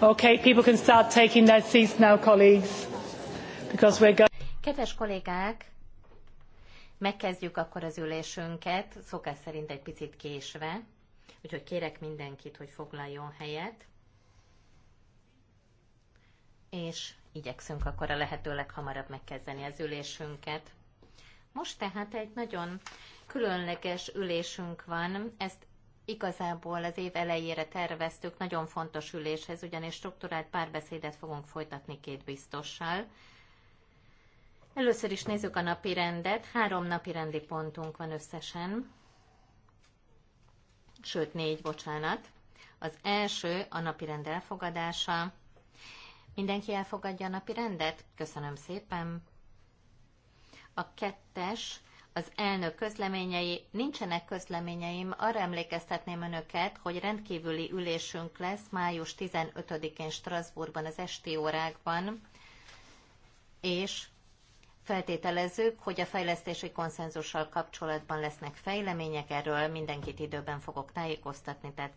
Okay, people can start taking their seats now, colleagues, because we're going. Kedves kollégák, megkezdjük akkor az ülésünket, szokás szerint egy picit késve, úgyhogy kérek mindenkit, hogy foglaljon helyet, és igyekszünk akkor a lehető leghamarabb megkezdeni az ülésünket. Most tehát egy nagyon különleges ülésünk van, ezt Igazából az év elejére terveztük nagyon fontos üléshez, ugyanis struktúrált párbeszédet fogunk folytatni két biztossal. Először is nézzük a napi rendet. Három napi rendi pontunk van összesen. Sőt, négy, bocsánat. Az első a napi rend elfogadása. Mindenki elfogadja a napi rendet? Köszönöm szépen. A kettes az elnök közleményei, nincsenek közleményeim, arra emlékeztetném önöket, hogy rendkívüli ülésünk lesz május 15-én Strasbourgban az esti órákban, és Feltételezzük, hogy a fejlesztési konszenzussal kapcsolatban lesznek fejlemények, erről mindenkit időben fogok tájékoztatni, tehát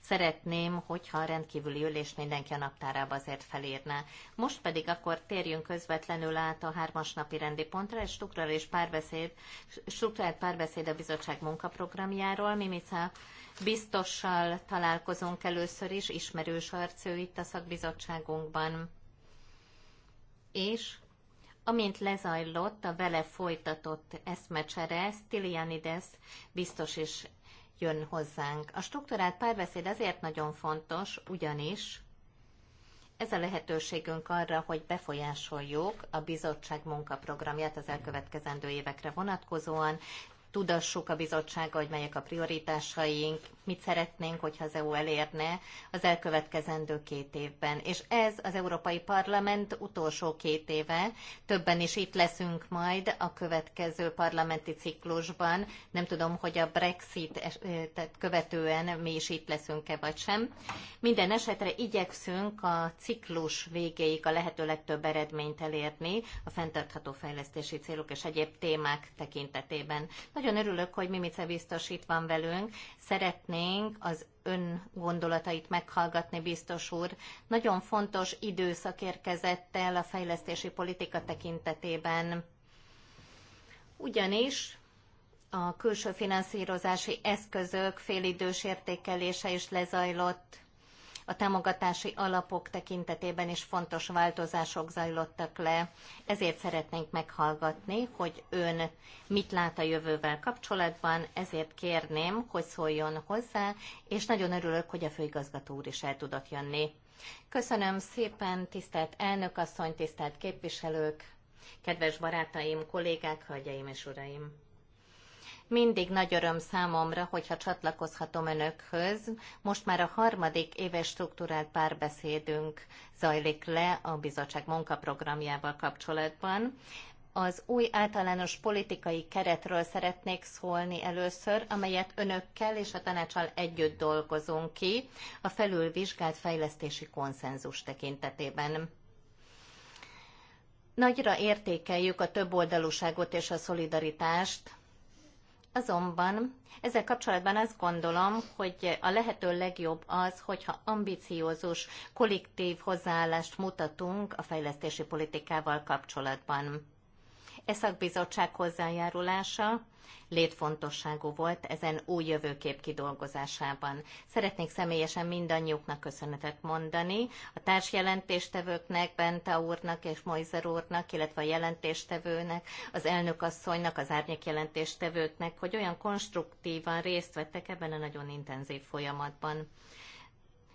szeretném, hogyha a rendkívüli ülés mindenki a naptárába azért felírná. Most pedig akkor térjünk közvetlenül át a hármas napi rendi pontra, és struktúrált és párbeszéd, struktúrált párbeszéd a bizottság munkaprogramjáról. Mimica biztossal találkozunk először is, ismerős arcő itt a szakbizottságunkban. És Amint lezajlott a vele folytatott eszmecsere, Stilianides biztos is jön hozzánk. A struktúrált párbeszéd azért nagyon fontos, ugyanis ez a lehetőségünk arra, hogy befolyásoljuk a bizottság munkaprogramját az elkövetkezendő évekre vonatkozóan, tudassuk a bizottsága, hogy melyek a prioritásaink, mit szeretnénk, hogyha az EU elérne az elkövetkezendő két évben. És ez az Európai Parlament utolsó két éve, többen is itt leszünk majd a következő parlamenti ciklusban. Nem tudom, hogy a Brexit követően mi is itt leszünk-e vagy sem. Minden esetre igyekszünk a ciklus végéig a lehető legtöbb eredményt elérni a fenntartható fejlesztési célok és egyéb témák tekintetében. Nagyon örülök, hogy Mimice biztos itt van velünk szeretnénk az ön gondolatait meghallgatni, biztos úr. Nagyon fontos időszak érkezett el a fejlesztési politika tekintetében. Ugyanis a külső finanszírozási eszközök félidős értékelése is lezajlott a támogatási alapok tekintetében is fontos változások zajlottak le, ezért szeretnénk meghallgatni, hogy ön mit lát a jövővel kapcsolatban, ezért kérném, hogy szóljon hozzá, és nagyon örülök, hogy a főigazgató úr is el tudott jönni. Köszönöm szépen, tisztelt elnök asszony, tisztelt képviselők, kedves barátaim, kollégák, hölgyeim és uraim! Mindig nagy öröm számomra, hogyha csatlakozhatom önökhöz. Most már a harmadik éves struktúrált párbeszédünk zajlik le a bizottság munkaprogramjával kapcsolatban. Az új általános politikai keretről szeretnék szólni először, amelyet önökkel és a tanácsal együtt dolgozunk ki a felülvizsgált fejlesztési konszenzus tekintetében. Nagyra értékeljük a többoldalúságot és a szolidaritást, Azonban ezzel kapcsolatban azt gondolom, hogy a lehető legjobb az, hogyha ambiciózus, kollektív hozzáállást mutatunk a fejlesztési politikával kapcsolatban. E szakbizottság hozzájárulása létfontosságú volt ezen új jövőkép kidolgozásában. Szeretnék személyesen mindannyiuknak köszönetet mondani, a társjelentéstevőknek, Benta úrnak és Moizer úrnak, illetve a jelentéstevőnek, az elnökasszonynak, az árnyék jelentéstevőknek, hogy olyan konstruktívan részt vettek ebben a nagyon intenzív folyamatban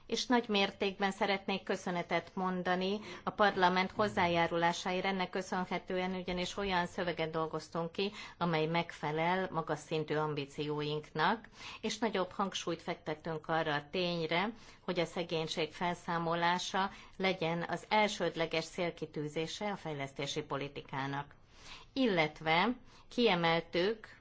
és nagy mértékben szeretnék köszönetet mondani a parlament hozzájárulásáért. Ennek köszönhetően ugyanis olyan szöveget dolgoztunk ki, amely megfelel magas szintű ambícióinknak, és nagyobb hangsúlyt fektettünk arra a tényre, hogy a szegénység felszámolása legyen az elsődleges célkitűzése a fejlesztési politikának. Illetve kiemeltük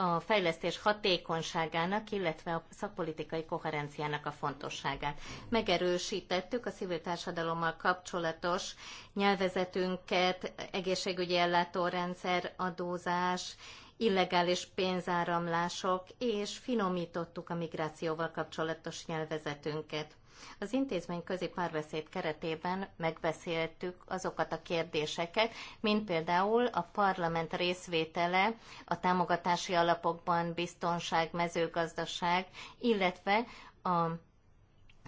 a fejlesztés hatékonyságának, illetve a szakpolitikai koherenciának a fontosságát. Megerősítettük a civil társadalommal kapcsolatos nyelvezetünket, egészségügyi ellátórendszer, adózás, illegális pénzáramlások, és finomítottuk a migrációval kapcsolatos nyelvezetünket. Az intézmény közi párbeszéd keretében megbeszéltük azokat a kérdéseket, mint például a parlament részvétele a támogatási alapokban, biztonság, mezőgazdaság, illetve a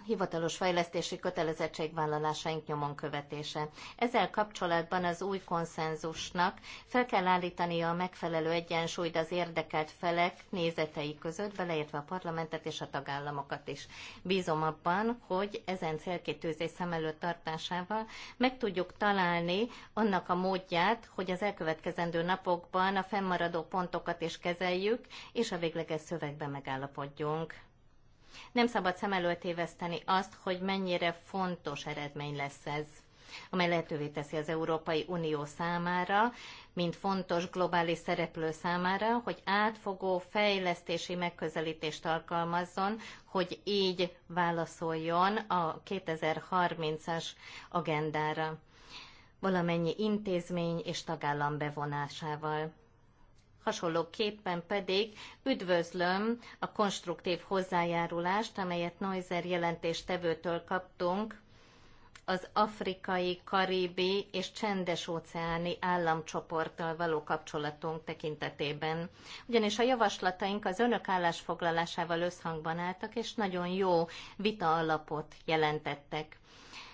hivatalos fejlesztési kötelezettségvállalásaink nyomon követése. Ezzel kapcsolatban az új konszenzusnak fel kell állítania a megfelelő egyensúlyt az érdekelt felek nézetei között, beleértve a parlamentet és a tagállamokat is. Bízom abban, hogy ezen célkitűzés szem előtt tartásával meg tudjuk találni annak a módját, hogy az elkövetkezendő napokban a fennmaradó pontokat is kezeljük, és a végleges szövegben megállapodjunk. Nem szabad szem elől téveszteni azt, hogy mennyire fontos eredmény lesz ez amely lehetővé teszi az Európai Unió számára, mint fontos globális szereplő számára, hogy átfogó fejlesztési megközelítést alkalmazzon, hogy így válaszoljon a 2030-as agendára valamennyi intézmény és tagállam bevonásával. Hasonlóképpen pedig üdvözlöm a konstruktív hozzájárulást, amelyet Neuser jelentéstevőtől kaptunk az afrikai, karibi és csendes-óceáni államcsoporttal való kapcsolatunk tekintetében. Ugyanis a javaslataink az önök állásfoglalásával összhangban álltak, és nagyon jó vita alapot jelentettek.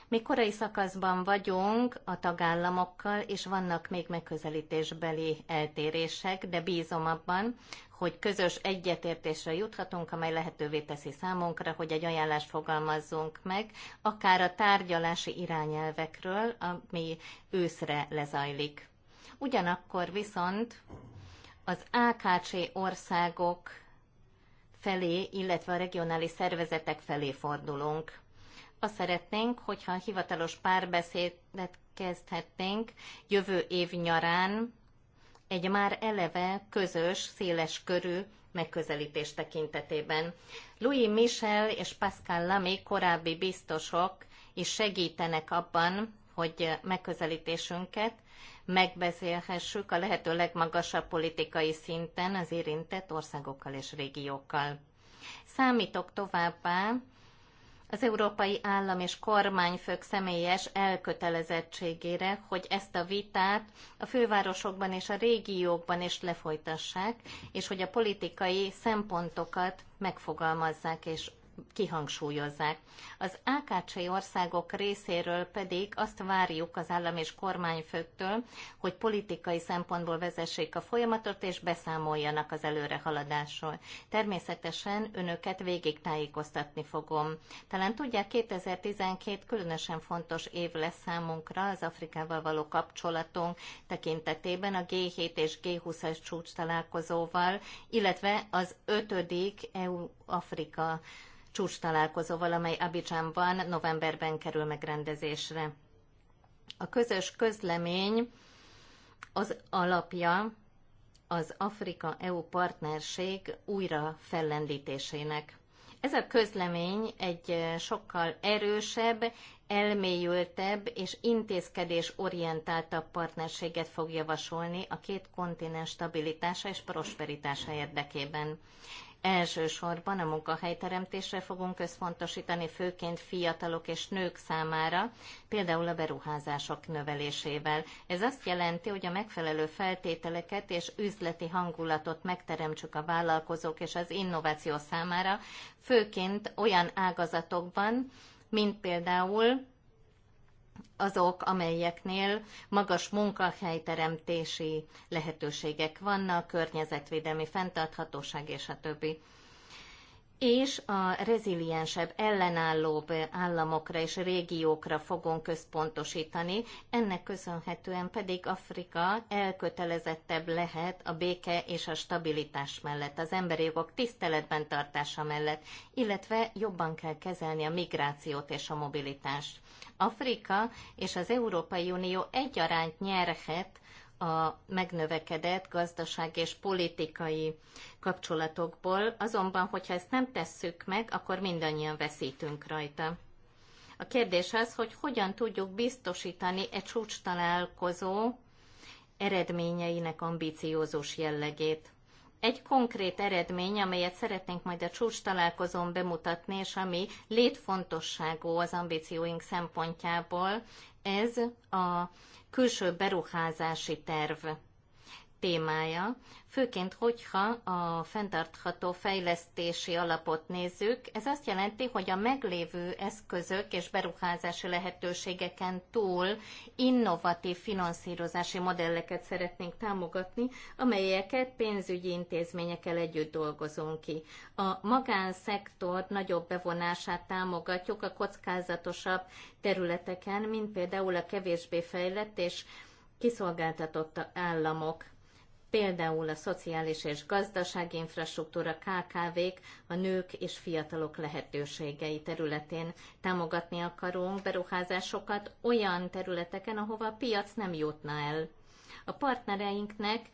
Mi korai szakaszban vagyunk a tagállamokkal, és vannak még megközelítésbeli eltérések, de bízom abban, hogy közös egyetértésre juthatunk, amely lehetővé teszi számunkra, hogy egy ajánlást fogalmazzunk meg, akár a tárgyalási irányelvekről, ami őszre lezajlik. Ugyanakkor viszont az AKC országok felé, illetve a regionális szervezetek felé fordulunk. Azt szeretnénk, hogyha hivatalos párbeszédet kezdhetnénk jövő év nyarán egy már eleve közös, széles körű megközelítés tekintetében. Louis Michel és Pascal Lamy korábbi biztosok is segítenek abban, hogy megközelítésünket megbeszélhessük a lehető legmagasabb politikai szinten az érintett országokkal és régiókkal. Számítok továbbá az európai állam és kormányfők személyes elkötelezettségére, hogy ezt a vitát a fővárosokban és a régiókban is lefolytassák, és hogy a politikai szempontokat megfogalmazzák és kihangsúlyozzák. Az AKC országok részéről pedig azt várjuk az állam és kormányfőktől, hogy politikai szempontból vezessék a folyamatot és beszámoljanak az előrehaladásról. Természetesen önöket végig tájékoztatni fogom. Talán tudják, 2012 különösen fontos év lesz számunkra az Afrikával való kapcsolatunk tekintetében a G7 és G20-as csúcs találkozóval, illetve az ötödik EU-Afrika csúcs találkozó, valamely Abidjanban novemberben kerül megrendezésre. A közös közlemény az alapja az Afrika-EU partnerség újra fellendítésének. Ez a közlemény egy sokkal erősebb, elmélyültebb és intézkedés orientáltabb partnerséget fog javasolni a két kontinens stabilitása és prosperitása érdekében. Elsősorban a munkahelyteremtésre fogunk összpontosítani, főként fiatalok és nők számára, például a beruházások növelésével. Ez azt jelenti, hogy a megfelelő feltételeket és üzleti hangulatot megteremtsük a vállalkozók és az innováció számára, főként olyan ágazatokban, mint például azok, amelyeknél magas munkahelyteremtési lehetőségek vannak, környezetvédelmi fenntarthatóság és a többi és a reziliensebb, ellenállóbb államokra és régiókra fogunk központosítani, ennek köszönhetően pedig Afrika elkötelezettebb lehet a béke és a stabilitás mellett, az emberi jogok tiszteletben tartása mellett, illetve jobban kell kezelni a migrációt és a mobilitást. Afrika és az Európai Unió egyaránt nyerhet a megnövekedett gazdaság és politikai kapcsolatokból, azonban, hogyha ezt nem tesszük meg, akkor mindannyian veszítünk rajta. A kérdés az, hogy hogyan tudjuk biztosítani egy csúcs találkozó eredményeinek ambiciózus jellegét. Egy konkrét eredmény, amelyet szeretnénk majd a csúcs találkozón bemutatni, és ami létfontosságú az ambícióink szempontjából, ez a külső beruházási terv témája, főként, hogyha a fenntartható fejlesztési alapot nézzük, ez azt jelenti, hogy a meglévő eszközök és beruházási lehetőségeken túl innovatív finanszírozási modelleket szeretnénk támogatni, amelyeket pénzügyi intézményekkel együtt dolgozunk ki. A magánszektor nagyobb bevonását támogatjuk a kockázatosabb területeken, mint például a kevésbé fejlett és kiszolgáltatott államok például a szociális és gazdasági infrastruktúra, KKV-k, a nők és fiatalok lehetőségei területén támogatni akarunk beruházásokat olyan területeken, ahova a piac nem jutna el. A partnereinknek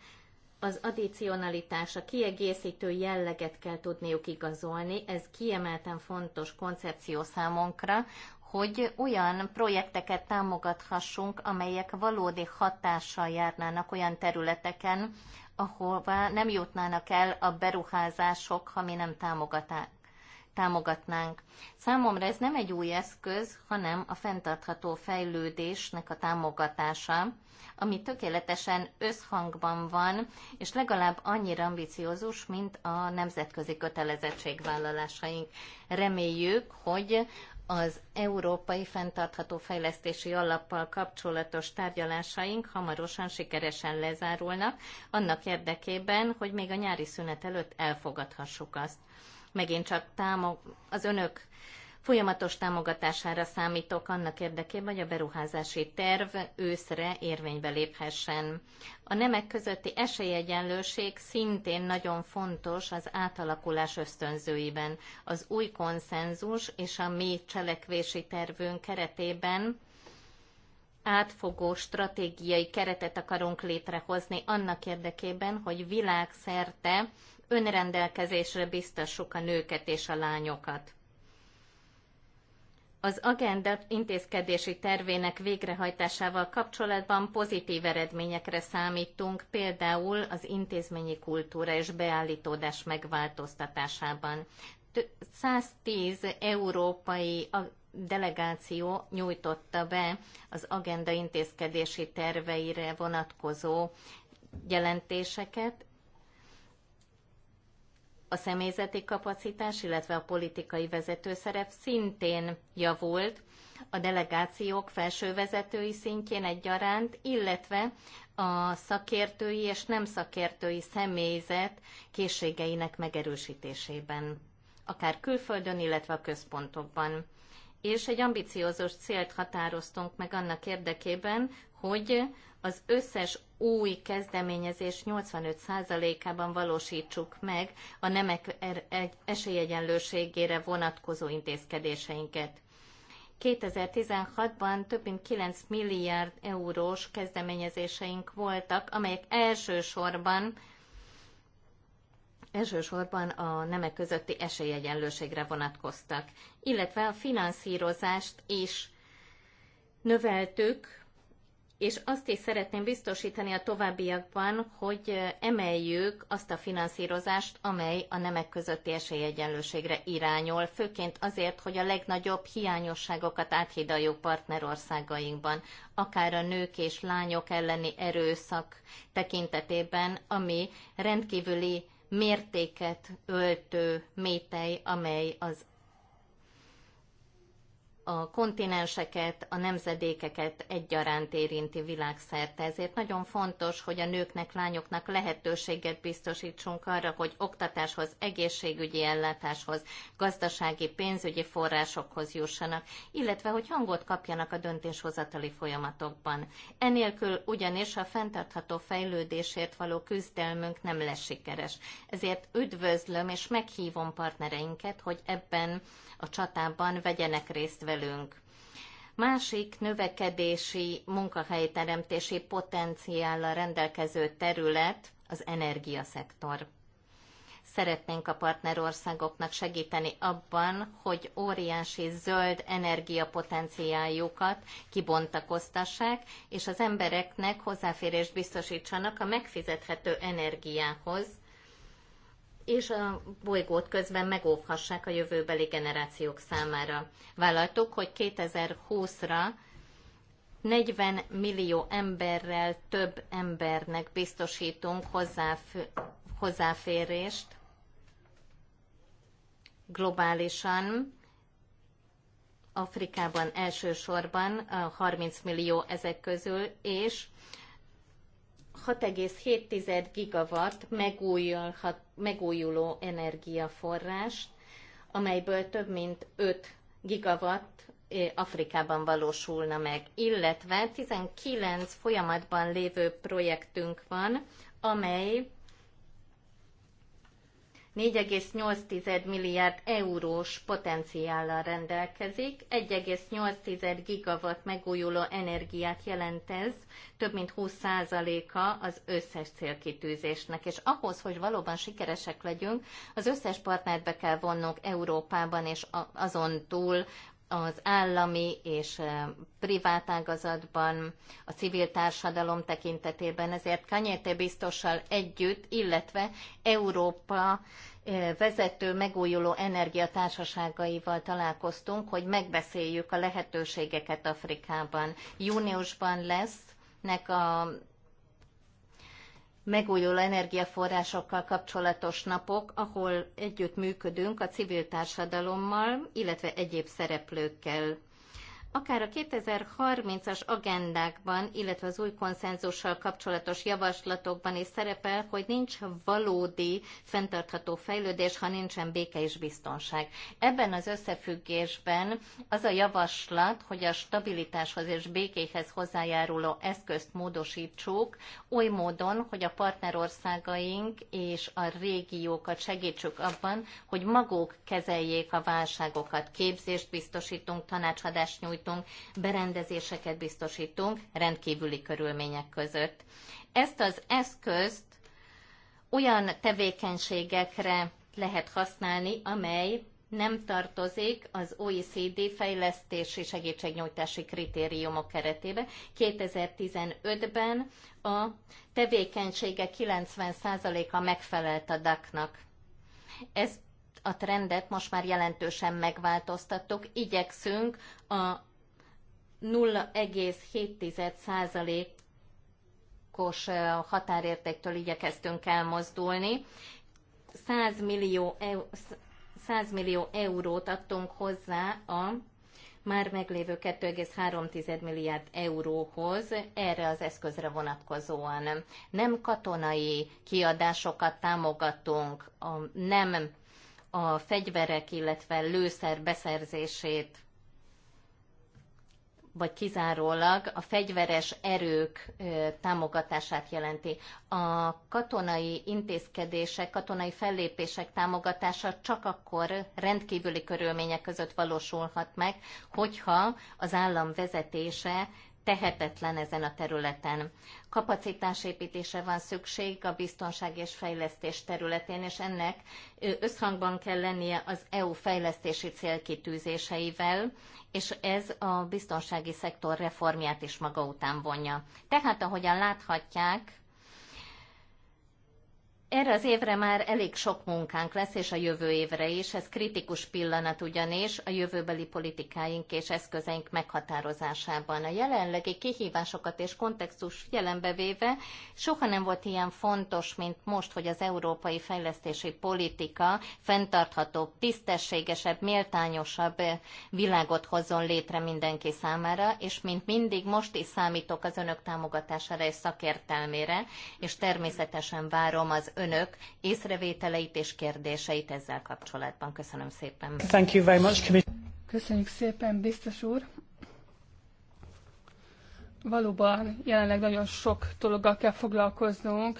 az addicionalitás, a kiegészítő jelleget kell tudniuk igazolni, ez kiemelten fontos koncepció számunkra, hogy olyan projekteket támogathassunk, amelyek valódi hatással járnának olyan területeken, ahová nem jutnának el a beruházások, ha mi nem támogatnánk. támogatnánk. Számomra ez nem egy új eszköz, hanem a fenntartható fejlődésnek a támogatása, ami tökéletesen összhangban van, és legalább annyira ambiciózus, mint a nemzetközi kötelezettségvállalásaink. Reméljük, hogy az Európai Fenntartható Fejlesztési Alappal kapcsolatos tárgyalásaink hamarosan sikeresen lezárulnak, annak érdekében, hogy még a nyári szünet előtt elfogadhassuk azt. Megint csak támog az önök Folyamatos támogatására számítok annak érdekében, hogy a beruházási terv őszre érvénybe léphessen. A nemek közötti esélyegyenlőség szintén nagyon fontos az átalakulás ösztönzőiben. Az új konszenzus és a mi cselekvési tervünk keretében átfogó stratégiai keretet akarunk létrehozni annak érdekében, hogy világszerte önrendelkezésre biztassuk a nőket és a lányokat az agenda intézkedési tervének végrehajtásával kapcsolatban pozitív eredményekre számítunk, például az intézményi kultúra és beállítódás megváltoztatásában. 110 európai delegáció nyújtotta be az agenda intézkedési terveire vonatkozó jelentéseket, a személyzeti kapacitás, illetve a politikai vezetőszerep szintén javult a delegációk felsővezetői szintjén egyaránt, illetve a szakértői és nem szakértői személyzet készségeinek megerősítésében, akár külföldön, illetve a központokban. És egy ambiciózus célt határoztunk meg annak érdekében, hogy az összes új kezdeményezés 85%-ában valósítsuk meg a nemek er- esélyegyenlőségére vonatkozó intézkedéseinket. 2016-ban több mint 9 milliárd eurós kezdeményezéseink voltak, amelyek elsősorban elsősorban a nemek közötti esélyegyenlőségre vonatkoztak, illetve a finanszírozást is növeltük és azt is szeretném biztosítani a továbbiakban, hogy emeljük azt a finanszírozást, amely a nemek közötti esélyegyenlőségre irányol, főként azért, hogy a legnagyobb hiányosságokat áthidaljuk partnerországainkban, akár a nők és lányok elleni erőszak tekintetében, ami rendkívüli mértéket öltő métei, amely az a kontinenseket, a nemzedékeket egyaránt érinti világszerte. Ezért nagyon fontos, hogy a nőknek, lányoknak lehetőséget biztosítsunk arra, hogy oktatáshoz, egészségügyi ellátáshoz, gazdasági, pénzügyi forrásokhoz jussanak, illetve hogy hangot kapjanak a döntéshozatali folyamatokban. Enélkül ugyanis a fenntartható fejlődésért való küzdelmünk nem lesz sikeres. Ezért üdvözlöm és meghívom partnereinket, hogy ebben a csatában vegyenek részt velünk. Másik növekedési munkahelyteremtési potenciállal rendelkező terület az energiaszektor. Szeretnénk a partnerországoknak segíteni abban, hogy óriási zöld energiapotenciáljukat kibontakoztassák, és az embereknek hozzáférést biztosítsanak a megfizethető energiához, és a bolygót közben megóvhassák a jövőbeli generációk számára. Vállaltuk, hogy 2020-ra 40 millió emberrel több embernek biztosítunk hozzáférést globálisan, Afrikában elsősorban 30 millió ezek közül, és 6,7 gigawatt megújuló energiaforrást, amelyből több mint 5 gigawatt Afrikában valósulna meg, illetve 19 folyamatban lévő projektünk van, amely 4,8 milliárd eurós potenciállal rendelkezik, 1,8 gigawatt megújuló energiát jelent ez, több mint 20%-a az összes célkitűzésnek, és ahhoz, hogy valóban sikeresek legyünk, az összes partnert be kell vonnunk Európában és azon túl az állami és privát ágazatban, a civil társadalom tekintetében, ezért Kanyete biztossal együtt, illetve Európa vezető megújuló energiatársaságaival találkoztunk, hogy megbeszéljük a lehetőségeket Afrikában. Júniusban lesz nek a megújuló energiaforrásokkal kapcsolatos napok, ahol együtt működünk a civil társadalommal, illetve egyéb szereplőkkel akár a 2030-as agendákban, illetve az új konszenzussal kapcsolatos javaslatokban is szerepel, hogy nincs valódi fenntartható fejlődés, ha nincsen béke és biztonság. Ebben az összefüggésben az a javaslat, hogy a stabilitáshoz és békéhez hozzájáruló eszközt módosítsuk, oly módon, hogy a partnerországaink és a régiókat segítsük abban, hogy maguk kezeljék a válságokat. Képzést biztosítunk, tanácsadást nyújtunk, biztosítunk, berendezéseket biztosítunk rendkívüli körülmények között. Ezt az eszközt olyan tevékenységekre lehet használni, amely nem tartozik az OECD fejlesztési segítségnyújtási kritériumok keretébe. 2015-ben a tevékenysége 90%-a megfelelt a DAC-nak. Ez a trendet most már jelentősen megváltoztattuk, igyekszünk a 0,7%-os határértéktől igyekeztünk elmozdulni. 100 millió, eur, 100 millió eurót adtunk hozzá a már meglévő 2,3 milliárd euróhoz erre az eszközre vonatkozóan. Nem katonai kiadásokat támogatunk, nem a fegyverek, illetve lőszer beszerzését vagy kizárólag a fegyveres erők támogatását jelenti. A katonai intézkedések, katonai fellépések támogatása csak akkor rendkívüli körülmények között valósulhat meg, hogyha az állam vezetése tehetetlen ezen a területen. Kapacitásépítése van szükség a biztonság és fejlesztés területén, és ennek összhangban kell lennie az EU fejlesztési célkitűzéseivel, és ez a biztonsági szektor reformját is maga után vonja. Tehát, ahogyan láthatják, erre az évre már elég sok munkánk lesz, és a jövő évre is. Ez kritikus pillanat ugyanis a jövőbeli politikáink és eszközeink meghatározásában. A jelenlegi kihívásokat és kontextus jelenbe véve soha nem volt ilyen fontos, mint most, hogy az európai fejlesztési politika fenntarthatóbb, tisztességesebb, méltányosabb világot hozzon létre mindenki számára, és mint mindig most is számítok az önök támogatására és szakértelmére, és természetesen várom az önök észrevételeit és kérdéseit ezzel kapcsolatban. Köszönöm szépen. Thank you very much. Köszönjük szépen, biztos úr. Valóban jelenleg nagyon sok dologgal kell foglalkoznunk,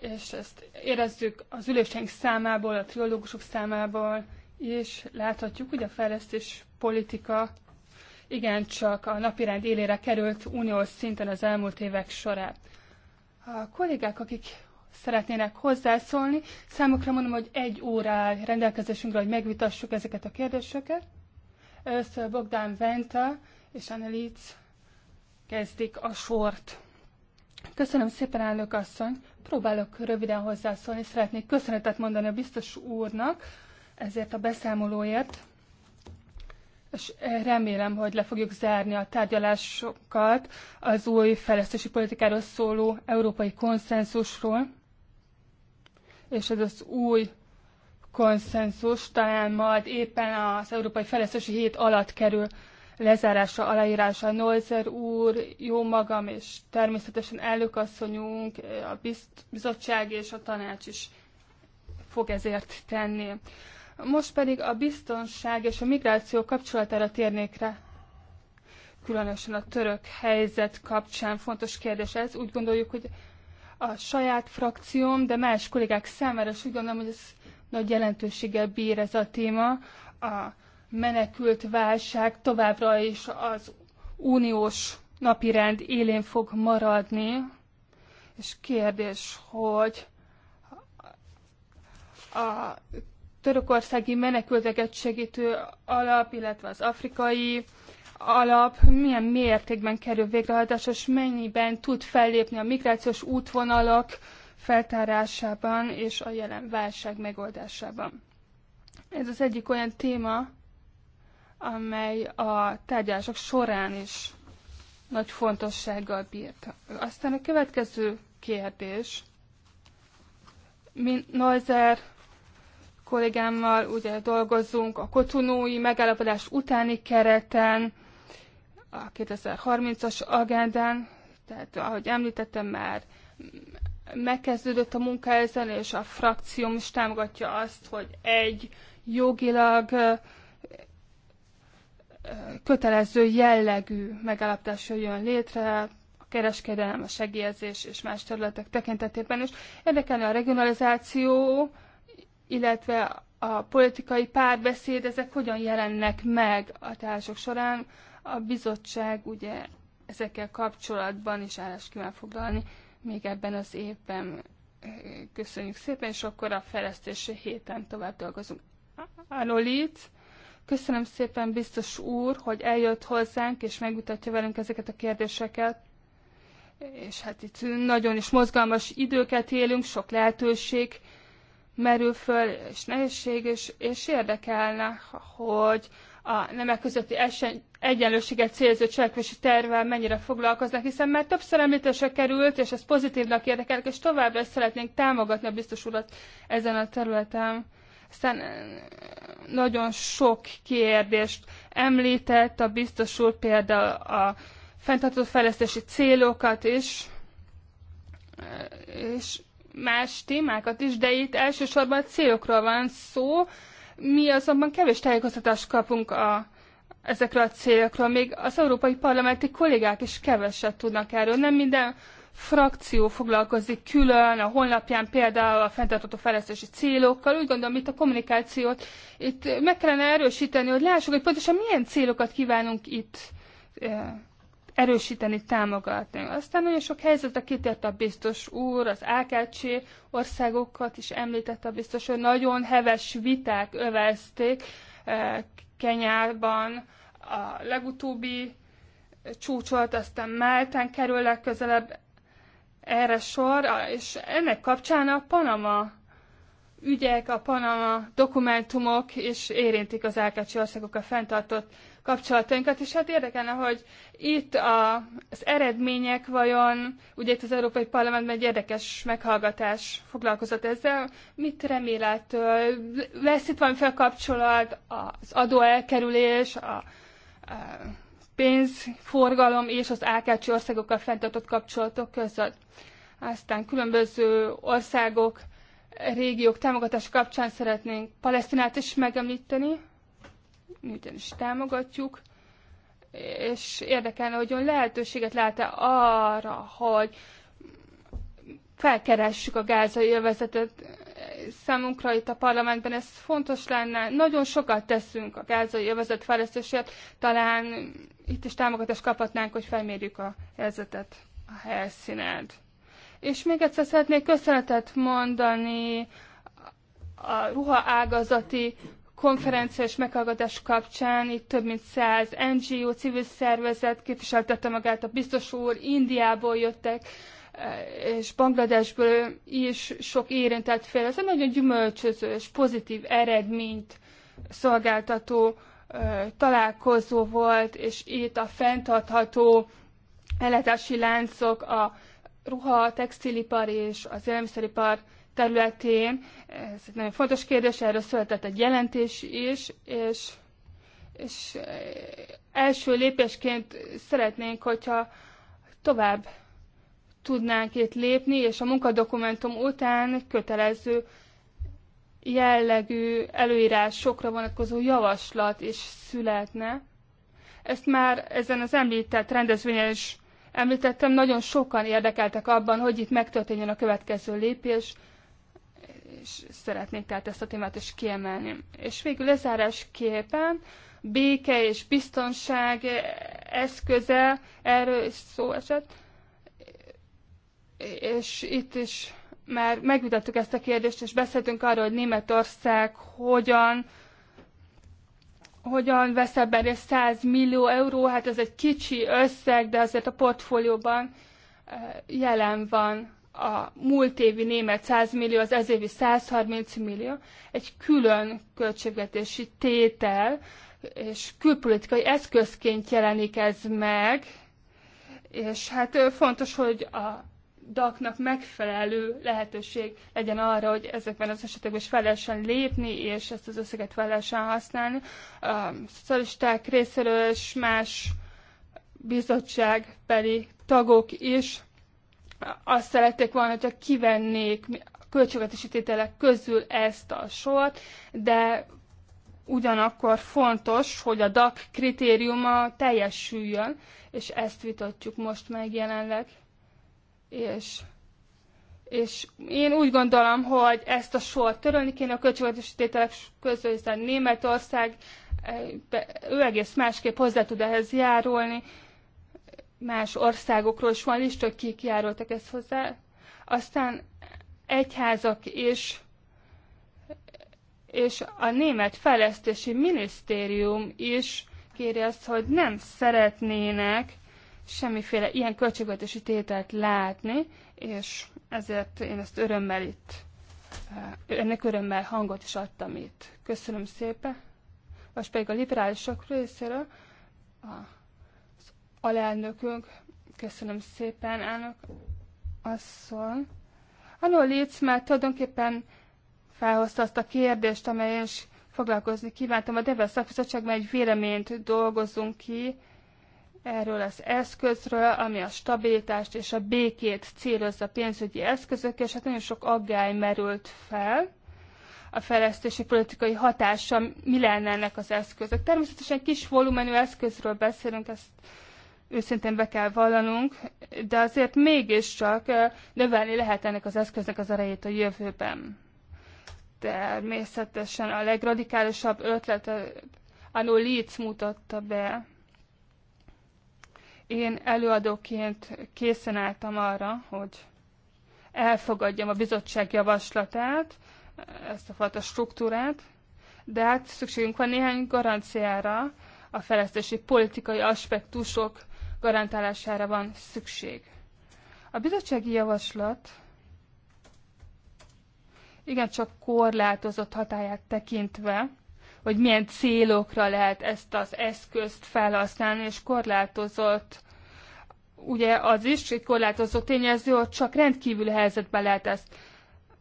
és ezt érezzük az üléseink számából, a triológusok számából, és láthatjuk, hogy a fejlesztés politika igencsak a napirend élére került uniós szinten az elmúlt évek során. A kollégák, akik szeretnének hozzászólni. Számukra mondom, hogy egy órá rendelkezésünkre, hogy megvitassuk ezeket a kérdéseket. Először Bogdán Venta és Annelic kezdik a sort. Köszönöm szépen, elnök asszony. Próbálok röviden hozzászólni. Szeretnék köszönetet mondani a biztos úrnak ezért a beszámolóért, és remélem, hogy le fogjuk zárni a tárgyalásokat az új fejlesztési politikáról szóló európai konszenzusról és ez az új konszenzus talán majd éppen az Európai Fejlesztési Hét alatt kerül lezárása, aláírása. Nolzer úr, jó magam, és természetesen elnökasszonyunk, a bizottság és a tanács is fog ezért tenni. Most pedig a biztonság és a migráció kapcsolatára térnék rá. Különösen a török helyzet kapcsán fontos kérdés ez. Úgy gondoljuk, hogy a saját frakcióm, de más kollégák számára is úgy gondolom, hogy ez nagy jelentőséggel bír ez a téma. A menekült válság továbbra is az uniós napirend élén fog maradni, és kérdés, hogy a törökországi menekülteket segítő alap, illetve az afrikai alap milyen mértékben kerül végrehajtásra, és mennyiben tud fellépni a migrációs útvonalak feltárásában és a jelen válság megoldásában. Ez az egyik olyan téma, amely a tárgyalások során is nagy fontossággal bírt. Aztán a következő kérdés. Mi Neuser kollégámmal ugye dolgozunk a kotonói megállapodás utáni kereten, a 2030-as agendán, tehát ahogy említettem már, megkezdődött a munka ezen, és a frakcióm is támogatja azt, hogy egy jogilag kötelező jellegű megállapodás jön létre, a kereskedelem, a segélyezés és más területek tekintetében is. Érdekelne a regionalizáció, illetve a politikai párbeszéd, ezek hogyan jelennek meg a társok során, a bizottság ugye ezekkel kapcsolatban is állást kíván foglalni még ebben az évben. Köszönjük szépen, és akkor a fejlesztési héten tovább dolgozunk. Alolit, köszönöm szépen biztos úr, hogy eljött hozzánk, és megmutatja velünk ezeket a kérdéseket és hát itt nagyon is mozgalmas időket élünk, sok lehetőség merül föl, és nehézség, és, és érdekelne, hogy a nemek közötti esen, egyenlőséget célzó cselekvési tervvel mennyire foglalkoznak, hiszen már többször említésre került, és ez pozitívnak érdekel, és továbbra is szeretnénk támogatni a biztos urat ezen a területen. Aztán eh, nagyon sok kérdést említett a biztos úr, például a fenntartott fejlesztési célokat is, eh, és más témákat is, de itt elsősorban a célokról van szó, mi azonban kevés tájékoztatást kapunk a, ezekről a célokról. Még az európai parlamenti kollégák is keveset tudnak erről. Nem minden frakció foglalkozik külön, a honlapján például a fenntartható fejlesztési célokkal. Úgy gondolom, itt a kommunikációt itt meg kellene erősíteni, hogy lássuk, hogy pontosan milyen célokat kívánunk itt eh, erősíteni, támogatni. Aztán nagyon sok helyzetre kitért a biztos úr, az AKC országokat is említette a biztos, hogy nagyon heves viták övezték eh, Kenyában a legutóbbi csúcsolt, aztán Máltán kerül legközelebb erre sor, és ennek kapcsán a Panama ügyek, a Panama dokumentumok is érintik az AKC országokkal fenntartott kapcsolatainkat, és hát érdekelne, hogy itt a, az eredmények vajon, ugye itt az Európai Parlamentben egy érdekes meghallgatás foglalkozott ezzel, mit remél ettől? Lesz itt valami felkapcsolat, az adóelkerülés, a, a pénzforgalom és az AKC országokkal fenntartott kapcsolatok között. Aztán különböző országok, régiók támogatás kapcsán szeretnénk Palesztinát is megemlíteni, mi is támogatjuk, és érdekelne, hogy ön lehetőséget lát-e arra, hogy felkeressük a gázai övezetet. Számunkra itt a parlamentben ez fontos lenne. Nagyon sokat teszünk a gázai övezet fejlesztésért, talán itt is támogatást kaphatnánk, hogy felmérjük a helyzetet a helyszínen. És még egyszer szeretnék köszönetet mondani a ruhaágazati konferencia és meghallgatás kapcsán itt több mint száz NGO, civil szervezet képviseltette magát, a biztos úr Indiából jöttek, eh, és Bangladesből is sok érintett fél. Ez egy nagyon gyümölcsöző és pozitív eredményt szolgáltató eh, találkozó volt, és itt a fenntartható ellátási láncok, a ruha, textilipar és az élelmiszeripar területén. Ez egy nagyon fontos kérdés, erről született egy jelentés is, és, és eh, első lépésként szeretnénk, hogyha tovább tudnánk itt lépni, és a munkadokumentum után kötelező jellegű előírás sokra vonatkozó javaslat is születne. Ezt már ezen az említett rendezvényen is említettem, nagyon sokan érdekeltek abban, hogy itt megtörténjen a következő lépés, és szeretnék tehát ezt a témát is kiemelni. És végül lezárásképpen béke és biztonság eszköze, erről is szó esett, és itt is már megvitattuk ezt a kérdést, és beszéltünk arról, hogy Németország hogyan hogyan vesz ebben 100 millió euró, hát ez egy kicsi összeg, de azért a portfólióban eh, jelen van a múlt évi német 100 millió, az ez évi 130 millió, egy külön költségvetési tétel, és külpolitikai eszközként jelenik ez meg, és hát fontos, hogy a DAC-nak megfelelő lehetőség legyen arra, hogy ezekben az esetekben is fel lehessen lépni, és ezt az összeget fel lehessen használni. A szocialisták részéről és más bizottságbeli tagok is azt szerették volna, hogyha kivennék a költségvetési tételek közül ezt a sort, de ugyanakkor fontos, hogy a DAC kritériuma teljesüljön, és ezt vitatjuk most meg jelenleg. És, és én úgy gondolom, hogy ezt a sort törölni kéne a költségvetési tételek közül, hiszen Németország eh, ő egész másképp hozzá tud ehhez járulni, más országokról is van lista, hogy kik járultak ezt hozzá. Aztán egyházak is, és a német fejlesztési minisztérium is kéri azt, hogy nem szeretnének semmiféle ilyen költségvetési tételt látni, és ezért én ezt örömmel itt, eh, ennek örömmel hangot is adtam itt. Köszönöm szépen. Most pedig a liberálisok részéről a alelnökünk. Köszönöm szépen, elnök asszony. Anó Létsz mert tulajdonképpen felhozta azt a kérdést, amelyen is foglalkozni kívántam. A Devel szakbizottságban egy véleményt dolgozunk ki erről az eszközről, ami a stabilitást és a békét célozza pénzügyi eszközök, és hát nagyon sok aggály merült fel a fejlesztési politikai hatása, mi lenne ennek az eszközök. Természetesen kis volumenű eszközről beszélünk, ezt őszintén be kell vallanunk, de azért mégiscsak növelni lehet ennek az eszköznek az erejét a jövőben. Természetesen a legradikálisabb ötlet Anno Leeds mutatta be. Én előadóként készen álltam arra, hogy elfogadjam a bizottság javaslatát, ezt a fajta struktúrát, de hát szükségünk van néhány garanciára a fejlesztési politikai aspektusok garantálására van szükség. A bizottsági javaslat igencsak korlátozott hatáját tekintve, hogy milyen célokra lehet ezt az eszközt felhasználni, és korlátozott ugye az is egy korlátozó tényező, hogy csak rendkívüli helyzetben lehet ezt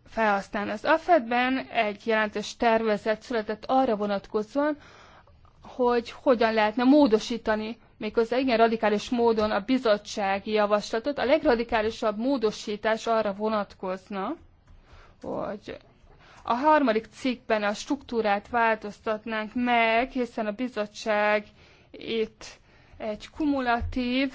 felhasználni. Az AFED-ben egy jelentős tervezet született arra vonatkozóan, hogy hogyan lehetne módosítani méghozzá igen radikális módon a bizottsági javaslatot. A legradikálisabb módosítás arra vonatkozna, hogy a harmadik cikkben a struktúrát változtatnánk meg, hiszen a bizottság itt egy kumulatív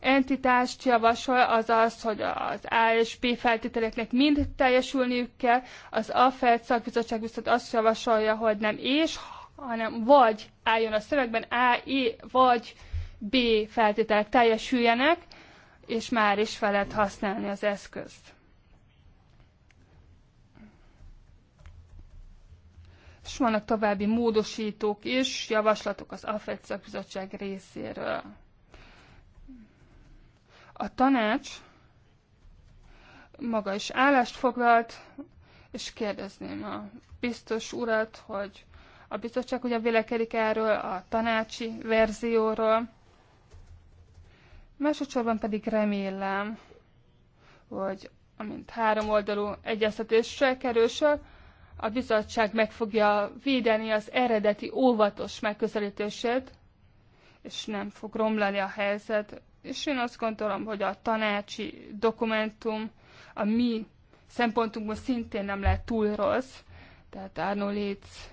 entitást javasol, azaz, hogy az A és B feltételeknek mind teljesülniük kell, az AFED szakbizottság viszont azt javasolja, hogy nem és, hanem vagy álljon a szövegben A, I, vagy B feltételek teljesüljenek, és már is fel lehet használni az eszközt. És vannak további módosítók is, javaslatok az AFED szakbizottság részéről. A tanács maga is állást foglalt, és kérdezném a biztos urat, hogy a bizottság ugye vélekedik erről, a tanácsi verzióról, Másodszorban pedig remélem, hogy amint három oldalú egyeztetésre kerül a bizottság meg fogja védeni az eredeti óvatos megközelítését, és nem fog romlani a helyzet. És én azt gondolom, hogy a tanácsi dokumentum a mi szempontunkból szintén nem lehet túl rossz. Tehát Arnold Létsz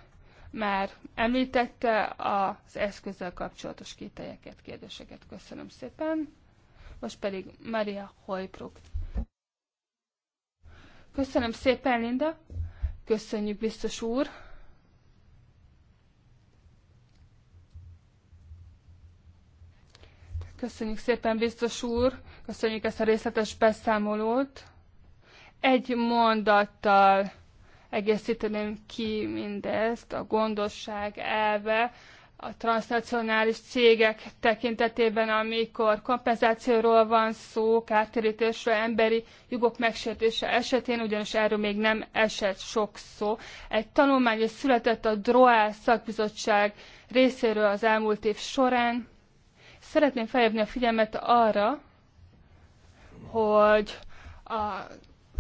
már említette az eszközzel kapcsolatos kételyeket, kérdéseket. Köszönöm szépen. Most pedig Maria Hojbruk. Köszönöm szépen, Linda. Köszönjük, biztos úr. Köszönjük szépen, biztos úr. Köszönjük ezt a részletes beszámolót. Egy mondattal egészítenünk ki mindezt, a gondosság elve, a transnacionális cégek tekintetében, amikor kompenzációról van szó, kártérítésről, emberi jogok megsértése esetén, ugyanis erről még nem esett sok szó. Egy tanulmány is született a DROA szakbizottság részéről az elmúlt év során. Szeretném felhívni a figyelmet arra, hogy a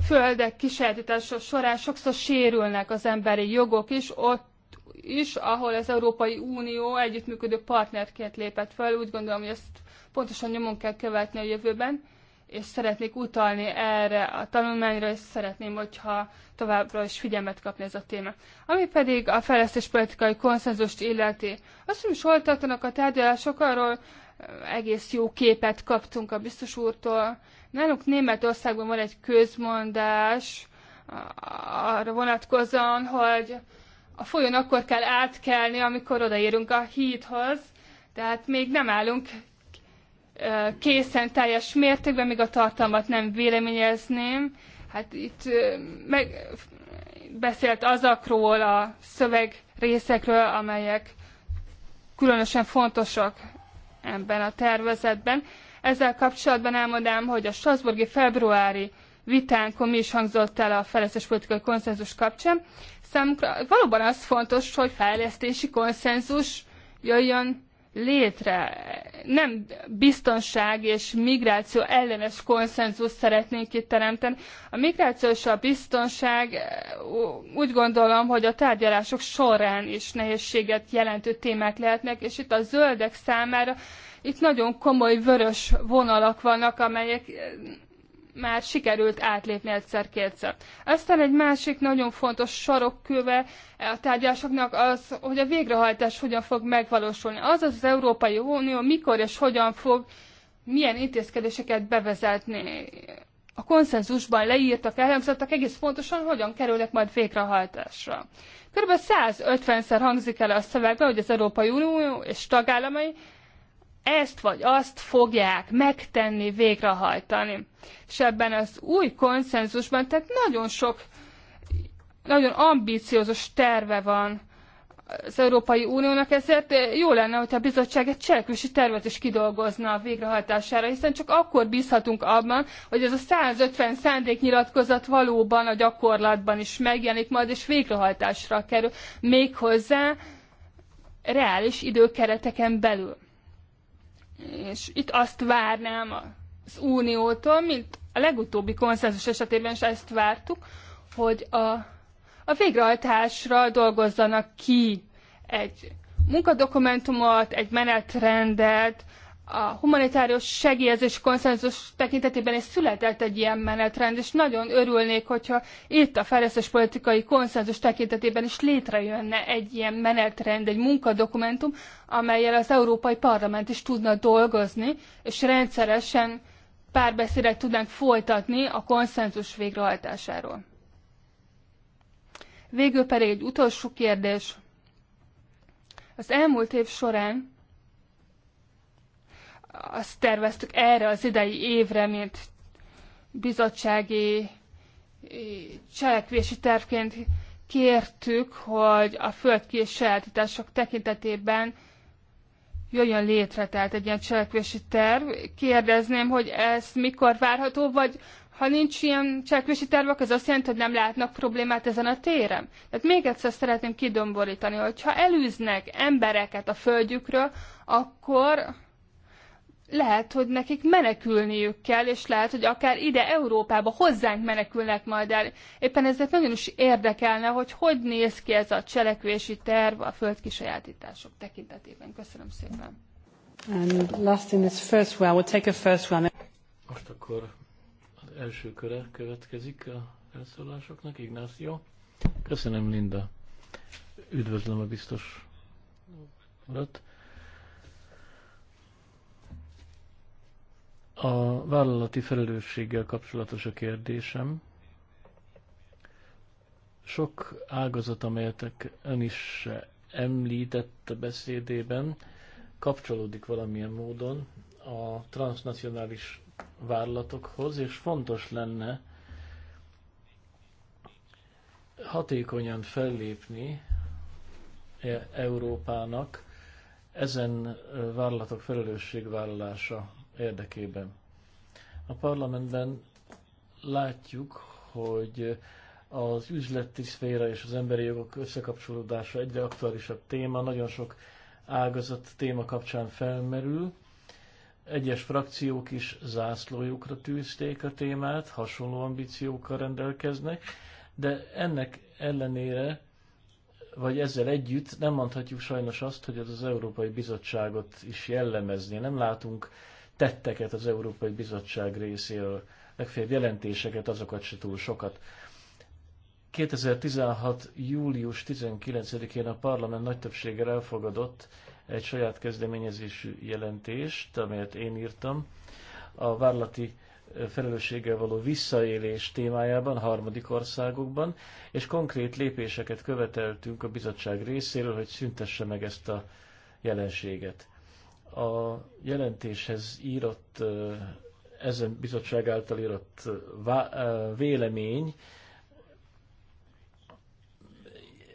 földek kisajátítása során sokszor sérülnek az emberi jogok is, ott is, ahol az Európai Unió együttműködő partnerként lépett fel. Úgy gondolom, hogy ezt pontosan nyomon kell követni a jövőben, és szeretnék utalni erre a tanulmányra, és szeretném, hogyha továbbra is figyelmet kapni ez a téma. Ami pedig a fejlesztéspolitikai konszenzust illeti. Azt is hol tartanak a tárgyalások, arról eh, egész jó képet kaptunk a biztos úrtól, Nálunk Németországban van egy közmondás arra vonatkozóan, hogy a folyón akkor kell átkelni, amikor odaérünk a hídhoz, tehát még nem állunk készen teljes mértékben, még a tartalmat nem véleményezném. Hát itt meg beszélt azokról a szöveg részekről, amelyek különösen fontosak ebben a tervezetben. Ezzel kapcsolatban elmondám, hogy a Strasburgi februári vitánkon mi is hangzott el a fejlesztés politikai konszenzus kapcsán. Számunkra valóban az fontos, hogy fejlesztési konszenzus jöjjön létre. Nem biztonság és migráció ellenes konszenzus szeretnénk itt teremteni. A migráció és a biztonság úgy gondolom, hogy a tárgyalások során is nehézséget jelentő témák lehetnek, és itt a zöldek számára itt nagyon komoly vörös vonalak vannak, amelyek eh, már sikerült átlépni egyszer-kétszer. Aztán egy másik nagyon fontos sarokköve a tárgyalásoknak az, hogy a végrehajtás hogyan fog megvalósulni. Azaz az Európai Unió mikor és hogyan fog milyen intézkedéseket bevezetni. A konszenzusban leírtak, elhangzottak egész pontosan, hogyan kerülnek majd végrehajtásra. Körülbelül 150-szer hangzik el a szövegben, hogy az Európai Unió és tagállamai ezt vagy azt fogják megtenni, végrehajtani. És ebben az új konszenzusban, tehát nagyon sok, nagyon ambíciózus terve van az Európai Uniónak, ezért jó lenne, hogyha a bizottság egy cselekvési tervet is kidolgozna a végrehajtására, hiszen csak akkor bízhatunk abban, hogy ez a 150 szándéknyilatkozat valóban a gyakorlatban is megjelenik majd, és végrehajtásra kerül, méghozzá reális időkereteken belül. És itt azt várnám az Uniótól, mint a legutóbbi konszenzus esetében is ezt vártuk, hogy a, a végrehajtásra dolgozzanak ki egy munkadokumentumot, egy menetrendet, a humanitárius segélyezés konszenzus tekintetében is született egy ilyen menetrend, és nagyon örülnék, hogyha itt a fejlesztés politikai konszenzus tekintetében is létrejönne egy ilyen menetrend, egy munkadokumentum, amelyel az Európai Parlament is tudna dolgozni, és rendszeresen párbeszédet tudnánk folytatni a konszenzus végrehajtásáról. Végül pedig egy utolsó kérdés. Az elmúlt év során azt terveztük erre az idei évre, mint bizottsági eh, cselekvési tervként kértük, hogy a földkés sajátítások tekintetében jöjjön létre, tehát egy ilyen cselekvési terv. Kérdezném, hogy ez mikor várható, vagy ha nincs ilyen cselekvési terv, az azt jelenti, hogy nem látnak problémát ezen a téren. Tehát még egyszer szeretném kidomborítani, hogy ha elűznek embereket a földjükről, akkor lehet, hogy nekik menekülniük kell, és lehet, hogy akár ide Európába hozzánk menekülnek majd el. Éppen ezért nagyon is érdekelne, hogy hogy néz ki ez a cselekvési terv a földkisajátítások tekintetében. Köszönöm szépen. And last in this first round, we'll take a first round. Most akkor az első köre következik a felszólásoknak. Ignácio. Köszönöm, Linda. Üdvözlöm a biztos urat. A vállalati felelősséggel kapcsolatos a kérdésem. Sok ágazat, amelyet ön is említett a beszédében, kapcsolódik valamilyen módon a transnacionális vállalatokhoz, és fontos lenne hatékonyan fellépni e Európának ezen vállalatok felelősségvállalása érdekében. A parlamentben látjuk, hogy az üzleti szféra és az emberi jogok összekapcsolódása egyre aktuálisabb téma, nagyon sok ágazat téma kapcsán felmerül. Egyes frakciók is zászlójukra tűzték a témát, hasonló ambíciókkal rendelkeznek, de ennek ellenére, vagy ezzel együtt nem mondhatjuk sajnos azt, hogy ez az Európai Bizottságot is jellemezni. Nem látunk tetteket az Európai Bizottság részéről, legfeljebb jelentéseket, azokat se túl sokat. 2016. július 19-én a parlament nagy többséggel elfogadott egy saját kezdeményezésű jelentést, amelyet én írtam, a vállati felelősséggel való visszaélés témájában harmadik országokban, és konkrét lépéseket követeltünk a bizottság részéről, hogy szüntesse meg ezt a jelenséget a jelentéshez írott, ezen bizottság által írott vélemény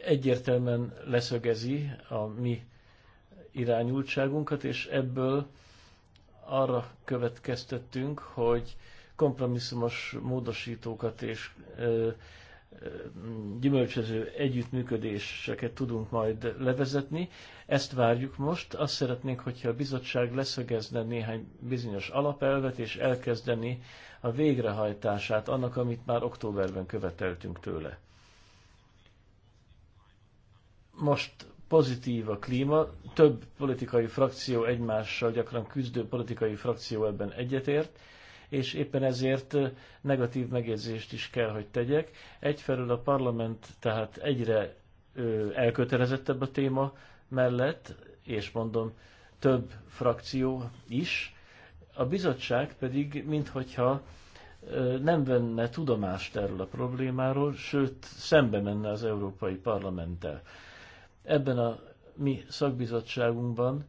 egyértelműen leszögezi a mi irányultságunkat, és ebből arra következtettünk, hogy kompromisszumos módosítókat és gyümölcsöző együttműködéseket tudunk majd levezetni. Ezt várjuk most. Azt szeretnénk, hogyha a bizottság leszögezne néhány bizonyos alapelvet, és elkezdeni a végrehajtását annak, amit már októberben követeltünk tőle. Most pozitív a klíma, több politikai frakció egymással gyakran küzdő politikai frakció ebben egyetért, és éppen ezért negatív megjegyzést is kell, hogy tegyek. Egyfelől a parlament tehát egyre elkötelezettebb a téma mellett, és mondom, több frakció is, a bizottság pedig minthogyha nem venne tudomást erről a problémáról, sőt, szembe menne az Európai Parlamenttel. Ebben a mi szakbizottságunkban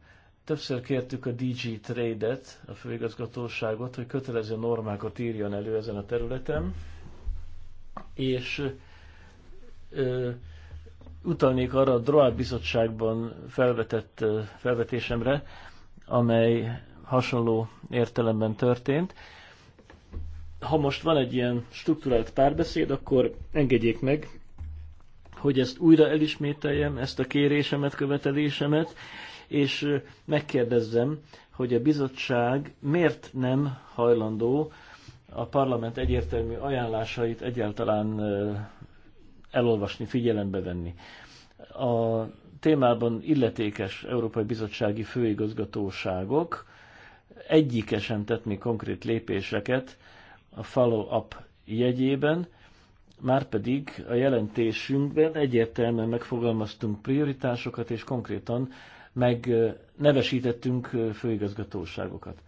Többször kértük a DG Trade-et, a főigazgatóságot, hogy kötelező normákat írjon elő ezen a területen, és ö, utalnék arra a Droid Bizottságban felvetett ö, felvetésemre, amely hasonló értelemben történt. Ha most van egy ilyen struktúrált párbeszéd, akkor engedjék meg, hogy ezt újra elismételjem, ezt a kérésemet, követelésemet, és megkérdezzem, hogy a bizottság miért nem hajlandó a parlament egyértelmű ajánlásait egyáltalán elolvasni, figyelembe venni. A témában illetékes Európai Bizottsági Főigazgatóságok egyike sem tett még konkrét lépéseket a follow-up jegyében, márpedig a jelentésünkben egyértelműen megfogalmaztunk prioritásokat, és konkrétan meg nevesítettünk főigazgatóságokat.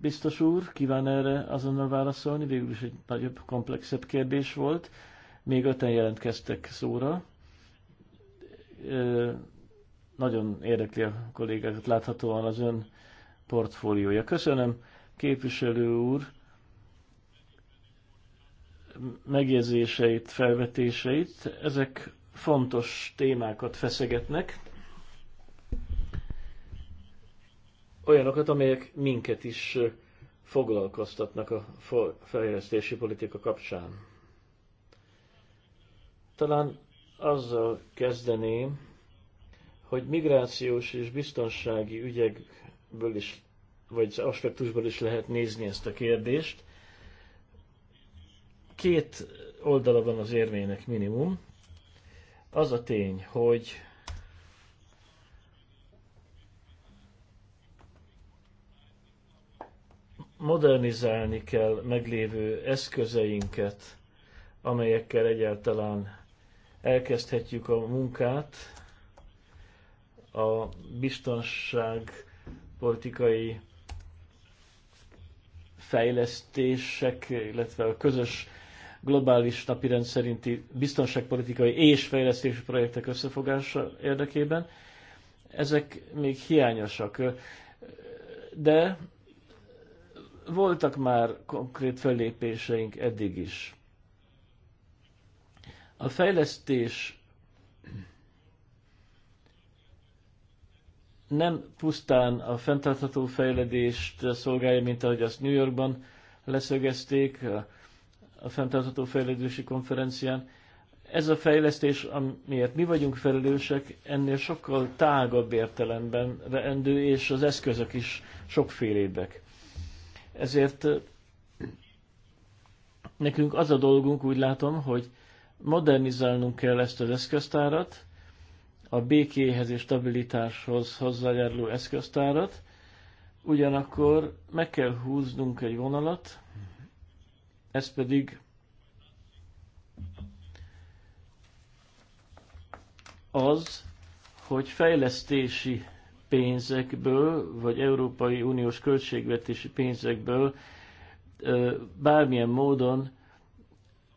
Biztos úr, kíván erre azonnal válaszolni? Végül is egy nagyobb, komplexebb kérdés volt. Még öten jelentkeztek szóra. Nagyon érdekli a kollégákat láthatóan az ön portfóliója. Köszönöm, képviselő úr, megjegyzéseit, felvetéseit. Ezek fontos témákat feszegetnek, olyanokat, amelyek minket is foglalkoztatnak a fejlesztési politika kapcsán. Talán azzal kezdeném, hogy migrációs és biztonsági ügyekből is, vagy aspektusból is lehet nézni ezt a kérdést. Két oldala van az érmének minimum. Az a tény, hogy modernizálni kell meglévő eszközeinket, amelyekkel egyáltalán elkezdhetjük a munkát, a biztonság politikai fejlesztések, illetve a közös globális napirend szerinti biztonságpolitikai és fejlesztési projektek összefogása érdekében. Ezek még hiányosak, de voltak már konkrét fellépéseink eddig is. A fejlesztés nem pusztán a fenntartható fejlődést szolgálja, mint ahogy azt New Yorkban leszögezték, a a fenntartható fejlődési konferencián. Ez a fejlesztés, amiért mi vagyunk felelősek, ennél sokkal tágabb értelemben rendő, és az eszközök is sokfélébbek. Ezért nekünk az a dolgunk, úgy látom, hogy modernizálnunk kell ezt az eszköztárat, a békéhez és stabilitáshoz hozzájáruló eszköztárat, ugyanakkor meg kell húznunk egy vonalat, ez pedig az, hogy fejlesztési pénzekből, vagy Európai Uniós költségvetési pénzekből bármilyen módon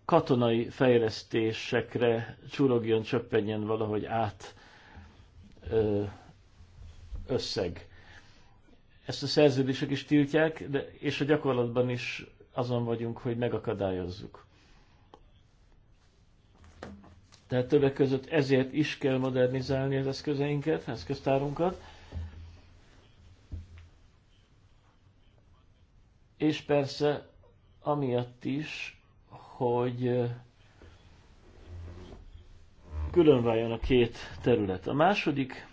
katonai fejlesztésekre csúrogjon csöppenjen valahogy át összeg. Ezt a szerződések is tiltják, de, és a gyakorlatban is azon vagyunk, hogy megakadályozzuk. Tehát többek között ezért is kell modernizálni az eszközeinket, eszköztárunkat. És persze amiatt is, hogy különváljon a két terület. A második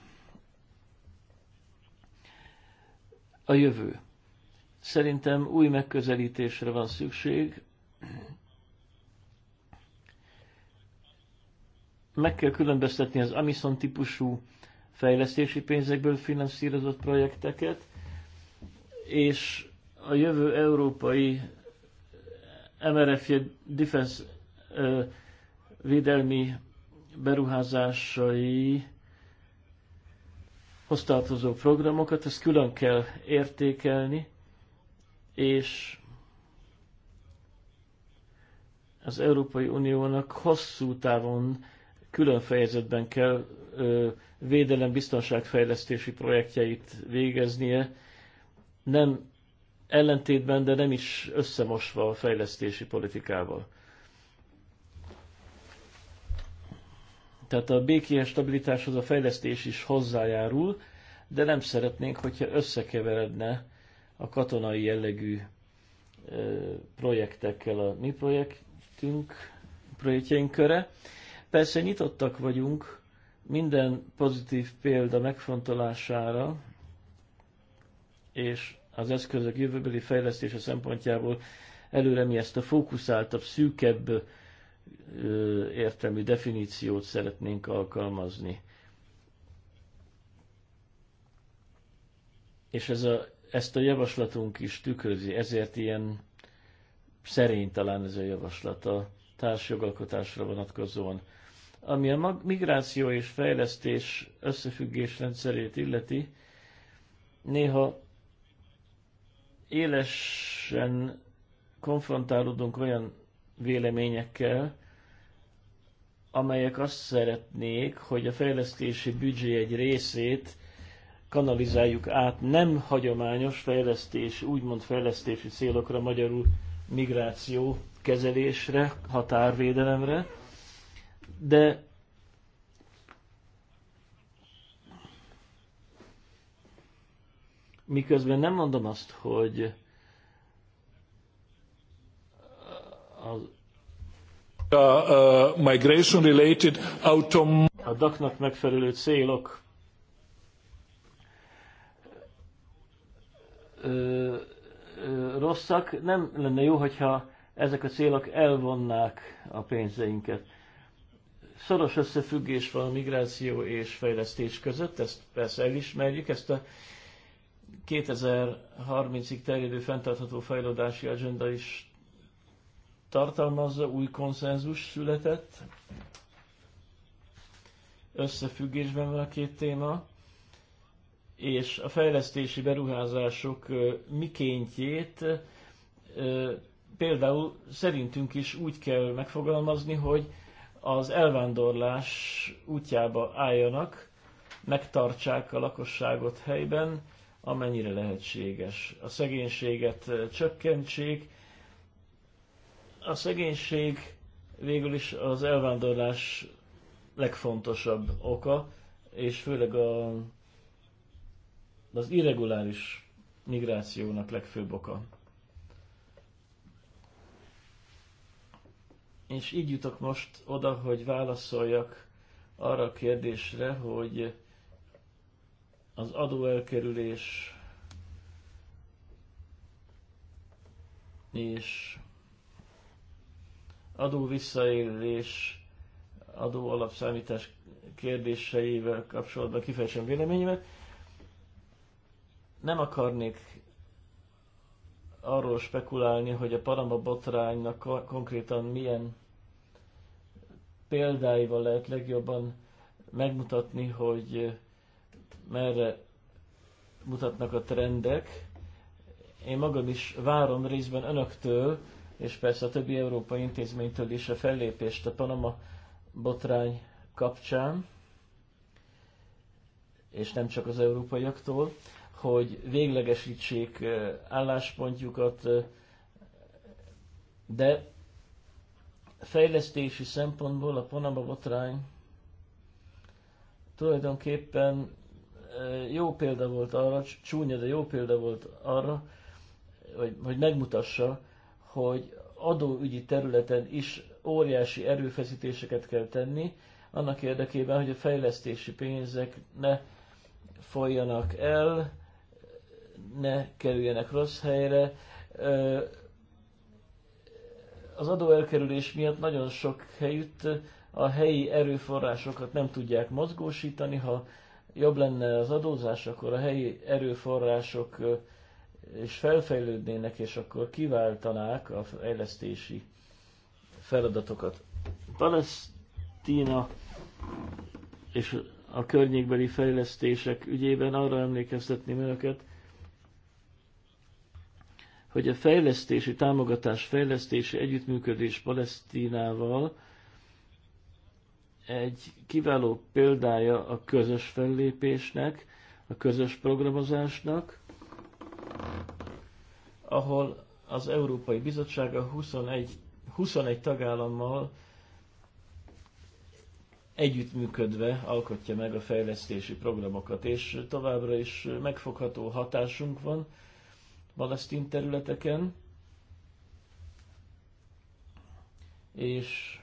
a jövő. Szerintem új megközelítésre van szükség. Meg kell különböztetni az Amison típusú fejlesztési pénzekből finanszírozott projekteket, és a jövő európai MRF Defense ö, védelmi beruházásai hoztartozó programokat, ezt külön kell értékelni, és az Európai Uniónak hosszú távon külön fejezetben kell ö, védelem biztonságfejlesztési projektjeit végeznie, nem ellentétben, de nem is összemosva a fejlesztési politikával. Tehát a békés stabilitáshoz a fejlesztés is hozzájárul, de nem szeretnénk, hogyha összekeveredne a katonai jellegű projektekkel a mi projektünk, projektjeink köre. Persze nyitottak vagyunk minden pozitív példa megfontolására, és az eszközök jövőbeli fejlesztése szempontjából előre mi ezt a fókuszáltabb, szűkebb értelmi definíciót szeretnénk alkalmazni. És ez a ezt a javaslatunk is tükrözi, ezért ilyen szerény talán ez a javaslat a társjogalkotásra vonatkozóan. Ami a migráció és fejlesztés összefüggés rendszerét illeti, néha élesen konfrontálódunk olyan véleményekkel, amelyek azt szeretnék, hogy a fejlesztési büdzsé egy részét kanalizáljuk át nem hagyományos fejlesztés, úgymond fejlesztési célokra, magyarul migráció kezelésre, határvédelemre, de miközben nem mondom azt, hogy az a, uh, a uh, migration related autom a daknak megfelelő célok ö, ö, rosszak. Nem lenne jó, hogyha ezek a célok elvonnák a pénzeinket. Szoros összefüggés van a migráció és fejlesztés között, ezt persze elismerjük, ezt a 2030-ig terjedő fenntartható fejlődési agenda is tartalmazza, új konszenzus született, összefüggésben van a két téma és a fejlesztési beruházások mikéntjét például szerintünk is úgy kell megfogalmazni, hogy az elvándorlás útjába álljanak, megtartsák a lakosságot helyben, amennyire lehetséges. A szegénységet csökkentsék. A szegénység végül is az elvándorlás legfontosabb oka, és főleg a az irreguláris migrációnak legfőbb oka. És így jutok most oda, hogy válaszoljak arra a kérdésre, hogy az adóelkerülés és adó visszaélés, adó alapszámítás kérdéseivel kapcsolatban kifejezem véleményemet. Nem akarnék arról spekulálni, hogy a Panama botránynak konkrétan milyen példáival lehet legjobban megmutatni, hogy merre mutatnak a trendek. Én magam is várom részben önöktől, és persze a többi európai intézménytől is a fellépést a Panama botrány kapcsán, és nem csak az európaiaktól hogy véglegesítsék álláspontjukat, de fejlesztési szempontból a Panama botrány tulajdonképpen jó példa volt arra, csúnya, de jó példa volt arra, hogy, hogy megmutassa, hogy adóügyi területen is óriási erőfeszítéseket kell tenni, annak érdekében, hogy a fejlesztési pénzek ne folyjanak el, ne kerüljenek rossz helyre. Az adóelkerülés miatt nagyon sok helyütt a helyi erőforrásokat nem tudják mozgósítani. Ha jobb lenne az adózás, akkor a helyi erőforrások és felfejlődnének, és akkor kiváltanák a fejlesztési feladatokat. Palesztina és a környékbeli fejlesztések ügyében arra emlékeztetném önöket, hogy a fejlesztési támogatás, fejlesztési együttműködés Palesztinával egy kiváló példája a közös fellépésnek, a közös programozásnak, ahol az Európai Bizottság a 21, 21 tagállammal együttműködve alkotja meg a fejlesztési programokat, és továbbra is megfogható hatásunk van, palesztin területeken, és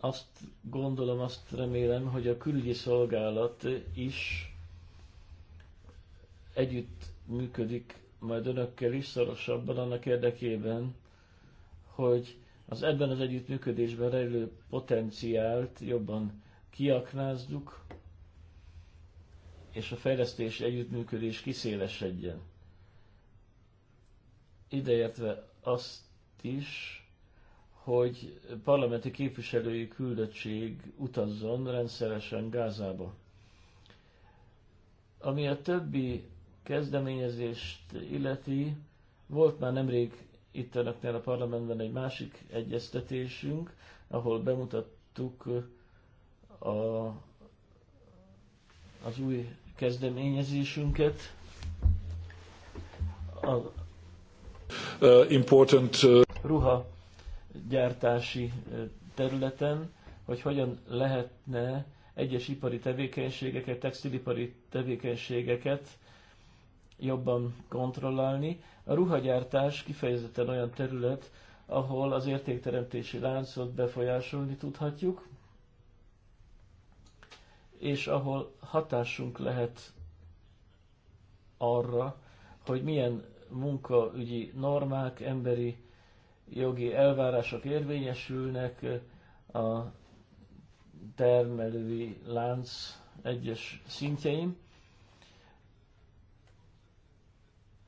azt gondolom, azt remélem, hogy a külügyi szolgálat is együtt működik majd önökkel is szorosabban annak érdekében, hogy az ebben az együttműködésben rejlő potenciált jobban kiaknázzuk, és a fejlesztés együttműködés kiszélesedjen. Ideértve azt is, hogy parlamenti képviselői küldöttség utazzon rendszeresen Gázába. Ami a többi kezdeményezést illeti, volt már nemrég itt önöknél a parlamentben egy másik egyeztetésünk, ahol bemutattuk a, az új kezdeményezésünket. A uh, important uh, ruha gyártási uh, területen, hogy hogyan lehetne egyes ipari tevékenységeket, textilipari tevékenységeket jobban kontrollálni. A ruhagyártás kifejezetten olyan terület, ahol az értékteremtési láncot befolyásolni tudhatjuk, és ahol hatásunk lehet arra, hogy milyen munkaügyi normák, emberi jogi elvárások érvényesülnek a termelői lánc egyes szintjein.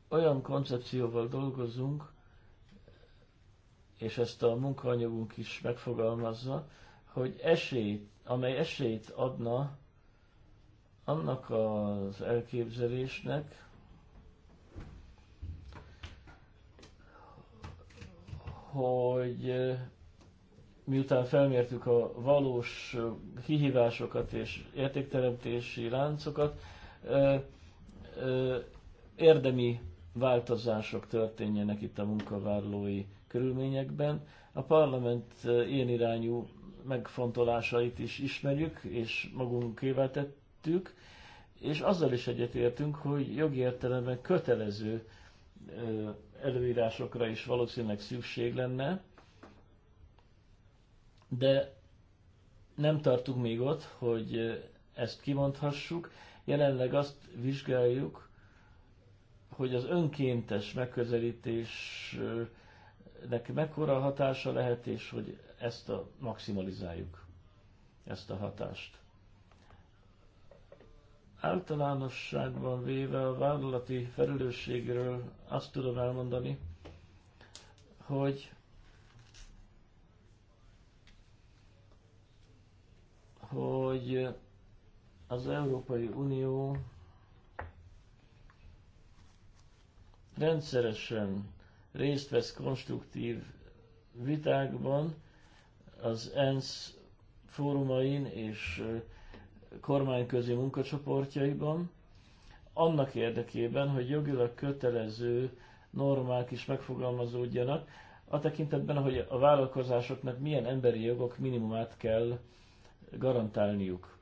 Olyan koncepcióval dolgozunk, és ezt a munkaanyagunk is megfogalmazza, hogy esélyt, amely esélyt adna annak az elképzelésnek, hogy eh, miután felmértük a valós eh, kihívásokat és értékteremtési láncokat, eh, érdemi változások történjenek itt a munkavállalói körülményekben. A parlament ilyen irányú megfontolásait is ismerjük, és magunk magunkével vettük, és azzal is egyetértünk, hogy jogi értelemben kötelező előírásokra is valószínűleg szükség lenne, de nem tartunk még ott, hogy ezt kimondhassuk. Jelenleg azt vizsgáljuk, hogy az önkéntes megközelítésnek mekkora hatása lehet, és hogy ezt a maximalizáljuk, ezt a hatást. Általánosságban véve a vállalati felelősségről azt tudom elmondani, hogy hogy az Európai Unió rendszeresen részt vesz konstruktív vitákban, az ENSZ fórumain és kormányközi munkacsoportjaiban, annak érdekében, hogy jogilag kötelező normák is megfogalmazódjanak, a tekintetben, hogy a vállalkozásoknak milyen emberi jogok minimumát kell garantálniuk.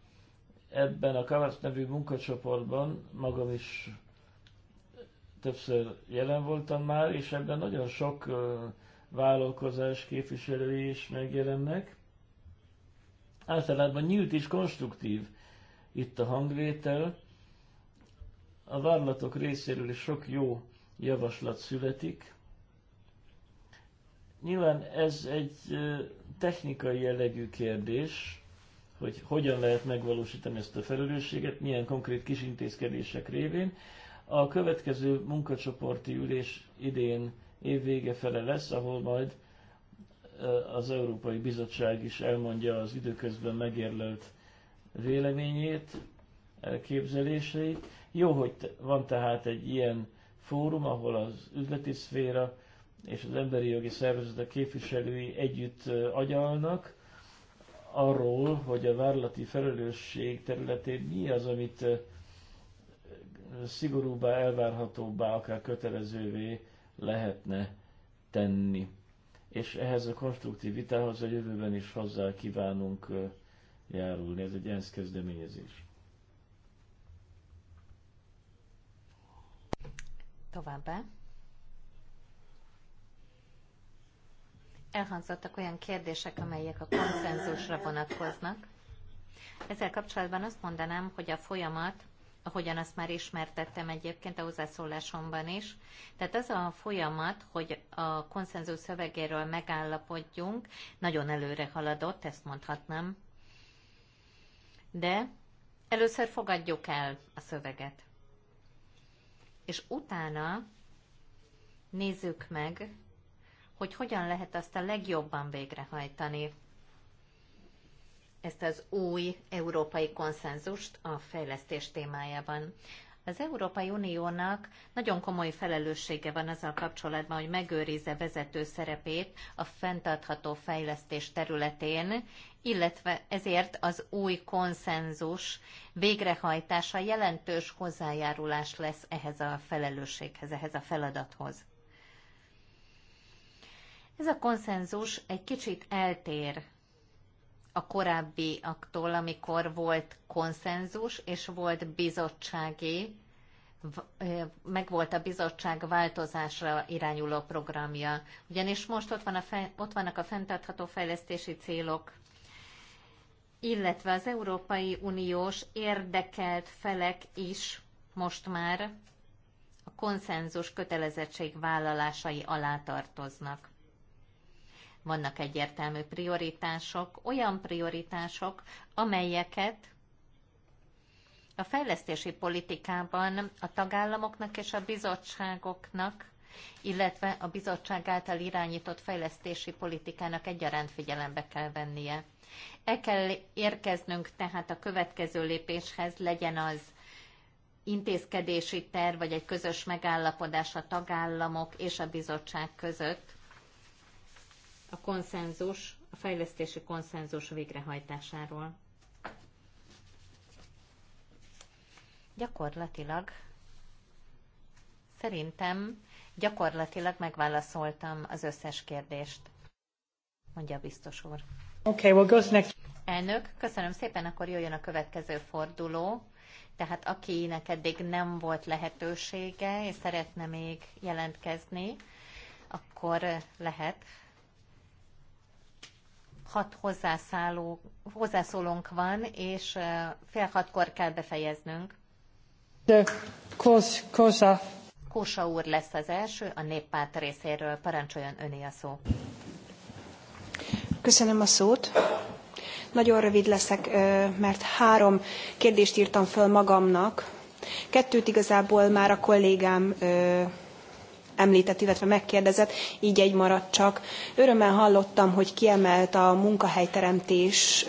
Ebben a kavasz nevű munkacsoportban magam is többször jelen voltam már, és ebben nagyon sok vállalkozás képviselői is megjelennek. Általában nyílt és konstruktív itt a hangvétel. A vállalatok részéről is sok jó javaslat születik. Nyilván ez egy technikai jellegű kérdés, hogy hogyan lehet megvalósítani ezt a felelősséget, milyen konkrét intézkedések révén. A következő munkacsoporti ülés idén évvége fele lesz, ahol majd az Európai Bizottság is elmondja az időközben megérlelt véleményét, elképzeléseit. Jó, hogy van tehát egy ilyen fórum, ahol az üzleti szféra és az emberi jogi szervezetek képviselői együtt agyalnak arról, hogy a vállalati felelősség területén mi az, amit szigorúbbá, elvárhatóbbá, akár kötelezővé lehetne tenni. És ehhez a konstruktív vitához a jövőben is hozzá kívánunk járulni. Ez egy ENSZ kezdeményezés. Továbbá. Elhangzottak olyan kérdések, amelyek a konszenzusra vonatkoznak. Ezzel kapcsolatban azt mondanám, hogy a folyamat, ahogyan azt már ismertettem egyébként a hozzászólásomban is, tehát az a folyamat, hogy a konszenzus szövegéről megállapodjunk, nagyon előre haladott, ezt mondhatnám, de először fogadjuk el a szöveget. És utána nézzük meg, hogy hogyan lehet azt a legjobban végrehajtani ezt az új európai konszenzust a fejlesztés témájában. Az Európai Uniónak nagyon komoly felelőssége van azzal kapcsolatban, hogy megőrizze vezető szerepét a fenntartható fejlesztés területén, illetve ezért az új konszenzus végrehajtása jelentős hozzájárulás lesz ehhez a felelősséghez, ehhez a feladathoz. Ez a konszenzus egy kicsit eltér a korábbiaktól, amikor volt konszenzus és volt bizottsági, meg volt a bizottság változásra irányuló programja. Ugyanis most ott, van a fe, ott vannak a fenntartható fejlesztési célok, illetve az Európai Uniós érdekelt felek is most már a konszenzus kötelezettség vállalásai alá tartoznak. Vannak egyértelmű prioritások, olyan prioritások, amelyeket a fejlesztési politikában a tagállamoknak és a bizottságoknak, illetve a bizottság által irányított fejlesztési politikának egyaránt figyelembe kell vennie. El kell érkeznünk tehát a következő lépéshez, legyen az intézkedési terv, vagy egy közös megállapodás a tagállamok és a bizottság között, a konszenzus, a fejlesztési konszenzus végrehajtásáról. Gyakorlatilag szerintem gyakorlatilag megválaszoltam az összes kérdést, mondja a biztos úr. Okay, well, goes next. Elnök, köszönöm szépen, akkor jöjjön a következő forduló. Tehát akinek eddig nem volt lehetősége, és szeretne még jelentkezni, akkor lehet, hat hozzászálló, hozzászólónk van, és fél hatkor kell befejeznünk. De Kosa. Kosa úr lesz az első, a néppárt részéről. Parancsoljon öné a szó. Köszönöm a szót. Nagyon rövid leszek, mert három kérdést írtam föl magamnak. Kettőt igazából már a kollégám említett, illetve megkérdezett, így egy maradt csak. Örömmel hallottam, hogy kiemelt a munkahelyteremtés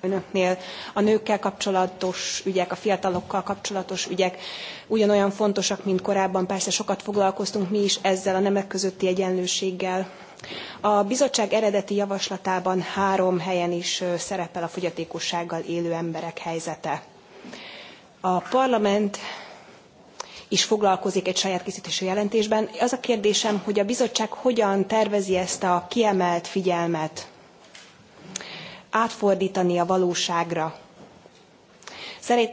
önöknél a nőkkel kapcsolatos ügyek, a fiatalokkal kapcsolatos ügyek ugyanolyan fontosak, mint korábban. Persze sokat foglalkoztunk mi is ezzel a nemek közötti egyenlőséggel. A bizottság eredeti javaslatában három helyen is szerepel a fogyatékossággal élő emberek helyzete. A parlament is foglalkozik egy saját készítésű jelentésben. Az a kérdésem, hogy a bizottság hogyan tervezi ezt a kiemelt figyelmet átfordítani a valóságra.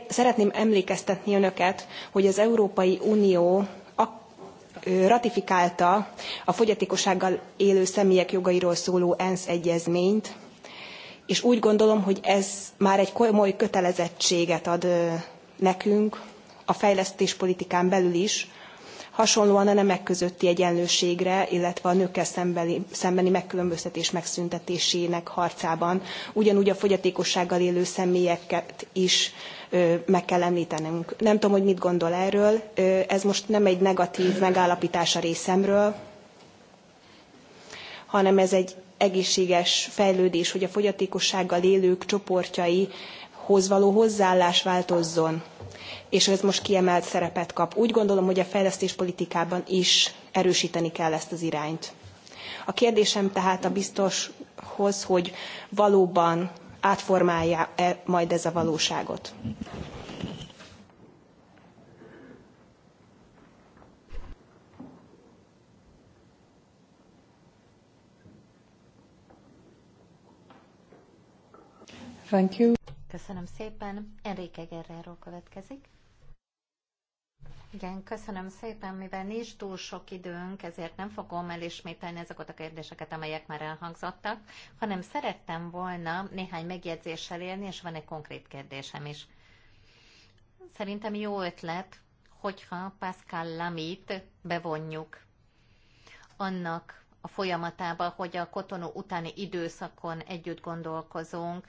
Szeretném emlékeztetni önöket, hogy az Európai Unió ratifikálta a fogyatékossággal élő személyek jogairól szóló ENSZ egyezményt, és úgy gondolom, hogy ez már egy komoly kötelezettséget ad nekünk, a fejlesztéspolitikán belül is, hasonlóan a nemek közötti egyenlőségre, illetve a nőkkel szembeni, szembeni megkülönböztetés megszüntetésének harcában, ugyanúgy a fogyatékossággal élő személyeket is ö, meg kell említenünk. Nem tudom, hogy mit gondol erről, ö, ez most nem egy negatív megállapítás a részemről, hanem ez egy egészséges fejlődés, hogy a fogyatékossággal élők csoportjaihoz való hozzáállás változzon és ez most kiemelt szerepet kap. Úgy gondolom, hogy a fejlesztéspolitikában is erősíteni kell ezt az irányt. A kérdésem tehát a biztoshoz, hogy valóban átformálja -e majd ez a valóságot. Thank you. Köszönöm szépen. Enrique Gerrero következik. Igen, köszönöm szépen, mivel nincs túl sok időnk, ezért nem fogom elismételni ezeket a kérdéseket, amelyek már elhangzottak, hanem szerettem volna néhány megjegyzéssel élni, és van egy konkrét kérdésem is. Szerintem jó ötlet, hogyha Pascal Lamit bevonjuk annak a folyamatába, hogy a kotonó utáni időszakon együtt gondolkozunk,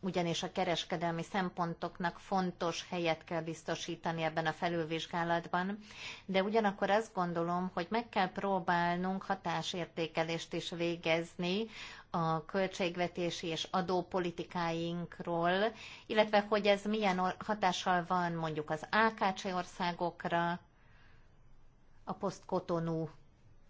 ugyanis a kereskedelmi szempontoknak fontos helyet kell biztosítani ebben a felülvizsgálatban, de ugyanakkor azt gondolom, hogy meg kell próbálnunk hatásértékelést is végezni a költségvetési és adópolitikáinkról, illetve hogy ez milyen hatással van mondjuk az AKC országokra, a posztkotonú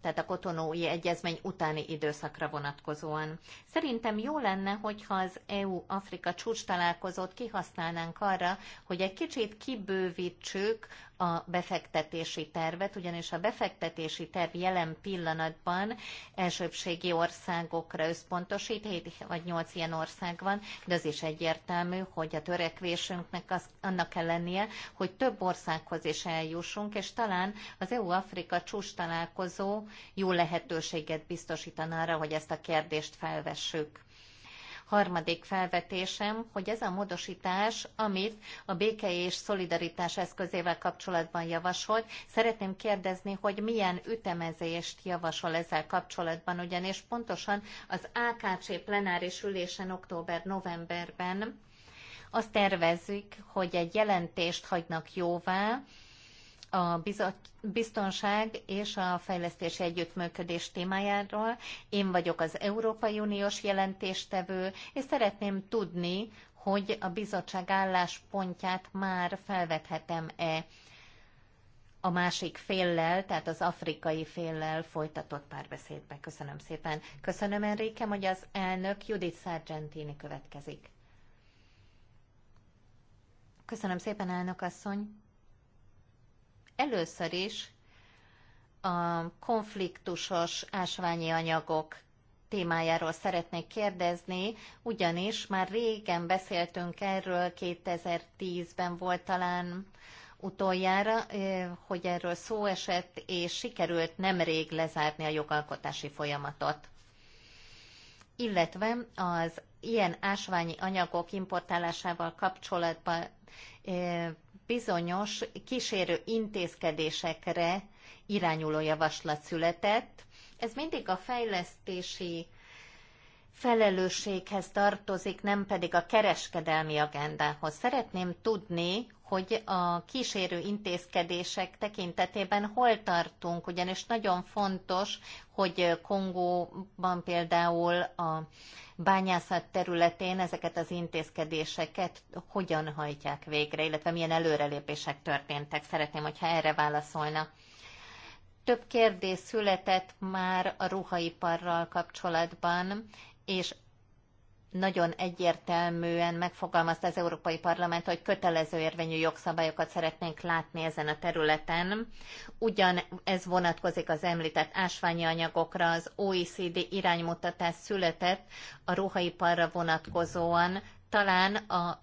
tehát a kotonói egyezmény utáni időszakra vonatkozóan. Szerintem jó lenne, hogyha az EU-Afrika csúcs találkozót kihasználnánk arra, hogy egy kicsit kibővítsük a befektetési tervet, ugyanis a befektetési terv jelen pillanatban elsőbségi országokra összpontosít, 7 vagy 8 ilyen ország van, de az is egyértelmű, hogy a törekvésünknek az, annak kell lennie, hogy több országhoz is eljussunk, és talán az EU-Afrika csúcs találkozó jó lehetőséget biztosítan arra, hogy ezt a kérdést felvessük. Harmadik felvetésem, hogy ez a módosítás, amit a béke és szolidaritás eszközével kapcsolatban javasolt, szeretném kérdezni, hogy milyen ütemezést javasol ezzel kapcsolatban, ugyanis pontosan az AKC plenáris ülésen október-novemberben azt tervezik, hogy egy jelentést hagynak jóvá, a biztonság és a fejlesztési együttműködés témájáról. Én vagyok az Európai Uniós jelentéstevő, és szeretném tudni, hogy a bizottság álláspontját már felvethetem-e a másik féllel, tehát az afrikai féllel folytatott párbeszédbe. Köszönöm szépen. Köszönöm Enrique, hogy az elnök Judith Sargentini következik. Köszönöm szépen, elnök asszony. Először is a konfliktusos ásványi anyagok témájáról szeretnék kérdezni, ugyanis már régen beszéltünk erről, 2010-ben volt talán utoljára, hogy erről szó esett, és sikerült nemrég lezárni a jogalkotási folyamatot. Illetve az ilyen ásványi anyagok importálásával kapcsolatban bizonyos kísérő intézkedésekre irányuló javaslat született. Ez mindig a fejlesztési felelősséghez tartozik, nem pedig a kereskedelmi agendához. Szeretném tudni, hogy a kísérő intézkedések tekintetében hol tartunk, ugyanis nagyon fontos, hogy Kongóban például a bányászat területén ezeket az intézkedéseket hogyan hajtják végre, illetve milyen előrelépések történtek. Szeretném, hogyha erre válaszolna. Több kérdés született már a ruhaiparral kapcsolatban, és nagyon egyértelműen megfogalmazta az Európai Parlament, hogy kötelező érvényű jogszabályokat szeretnénk látni ezen a területen. Ugyan ez vonatkozik az említett ásványi anyagokra, az OECD iránymutatás született a ruhaiparra vonatkozóan, talán a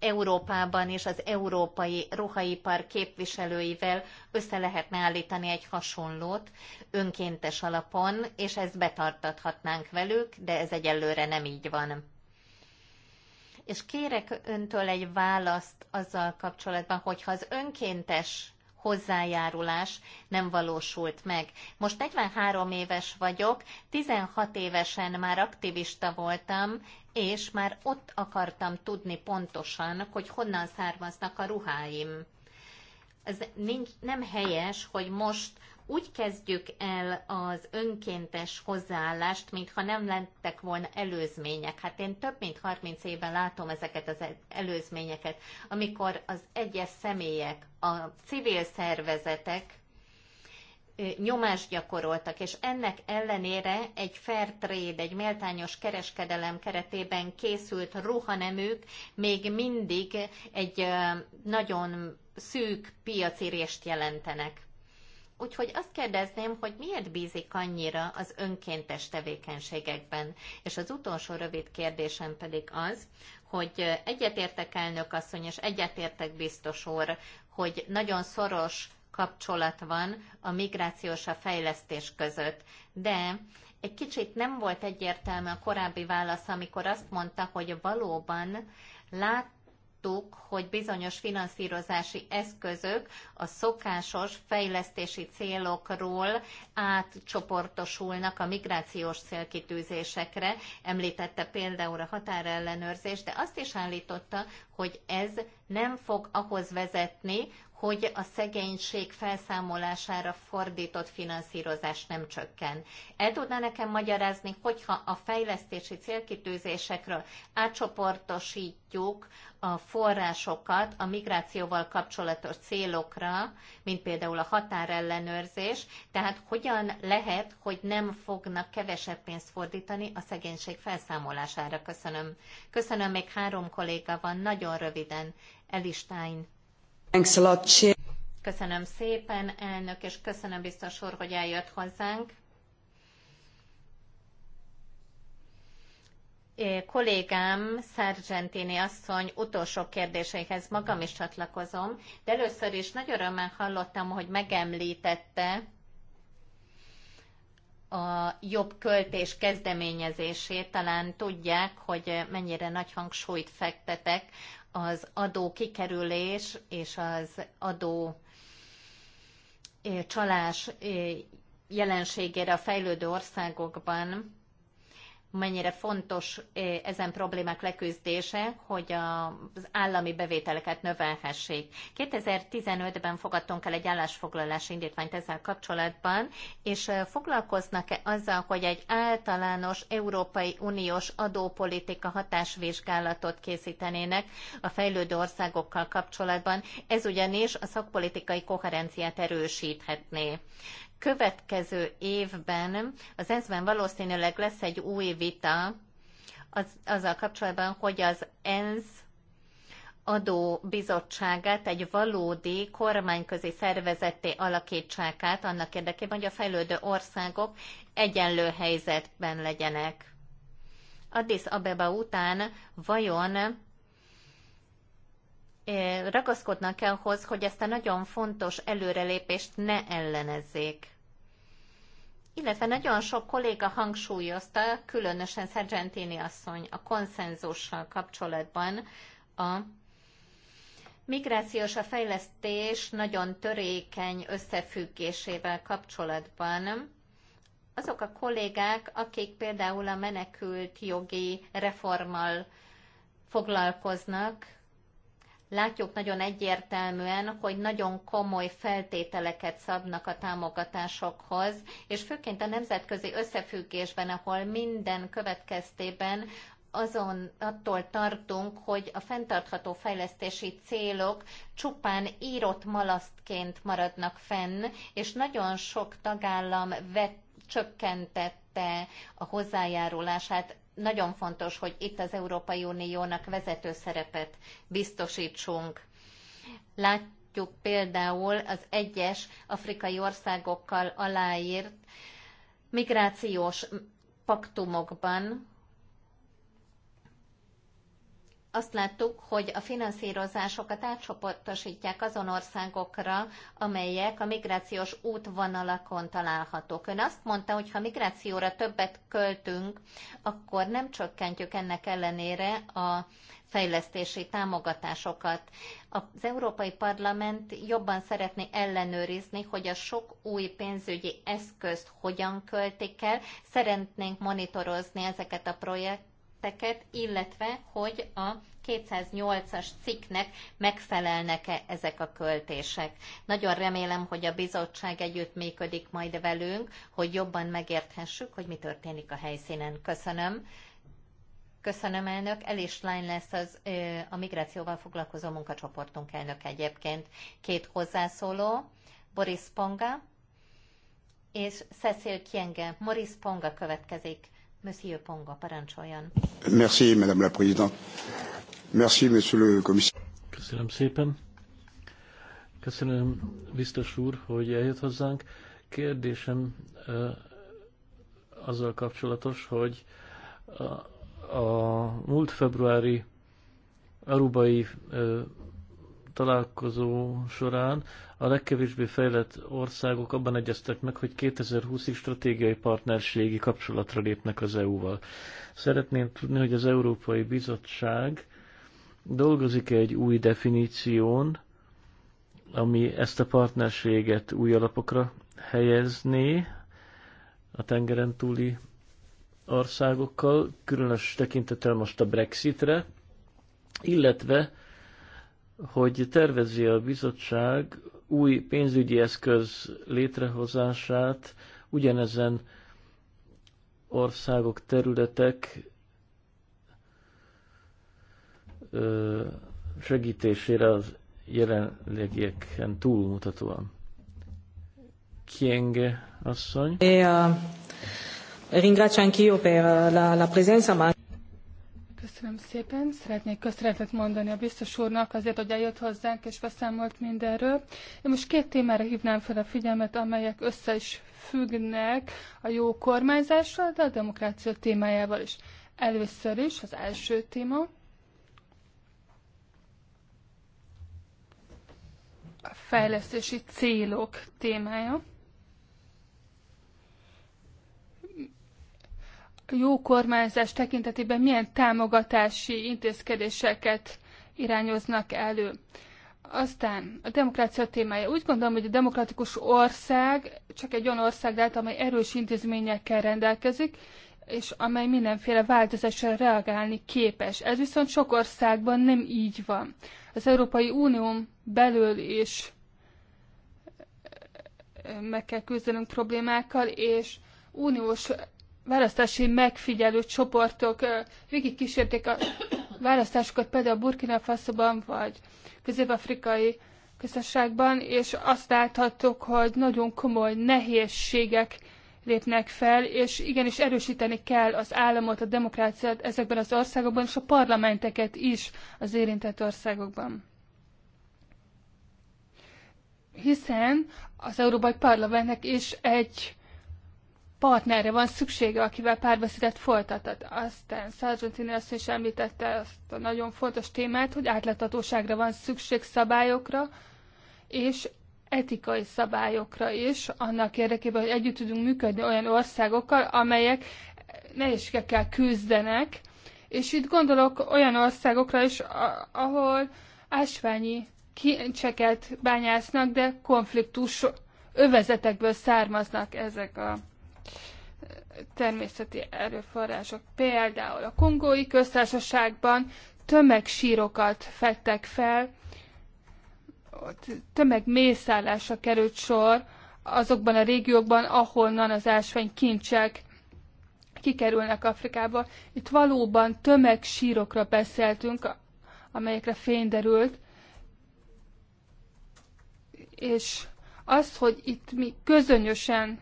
Európában és az európai ruhaipar képviselőivel össze lehetne állítani egy hasonlót önkéntes alapon, és ezt betartathatnánk velük, de ez egyelőre nem így van. És kérek öntől egy választ azzal kapcsolatban, hogyha az önkéntes hozzájárulás nem valósult meg. Most 43 éves vagyok, 16 évesen már aktivista voltam, és már ott akartam tudni pontosan, hogy honnan származnak a ruháim. Ez nincs, nem helyes, hogy most úgy kezdjük el az önkéntes hozzáállást, mintha nem lettek volna előzmények. Hát én több mint 30 éve látom ezeket az előzményeket, amikor az egyes személyek, a civil szervezetek nyomást gyakoroltak, és ennek ellenére egy fair trade, egy méltányos kereskedelem keretében készült ruhaneműk még mindig egy nagyon szűk piacirést jelentenek. Úgyhogy azt kérdezném, hogy miért bízik annyira az önkéntes tevékenységekben? És az utolsó rövid kérdésem pedig az, hogy egyetértek elnök asszony, és egyetértek biztos úr, hogy nagyon szoros kapcsolat van a migrációs a fejlesztés között. De egy kicsit nem volt egyértelmű a korábbi válasz, amikor azt mondta, hogy valóban lát, láttuk, hogy bizonyos finanszírozási eszközök a szokásos fejlesztési célokról átcsoportosulnak a migrációs célkitűzésekre. Említette például a határellenőrzést, de azt is állította, hogy ez nem fog ahhoz vezetni, hogy a szegénység felszámolására fordított finanszírozás nem csökken. El tudná nekem magyarázni, hogyha a fejlesztési célkitűzésekről átcsoportosítjuk a forrásokat a migrációval kapcsolatos célokra, mint például a határellenőrzés, tehát hogyan lehet, hogy nem fognak kevesebb pénzt fordítani a szegénység felszámolására? Köszönöm. Köszönöm, még három kolléga van, nagyon röviden. Elistein Köszönöm szépen, elnök, és köszönöm biztos úr, hogy eljött hozzánk. kollégám, Sargentini asszony utolsó kérdéséhez magam is csatlakozom, de először is nagy örömmel hallottam, hogy megemlítette a jobb költés kezdeményezését. Talán tudják, hogy mennyire nagy hangsúlyt fektetek az adó kikerülés és az adó eh, csalás eh, jelenségére a fejlődő országokban mennyire fontos eh, ezen problémák leküzdése, hogy az állami bevételeket növelhessék. 2015-ben fogadtunk el egy állásfoglalási indítványt ezzel kapcsolatban, és eh, foglalkoznak-e azzal, hogy egy általános Európai Uniós adópolitika hatásvizsgálatot készítenének a fejlődő országokkal kapcsolatban? Ez ugyanis a szakpolitikai koherenciát erősíthetné következő évben az ENSZ-ben valószínűleg lesz egy új vita az, azzal kapcsolatban, hogy az ENSZ adóbizottságát egy valódi kormányközi szervezetté alakítsák át annak érdekében, hogy a fejlődő országok egyenlő helyzetben legyenek. Addis Abeba után vajon ragaszkodnak kell hogy ezt a nagyon fontos előrelépést ne ellenezzék. Illetve nagyon sok kolléga hangsúlyozta, különösen Sargentini asszony a konszenzussal kapcsolatban a migrációs a fejlesztés nagyon törékeny összefüggésével kapcsolatban. Azok a kollégák, akik például a menekült jogi reformmal foglalkoznak, látjuk nagyon egyértelműen, hogy nagyon komoly feltételeket szabnak a támogatásokhoz, és főként a nemzetközi összefüggésben, ahol minden következtében azon attól tartunk, hogy a fenntartható fejlesztési célok csupán írott malasztként maradnak fenn, és nagyon sok tagállam vett, csökkentette a hozzájárulását nagyon fontos, hogy itt az Európai Uniónak vezető szerepet biztosítsunk. Látjuk például az egyes afrikai országokkal aláírt migrációs paktumokban, azt láttuk, hogy a finanszírozásokat átcsoportosítják azon országokra, amelyek a migrációs útvonalakon találhatók. Ön azt mondta, hogy ha migrációra többet költünk, akkor nem csökkentjük ennek ellenére a fejlesztési támogatásokat. Az Európai Parlament jobban szeretné ellenőrizni, hogy a sok új pénzügyi eszközt hogyan költik el. Szeretnénk monitorozni ezeket a projekt teket, illetve hogy a 208-as cikknek megfelelnek-e ezek a költések. Nagyon remélem, hogy a bizottság együttműködik majd velünk, hogy jobban megérthessük, hogy mi történik a helyszínen. Köszönöm. Köszönöm, elnök. Elis Lány lesz az, a migrációval foglalkozó munkacsoportunk elnök egyébként. Két hozzászóló, Boris Ponga és Cecil Kienge. Boris Ponga következik. Monsieur Ponga, parancsoljon. Merci, Madame la Présidente. Merci, Monsieur le Commissaire. Köszönöm szépen. Köszönöm, biztos úr, hogy eljött hozzánk. Kérdésem azzal kapcsolatos, hogy a, a múlt februári arubai találkozó során a legkevésbé fejlett országok abban egyeztek meg, hogy 2020-ig stratégiai partnerségi kapcsolatra lépnek az EU-val. Szeretném tudni, hogy az Európai Bizottság dolgozik-e egy új definíción, ami ezt a partnerséget új alapokra helyezné a tengeren túli országokkal, különös tekintettel most a Brexitre, illetve hogy tervezi a bizottság új pénzügyi eszköz létrehozását ugyanezen országok, területek segítésére az jelenlegieken túlmutatóan. Kienge asszony. E, uh, ringrazio anch'io per la, la presenza, ma... Köszönöm szépen. Szeretnék köszönetet mondani a biztos úrnak azért, hogy eljött hozzánk és beszámolt mindenről. Én most két témára hívnám fel a figyelmet, amelyek össze is függnek a jó kormányzással, de a demokrácia témájával is. Először is az első téma. A fejlesztési célok témája. jó kormányzás tekintetében milyen támogatási intézkedéseket irányoznak elő. Aztán a demokrácia témája. Úgy gondolom, hogy a demokratikus ország csak egy olyan ország lehet, amely erős intézményekkel rendelkezik, és amely mindenféle változásra reagálni képes. Ez viszont sok országban nem így van. Az Európai Unión belül is meg kell küzdenünk problémákkal, és uniós választási megfigyelő csoportok végig kísérték a választásokat például Burkina Faso-ban vagy közép-afrikai közösségben, és azt láthattuk, hogy nagyon komoly nehézségek lépnek fel, és igenis erősíteni kell az államot, a demokráciát ezekben az országokban, és a parlamenteket is az érintett országokban. Hiszen az Európai Parlamentnek is egy partnerre van szüksége, akivel párbeszédet folytatott. Aztán Sargentini azt is említette azt a nagyon fontos témát, hogy átláthatóságra van szükség szabályokra, és etikai szabályokra is, annak érdekében, hogy együtt tudunk működni olyan országokkal, amelyek nehézségekkel küzdenek, és itt gondolok olyan országokra is, ahol ásványi kincseket bányásznak, de konfliktus övezetekből származnak ezek a természeti erőforrások. Például a kongói köztársaságban tömegsírokat fettek fel, tömegmészállásra került sor azokban a régiókban, ahonnan az ásvány kincsek kikerülnek Afrikába. Itt valóban tömegsírokra beszéltünk, amelyekre fény derült, és az, hogy itt mi közönösen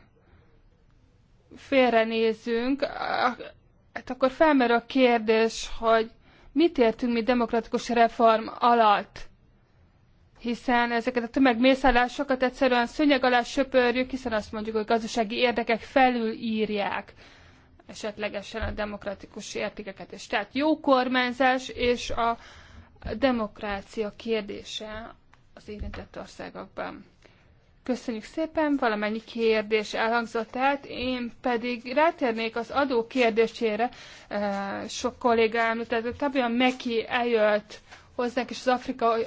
félrenézünk, hát akkor felmerül a kérdés, hogy mit értünk mi demokratikus reform alatt? hiszen ezeket a tömegmészállásokat egyszerűen szőnyeg alá söpörjük, hiszen azt mondjuk, hogy gazdasági érdekek felülírják esetlegesen a demokratikus értékeket. És tehát jó kormányzás és a demokrácia kérdése az érintett országokban. Köszönjük szépen, valamennyi kérdés elhangzott el, én pedig rátérnék az adó kérdésére. Eh, sok kolléga említett, olyan Meki eljött hozzánk, és az Afrikai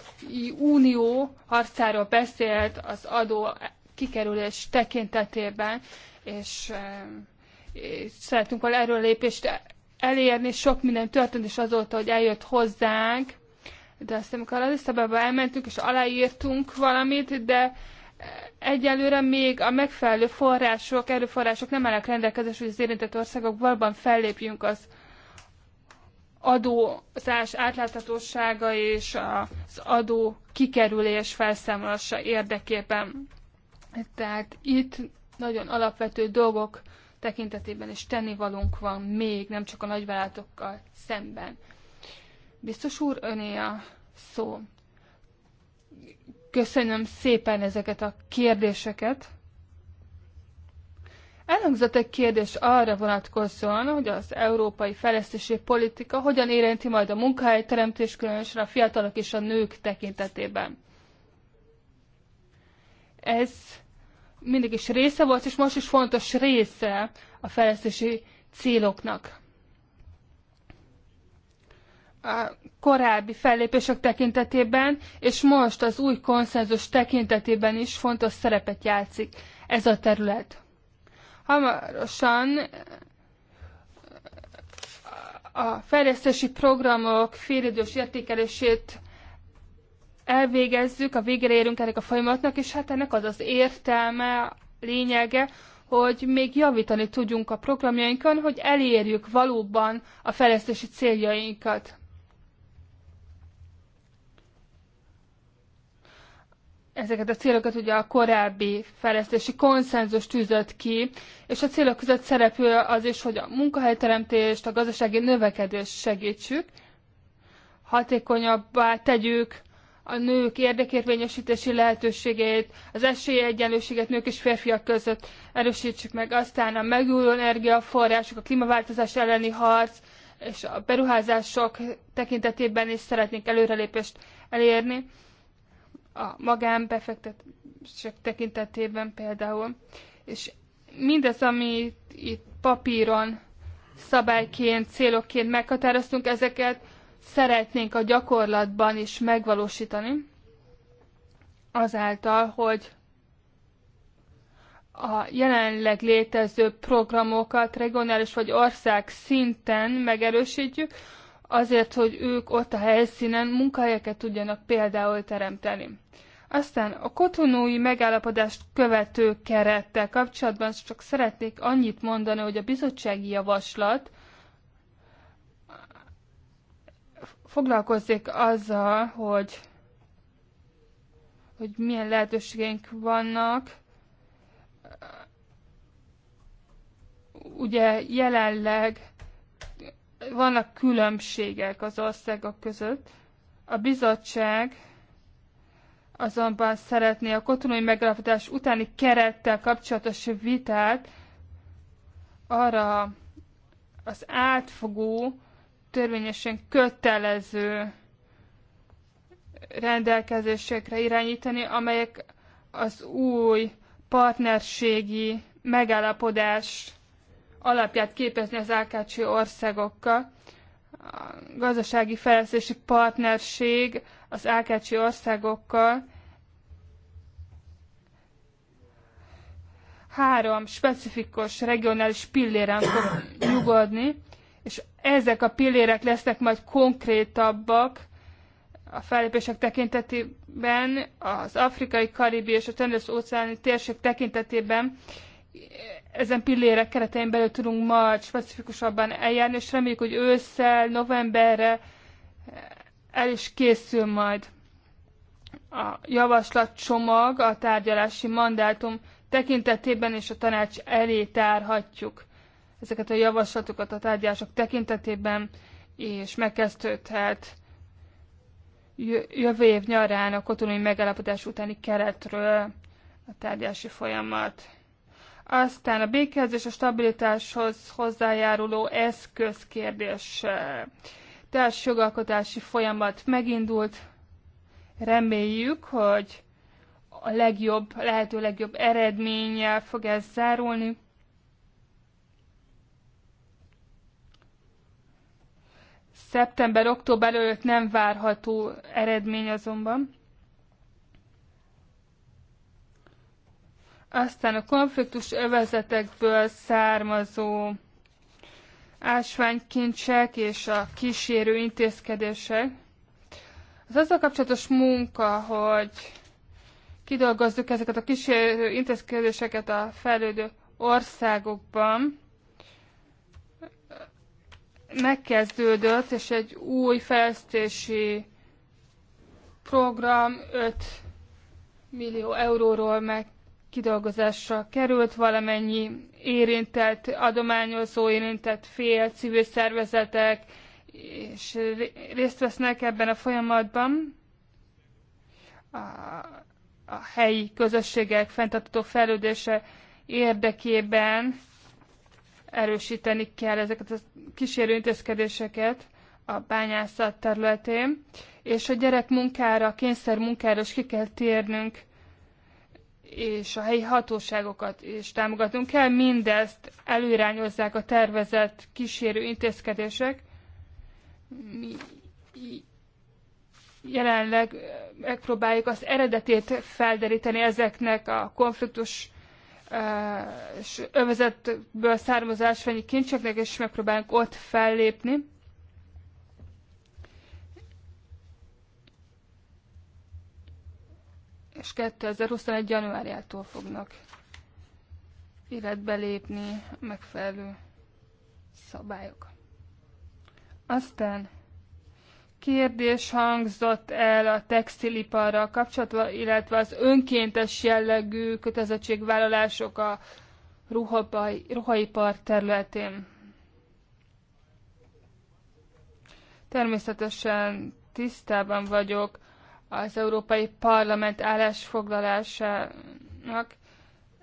Unió harcáról beszélt az adó kikerülés tekintetében, és, eh, és szeretünk volna erről lépést elérni, sok minden történt is azóta, hogy eljött hozzánk, de aztán amikor Alisztabába elmentünk és aláírtunk valamit, de egyelőre még a megfelelő források, erőforrások nem állnak rendelkezés, hogy az érintett országok valóban fellépjünk az adózás átláthatósága és az adó kikerülés felszámolása érdekében. Tehát itt nagyon alapvető dolgok tekintetében is tennivalunk van még, nem csak a nagyvállalatokkal szemben. Biztos úr, öné a szó. Köszönöm szépen ezeket a kérdéseket. Elhangzott egy kérdés arra vonatkozóan, hogy az európai fejlesztési politika hogyan érinti majd a munkahelyteremtés, különösen a fiatalok és a nők tekintetében. Ez mindig is része volt, és most is fontos része a fejlesztési céloknak a korábbi fellépések tekintetében, és most az új konszenzus tekintetében is fontos szerepet játszik ez a terület. Hamarosan eh, a fejlesztési programok félidős értékelését elvégezzük, a végére érünk ennek a folyamatnak, és hát ennek az az értelme, lényege, hogy még javítani tudjunk a programjainkon, hogy elérjük valóban a fejlesztési céljainkat. ezeket a célokat ugye a korábbi fejlesztési konszenzus tűzött ki, és a célok között szerepül az is, hogy a munkahelyteremtést, a gazdasági növekedést segítsük, hatékonyabbá tegyük a nők érdekérvényesítési lehetőségét, az esélyegyenlőséget nők és férfiak között erősítsük meg, aztán a megújuló energiaforrások, a klímaváltozás elleni harc és a beruházások tekintetében is szeretnénk előrelépést elérni a magánbefektetések tekintetében például. És mindez, amit itt papíron szabályként, célokként meghatároztunk, ezeket szeretnénk a gyakorlatban is megvalósítani, azáltal, hogy a jelenleg létező programokat regionális vagy ország szinten megerősítjük, azért, hogy ők ott a helyszínen munkahelyeket tudjanak például teremteni. Aztán a kotonói megállapodást követő kerettel kapcsolatban csak szeretnék annyit mondani, hogy a bizottsági javaslat foglalkozik azzal, hogy, hogy milyen lehetőségeink vannak. Ugye jelenleg vannak különbségek az országok között. A bizottság azonban szeretné a kotonói megállapodás utáni kerettel kapcsolatos vitát arra az átfogó, törvényesen kötelező rendelkezésekre irányítani, amelyek az új partnerségi megállapodás alapját képezni az AKC országokkal. A gazdasági fejlesztési partnerség az AKC országokkal három specifikus regionális pilléren fog nyugodni, és ezek a pillérek lesznek majd konkrétabbak a fellépések tekintetében, az afrikai, karibi és a tendős óceáni térség tekintetében ezen pillérek keretein belül tudunk majd specifikusabban eljárni, és reméljük, hogy ősszel, novemberre el is készül majd a javaslatcsomag, a tárgyalási mandátum tekintetében és a tanács elé tárhatjuk ezeket a javaslatokat a tárgyalások tekintetében, és megkezdődhet jövő év nyarán a kotonai megállapodás utáni keretről a tárgyalási folyamat. Aztán a békehez és a stabilitáshoz hozzájáruló eszközkérdés társjogalkotási folyamat megindult. Reméljük, hogy a legjobb, lehető legjobb eredménnyel fog ez zárulni. Szeptember-október előtt nem várható eredmény azonban. Aztán a konfliktus övezetekből származó ásványkincsek és a kísérő intézkedések. Az azzal kapcsolatos munka, hogy kidolgozzuk ezeket a kísérő intézkedéseket a fejlődő országokban, megkezdődött, és egy új fejlesztési program 5 millió euróról meg kidolgozásra került, valamennyi érintett, adományozó, érintett fél, civil szervezetek, és részt vesznek ebben a folyamatban. A, a helyi közösségek fenntartható fejlődése érdekében erősíteni kell ezeket a kísérő intézkedéseket a bányászat területén, és a gyerek munkára, kényszer munkára is ki kell térnünk és a helyi hatóságokat is támogatnunk kell. Mindezt előirányozzák a tervezett kísérő intézkedések. Mi jelenleg megpróbáljuk az eredetét felderíteni ezeknek a konfliktus eh, övezetből származó ásványi kincseknek, és megpróbálunk ott fellépni. és 2021. januárjától fognak életbe lépni a megfelelő szabályok. Aztán kérdés hangzott el a textiliparral kapcsolatban, illetve az önkéntes jellegű kötelezettségvállalások a ruhabai, ruhaipar területén. Természetesen tisztában vagyok az Európai Parlament állásfoglalásának.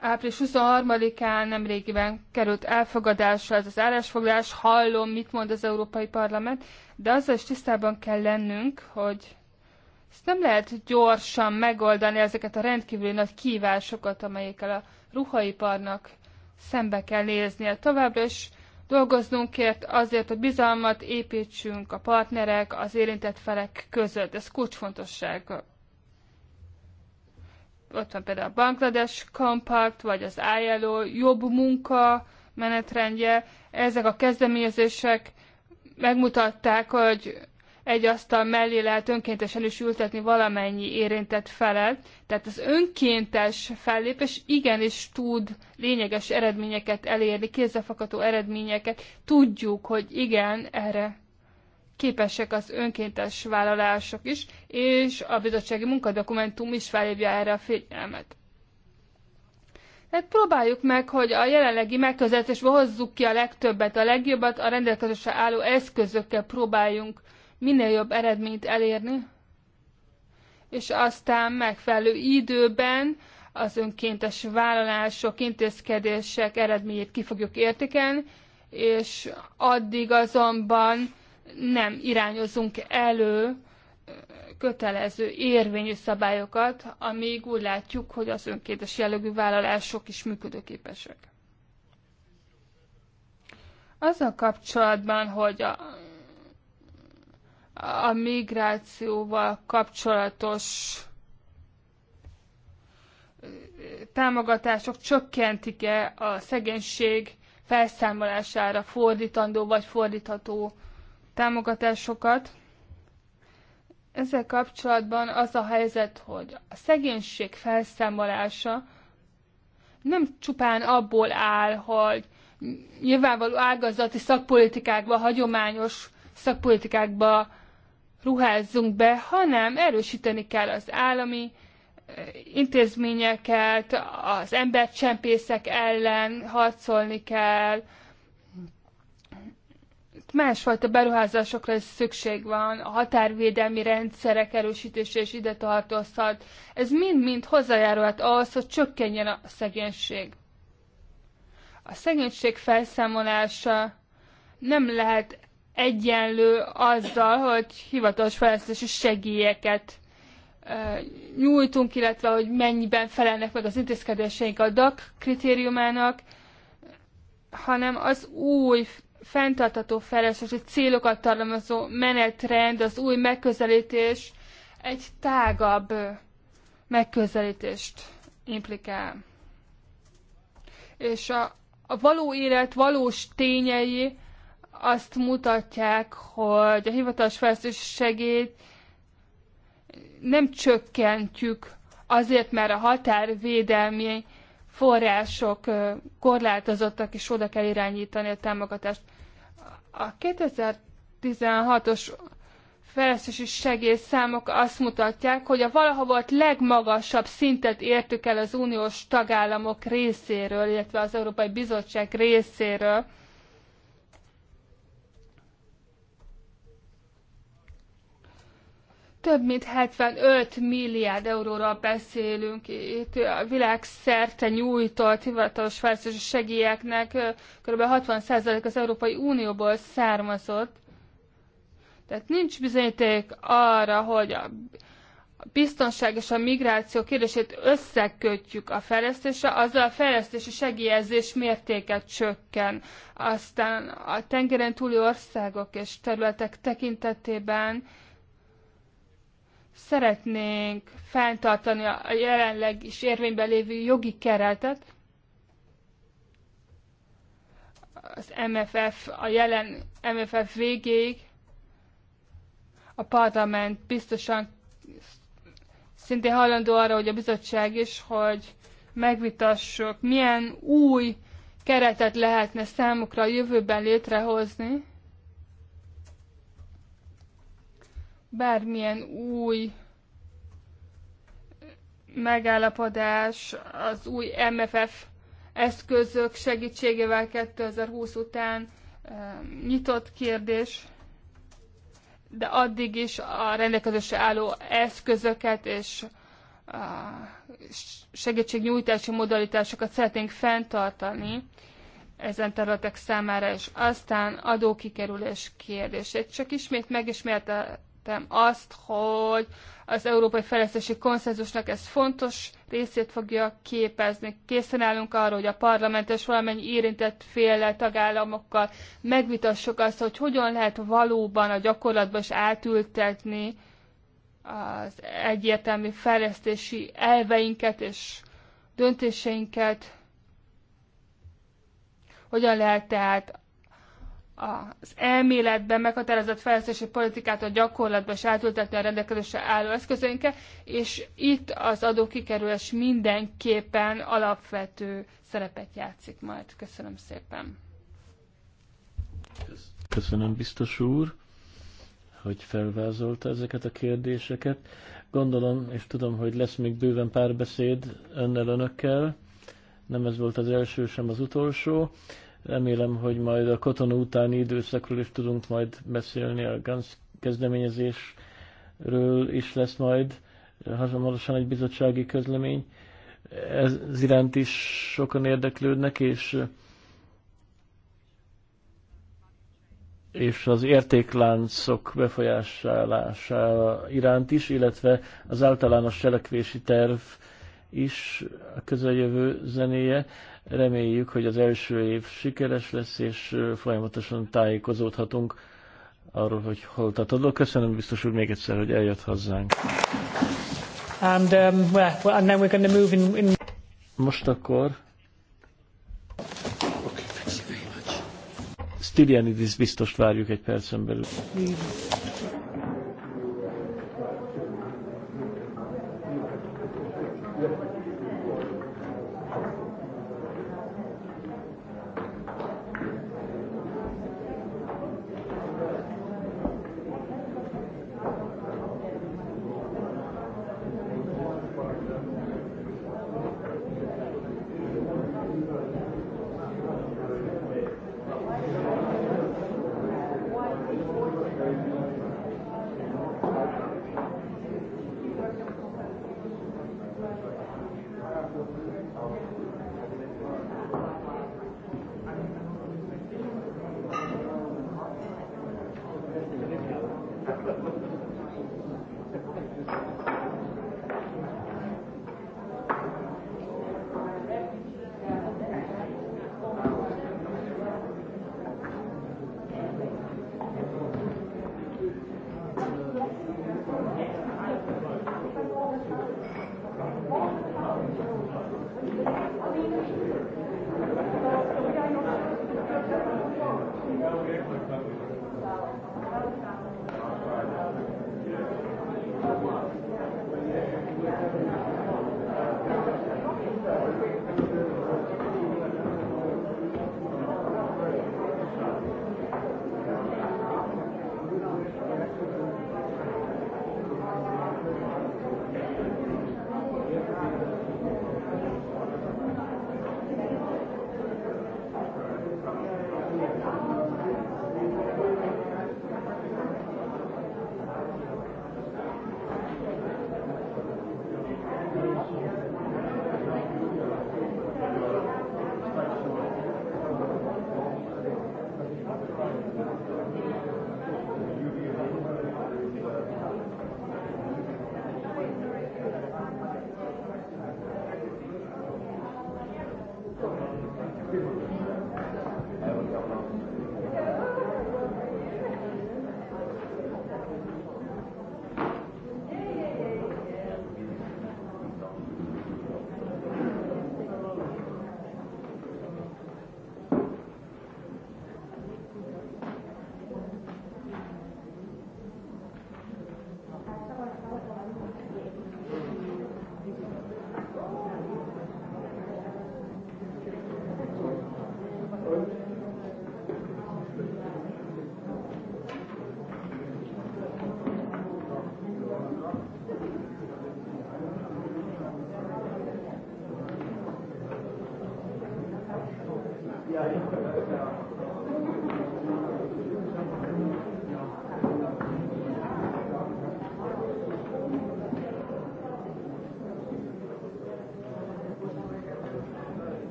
Április 23-án nemrégiben került elfogadásra ez az állásfoglalás, hallom, mit mond az Európai Parlament, de azzal is tisztában kell lennünk, hogy ezt nem lehet gyorsan megoldani ezeket a rendkívül nagy kívásokat, amelyekkel a ruhaiparnak szembe kell néznie továbbra, is dolgoznunk kért azért, hogy bizalmat építsünk a partnerek, az érintett felek között. Ez kulcsfontosság. Ott van például a Bangladesh Compact, vagy az ILO jobb munka menetrendje. Ezek a kezdeményezések megmutatták, hogy egy asztal mellé lehet önkéntesen is ültetni valamennyi érintett felet. Tehát az önkéntes fellépés igenis tud lényeges eredményeket elérni, kézzelfogható eredményeket. Tudjuk, hogy igen, erre képesek az önkéntes vállalások is, és a bizottsági munkadokumentum is felhívja erre a figyelmet. Hát próbáljuk meg, hogy a jelenlegi megközelítésből hozzuk ki a legtöbbet, a legjobbat, a rendelkezésre álló eszközökkel próbáljunk minél jobb eredményt elérni, és aztán megfelelő időben az önkéntes vállalások, intézkedések eredményét ki fogjuk értékelni, és addig azonban nem irányozunk elő kötelező érvényű szabályokat, amíg úgy látjuk, hogy az önkéntes jellegű vállalások is működőképesek. Azzal kapcsolatban, hogy a a migrációval kapcsolatos támogatások csökkentik-e a szegénység felszámolására fordítandó vagy fordítható támogatásokat. Ezzel kapcsolatban az a helyzet, hogy a szegénység felszámolása nem csupán abból áll, hogy nyilvánvaló ágazati szakpolitikákba, hagyományos szakpolitikákba ruházzunk be, hanem erősíteni kell az állami eh, intézményeket, az embercsempészek ellen harcolni kell, másfajta beruházásokra is szükség van, a határvédelmi rendszerek erősítése is ide tartozhat. Ez mind-mind hozzájárulhat ahhoz, hogy csökkenjen a szegénység. A szegénység felszámolása nem lehet egyenlő azzal, hogy hivatalos fejlesztési segélyeket nyújtunk, illetve hogy mennyiben felelnek meg az intézkedéseink a DAC kritériumának, hanem az új fenntartató fejlesztési célokat tartalmazó menetrend, az új megközelítés egy tágabb megközelítést implikál. És a, a való élet valós tényei azt mutatják, hogy a hivatalos fejlesztés segélyt nem csökkentjük azért, mert a határvédelmi források korlátozottak, és oda kell irányítani a támogatást. A 2016-os fejlesztési segélyszámok azt mutatják, hogy a valaha volt legmagasabb szintet értük el az uniós tagállamok részéről, illetve az Európai Bizottság részéről több mint 75 milliárd euróról beszélünk. Itt a világszerte nyújtott hivatalos fejlesztési segélyeknek kb. 60% az Európai Unióból származott. Tehát nincs bizonyíték arra, hogy a biztonság és a migráció kérdését összekötjük a fejlesztésre, azzal a fejlesztési segélyezés mértéke csökken. Aztán a tengeren túli országok és területek tekintetében szeretnénk fenntartani a jelenleg is érvényben lévő jogi keretet, az MFF, a jelen MFF végéig a parlament biztosan szintén hajlandó arra, hogy a bizottság is, hogy megvitassuk, milyen új keretet lehetne számukra a jövőben létrehozni, bármilyen új megállapodás az új MFF eszközök segítségével 2020 után nyitott kérdés, de addig is a rendelkezésre álló eszközöket és a segítségnyújtási modalitásokat szeretnénk fenntartani ezen területek számára, és aztán adókikerülés kérdését. Csak ismét megismerte említettem azt, hogy az európai fejlesztési konszenzusnak ez fontos részét fogja képezni. Készen állunk arra, hogy a parlament és valamennyi érintett féle tagállamokkal megvitassuk azt, hogy hogyan lehet valóban a gyakorlatban is átültetni az egyértelmű fejlesztési elveinket és döntéseinket, hogyan lehet tehát az elméletben meghatározott fejlesztési politikát a gyakorlatban és átültetni a rendelkezésre álló eszközénkkel, és itt az adókikerülés mindenképpen alapvető szerepet játszik majd. Köszönöm szépen. Köszönöm, biztos úr, hogy felvázolta ezeket a kérdéseket. Gondolom, és tudom, hogy lesz még bőven párbeszéd önnel, önökkel. Nem ez volt az első, sem az utolsó. Remélem, hogy majd a katona utáni időszakról is tudunk majd beszélni, a gansz kezdeményezésről is lesz majd hamarosan egy bizottsági közlemény. Ez iránt is sokan érdeklődnek, és és az értékláncok befolyásolása iránt is, illetve az általános cselekvési terv is a közeljövő zenéje. Reméljük, hogy az első év sikeres lesz, és folyamatosan tájékozódhatunk arról, hogy hol tartod. Köszönöm biztos úr még egyszer, hogy eljött hozzánk. And, um, well, and then we're going to move in, in... Most akkor... Okay, Stylianidis biztos várjuk egy percen belül. Mm.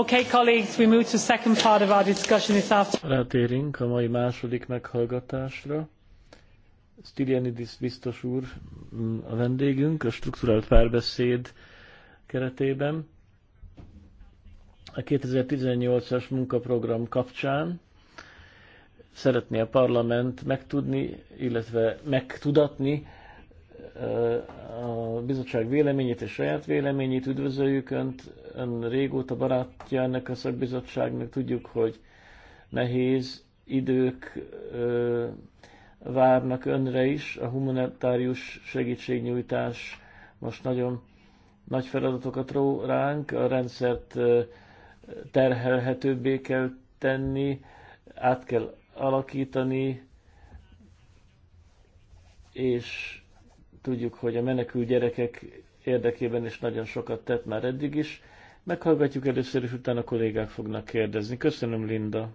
Okay, colleagues, we move to second part of our discussion this afternoon. Rátérünk a mai második meghallgatásra. Stylianidis biztos úr mm, a vendégünk a strukturált párbeszéd keretében. A 2018-as munkaprogram kapcsán szeretné a parlament megtudni, illetve megtudatni a bizottság véleményét és saját véleményét. Üdvözöljük Önt, ön régóta barátja ennek a szakbizottságnak, tudjuk, hogy nehéz idők ö, várnak önre is, a humanitárius segítségnyújtás most nagyon nagy feladatokat ró ránk, a rendszert terhelhetőbbé kell tenni, át kell alakítani, és tudjuk, hogy a menekül gyerekek érdekében is nagyon sokat tett már eddig is. Meghallgatjuk először, és utána a kollégák fognak kérdezni. Köszönöm, Linda.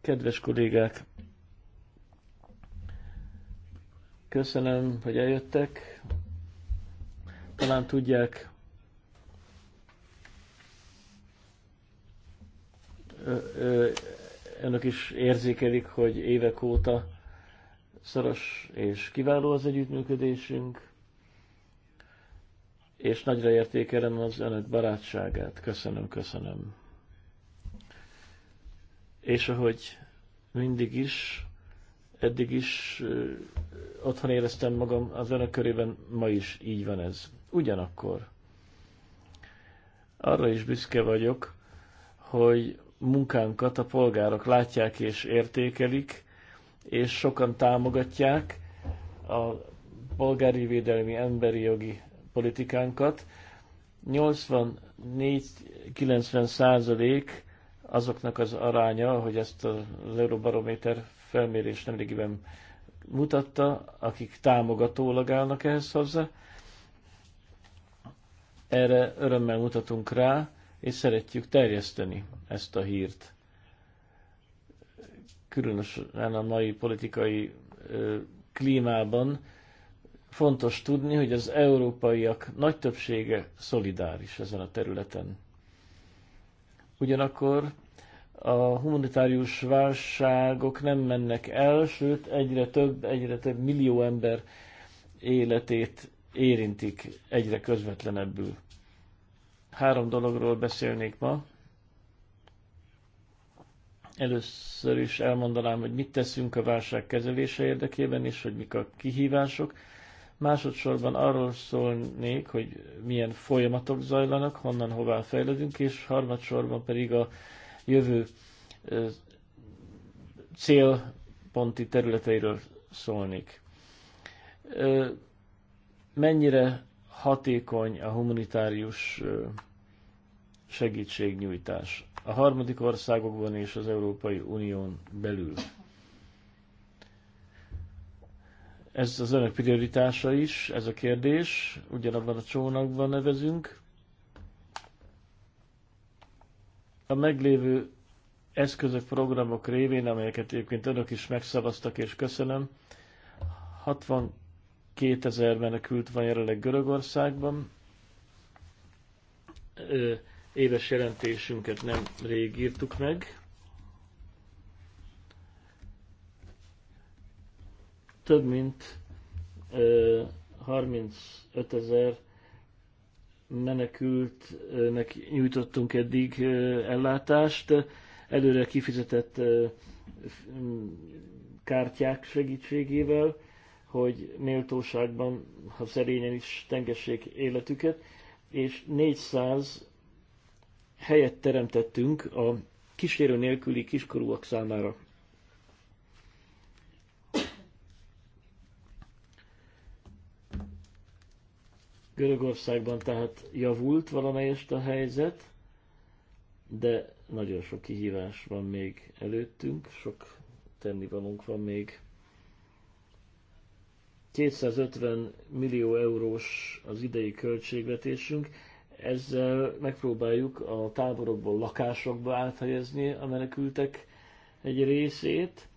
Kedves kollégák, köszönöm, hogy eljöttek. Talán tudják, önök is érzékelik, hogy évek óta szoros és kiváló az együttműködésünk és nagyra értékelem az önök barátságát. Köszönöm, köszönöm. És ahogy mindig is, eddig is ö, otthon éreztem magam az önök körében, ma is így van ez. Ugyanakkor arra is büszke vagyok, hogy munkánkat a polgárok látják és értékelik, és sokan támogatják a polgári védelmi emberi jogi politikánkat. 84-90 százalék azoknak az aránya, hogy ezt az Euróbarométer felmérés nemrégiben mutatta, akik támogatólag állnak ehhez hozzá. Erre örömmel mutatunk rá, és szeretjük terjeszteni ezt a hírt. Különösen a mai politikai klímában Fontos tudni, hogy az európaiak nagy többsége szolidáris ezen a területen. Ugyanakkor a humanitárius válságok nem mennek el, sőt egyre több, egyre több millió ember életét érintik egyre közvetlenebbül. Három dologról beszélnék ma. Először is elmondanám, hogy mit teszünk a válság kezelése érdekében, és hogy mik a kihívások. Másodszorban arról szólnék, hogy milyen folyamatok zajlanak, honnan, hová fejlődünk, és harmadsorban pedig a jövő célponti területeiről szólnék. Mennyire hatékony a humanitárius segítségnyújtás a harmadik országokban és az Európai Unión belül? Ez az önök prioritása is, ez a kérdés. Ugyanabban a csónakban nevezünk. A meglévő eszközök, programok révén, amelyeket egyébként önök is megszavaztak, és köszönöm, 62 ezer menekült van jelenleg Görögországban. éves jelentésünket nem rég írtuk meg. több mint 35 ezer menekültnek nyújtottunk eddig ellátást, előre kifizetett kártyák segítségével, hogy méltóságban, ha szerényen is tengessék életüket, és 400 helyet teremtettünk a kísérő nélküli kiskorúak számára. Görögországban tehát javult valamelyest a helyzet, de nagyon sok kihívás van még előttünk, sok tennivalónk van még. 250 millió eurós az idei költségvetésünk, ezzel megpróbáljuk a táborokból lakásokba áthelyezni a menekültek egy részét,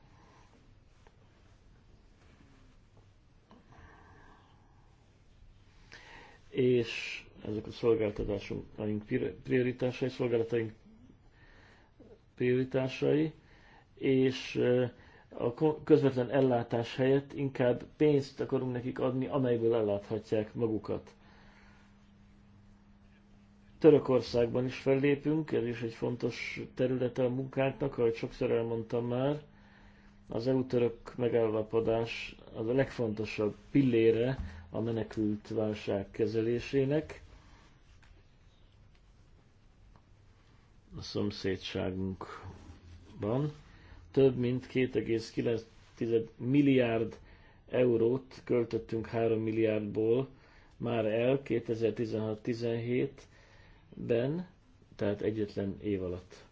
és ezek a szolgáltatásaink prioritásai, szolgálataink prioritásai, és eh, a közvetlen ellátás helyett inkább pénzt akarunk nekik adni, amelyből elláthatják magukat. Törökországban is fellépünk, ez is egy fontos területe a munkánknak, ahogy sokszor elmondtam már, az EU-török megállapodás az a legfontosabb pillére a menekült válság kezelésének. A szomszédságunkban több mint 2,9 milliárd eurót költöttünk 3 milliárdból már el 2016-17-ben, tehát egyetlen év alatt.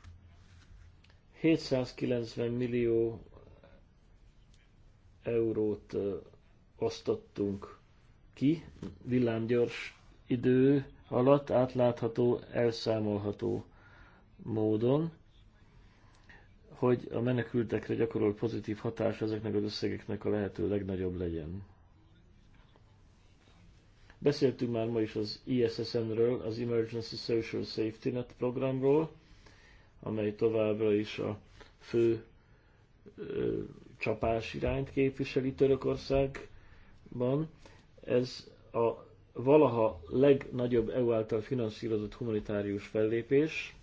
790 millió eurót osztottunk ki villámgyors idő alatt átlátható, elszámolható módon, hogy a menekültekre gyakorolt pozitív hatás ezeknek az összegeknek a lehető legnagyobb legyen. Beszéltünk már ma is az ISSN-ről, az Emergency Social Safety Net programról, amely továbbra is a fő ö, csapás irányt képviseli Törökországban. Ez a valaha legnagyobb EU által finanszírozott humanitárius fellépés,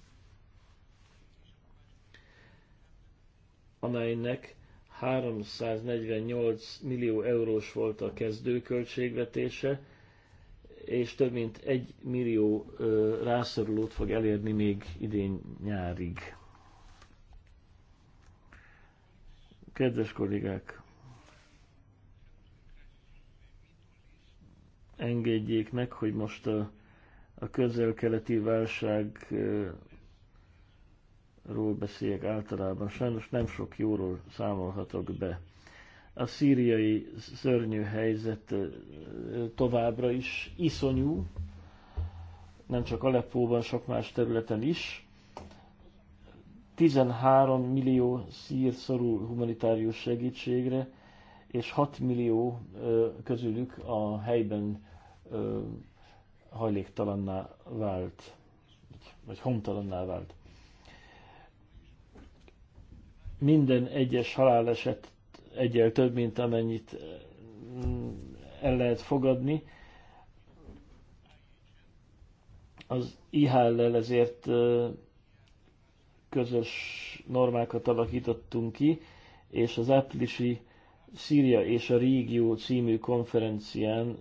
amelynek 348 millió eurós volt a kezdő költségvetése, és több mint egy millió rászorulót fog elérni még idén nyárig. Kedves kollégák! engedjék meg, hogy most a, a közel-keleti válságról beszéljek általában. Sajnos nem sok jóról számolhatok be. A szíriai szörnyű helyzet továbbra is iszonyú, nem csak Aleppóban, sok más területen is. 13 millió szír szorul humanitárius segítségre, és 6 millió közülük a helyben hajléktalanná vált, vagy homtalanná vált. Minden egyes haláleset egyel több, mint amennyit mm, el lehet fogadni. Az IHL-lel ezért közös normákat alakítottunk ki, és az áprilisi Szíria és a régió című konferencián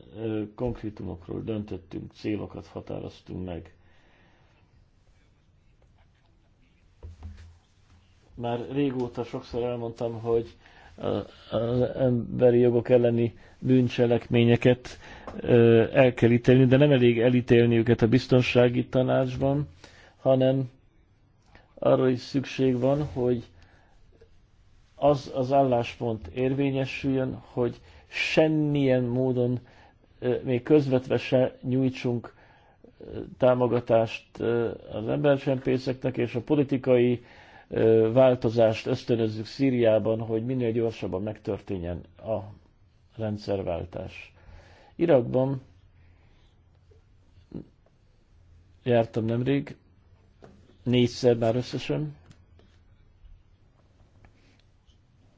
konkrétumokról döntöttünk, célokat határoztunk meg. Már régóta sokszor elmondtam, hogy az emberi jogok elleni bűncselekményeket el kell ítélni, de nem elég elítélni őket a biztonsági tanácsban, hanem arra is szükség van, hogy az az álláspont érvényesüljön, hogy semmilyen módon még közvetve se nyújtsunk támogatást az embercsempészeknek, és a politikai változást ösztönözzük Szíriában, hogy minél gyorsabban megtörténjen a rendszerváltás. Irakban jártam nemrég, négyszer már összesen,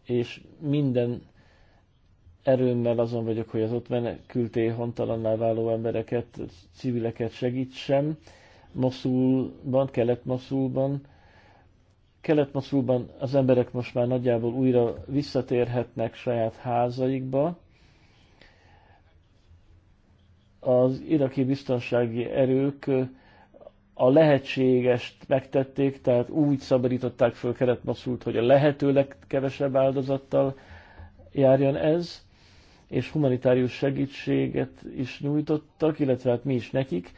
és minden erőmmel azon vagyok, hogy az ott menekülté hontalanná váló embereket, civileket segítsem. Moszulban, Kelet-Moszulban, Kelet-Moszulban az emberek most már nagyjából újra visszatérhetnek saját házaikba. Az iraki biztonsági erők a lehetségest megtették, tehát úgy szabadították föl keretmaszult, hogy a lehető legkevesebb áldozattal járjon ez, és humanitárius segítséget is nyújtottak, illetve hát mi is nekik,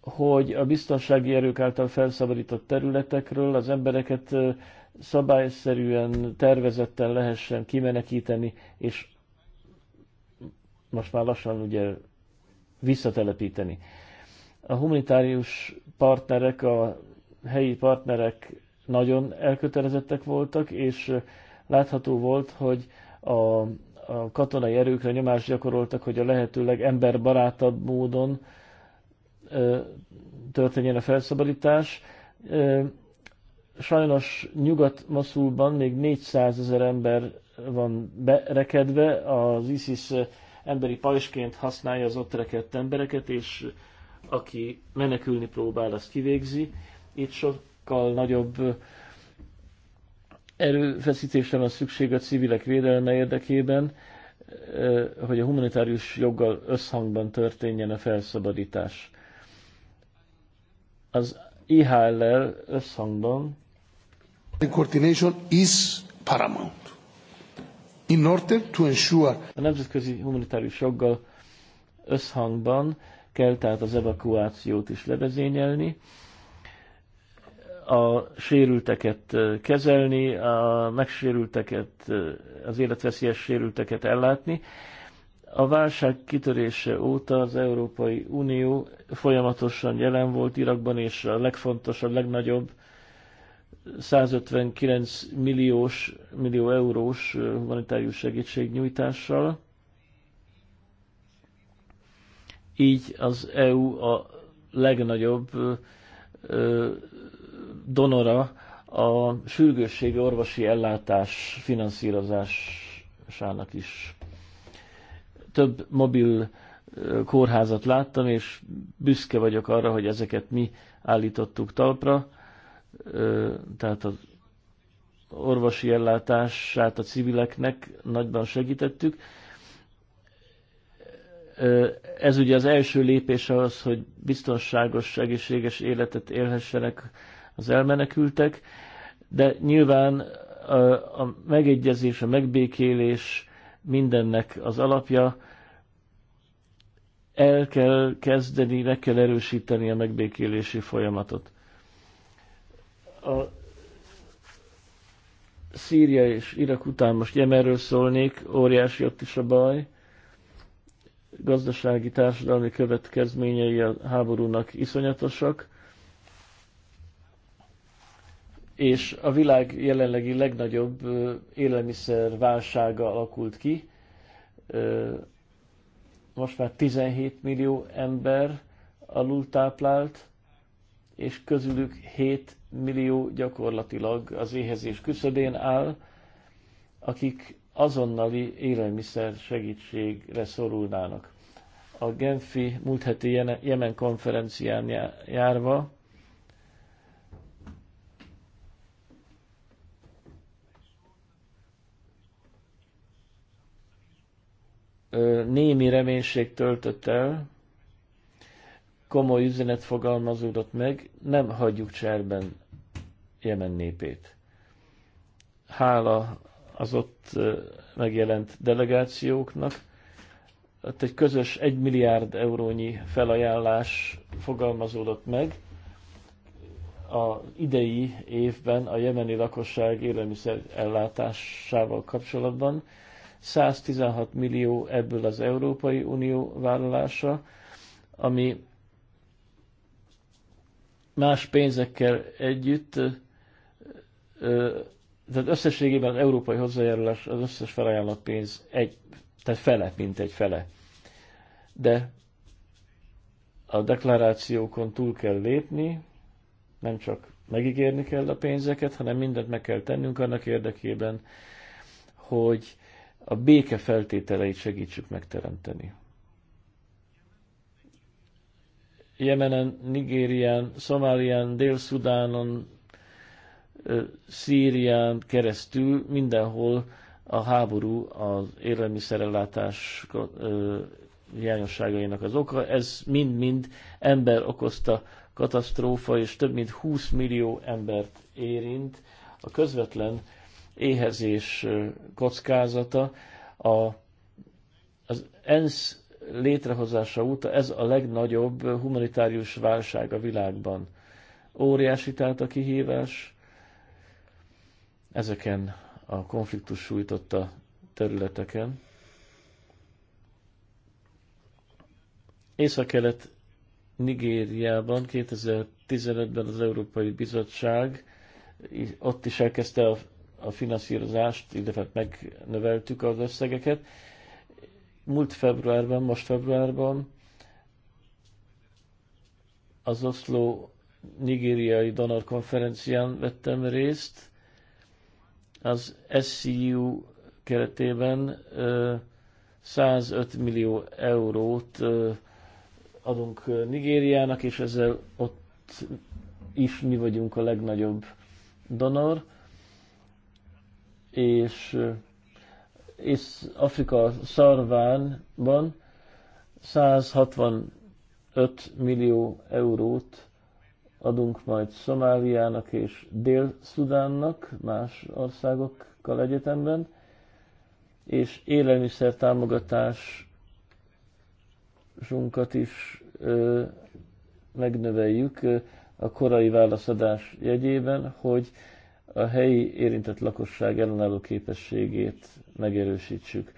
hogy a biztonsági erők által felszabadított területekről az embereket szabályszerűen, tervezetten lehessen kimenekíteni, és most már lassan ugye visszatelepíteni. A humanitárius partnerek, a helyi partnerek nagyon elkötelezettek voltak, és látható volt, hogy a, a katonai erőkre nyomást gyakoroltak, hogy a lehetőleg legemberbarátabb módon ö, történjen a felszabadítás. Ö, sajnos Nyugat-Maszulban még 400 ezer ember van berekedve, az ISIS emberi pajsként használja az ott rekedt embereket, és aki menekülni próbál, azt kivégzi. Itt sokkal nagyobb erőfeszítésre van szükség a civilek védelme érdekében, hogy a humanitárius joggal összhangban történjen a felszabadítás. Az IHL-lel összhangban The coordination is paramount. In order to ensure a nemzetközi humanitárius joggal összhangban kell tehát az evakuációt is levezényelni, a sérülteket kezelni, a megsérülteket, az életveszélyes sérülteket ellátni. A válság kitörése óta az Európai Unió folyamatosan jelen volt Irakban, és a legfontosabb, legnagyobb 159 milliós, millió eurós humanitárius segítségnyújtással Így az EU a legnagyobb donora a sürgősségi orvosi ellátás finanszírozásának is. Több mobil kórházat láttam, és büszke vagyok arra, hogy ezeket mi állítottuk talpra, tehát az orvosi ellátását a civileknek nagyban segítettük, ez ugye az első lépés az, hogy biztonságos, egészséges életet élhessenek az elmenekültek, de nyilván a megegyezés, a megbékélés mindennek az alapja, el kell kezdeni, meg kell erősíteni a megbékélési folyamatot. A Szíria és Irak után most Jemenről szólnék, óriási ott is a baj gazdasági, társadalmi következményei a háborúnak iszonyatosak, és a világ jelenlegi legnagyobb élelmiszer válsága alakult ki. Most már 17 millió ember alultáplált, és közülük 7 millió gyakorlatilag az éhezés küszöbén áll, akik azonnali élelmiszer segítségre szorulnának. A Genfi múlt heti Jemen konferencián járva némi reménység töltött el, komoly üzenet fogalmazódott meg, nem hagyjuk cserben Jemen népét. Hála az ott megjelent delegációknak. Ott egy közös 1 milliárd eurónyi felajánlás fogalmazódott meg a idei évben a jemeni lakosság élelmiszer ellátásával kapcsolatban. 116 millió ebből az Európai Unió vállalása, ami más pénzekkel együtt tehát összességében az európai hozzájárulás az összes felajánlott pénz egy, tehát fele, mint egy fele. De a deklarációkon túl kell lépni, nem csak megígérni kell a pénzeket, hanem mindent meg kell tennünk annak érdekében, hogy a béke feltételeit segítsük megteremteni. Jemenen, Nigérián, Szomálián, Dél-Szudánon, Szírián keresztül mindenhol a háború az élelmiszerellátás hiányosságainak az oka. Ez mind-mind ember okozta katasztrófa, és több mint 20 millió embert érint. A közvetlen éhezés kockázata a, az ENSZ létrehozása óta ez a legnagyobb humanitárius válság a világban. Óriási tehát a kihívás, ezeken a konfliktus sújtotta területeken. Észak-kelet Nigériában 2015-ben az Európai Bizottság ott is elkezdte a, a finanszírozást, illetve hát megnöveltük az összegeket. Múlt februárban, most februárban az Oszló nigériai donor konferencián vettem részt, az SCU keretében 105 millió eurót adunk Nigériának, és ezzel ott is mi vagyunk a legnagyobb donor, és és Afrika szarvánban 165 millió eurót adunk majd Szomáliának és Dél-Szudánnak, más országokkal egyetemben, és élelmiszer támogatásunkat is ö, megnöveljük a korai válaszadás jegyében, hogy a helyi érintett lakosság ellenálló képességét megerősítsük.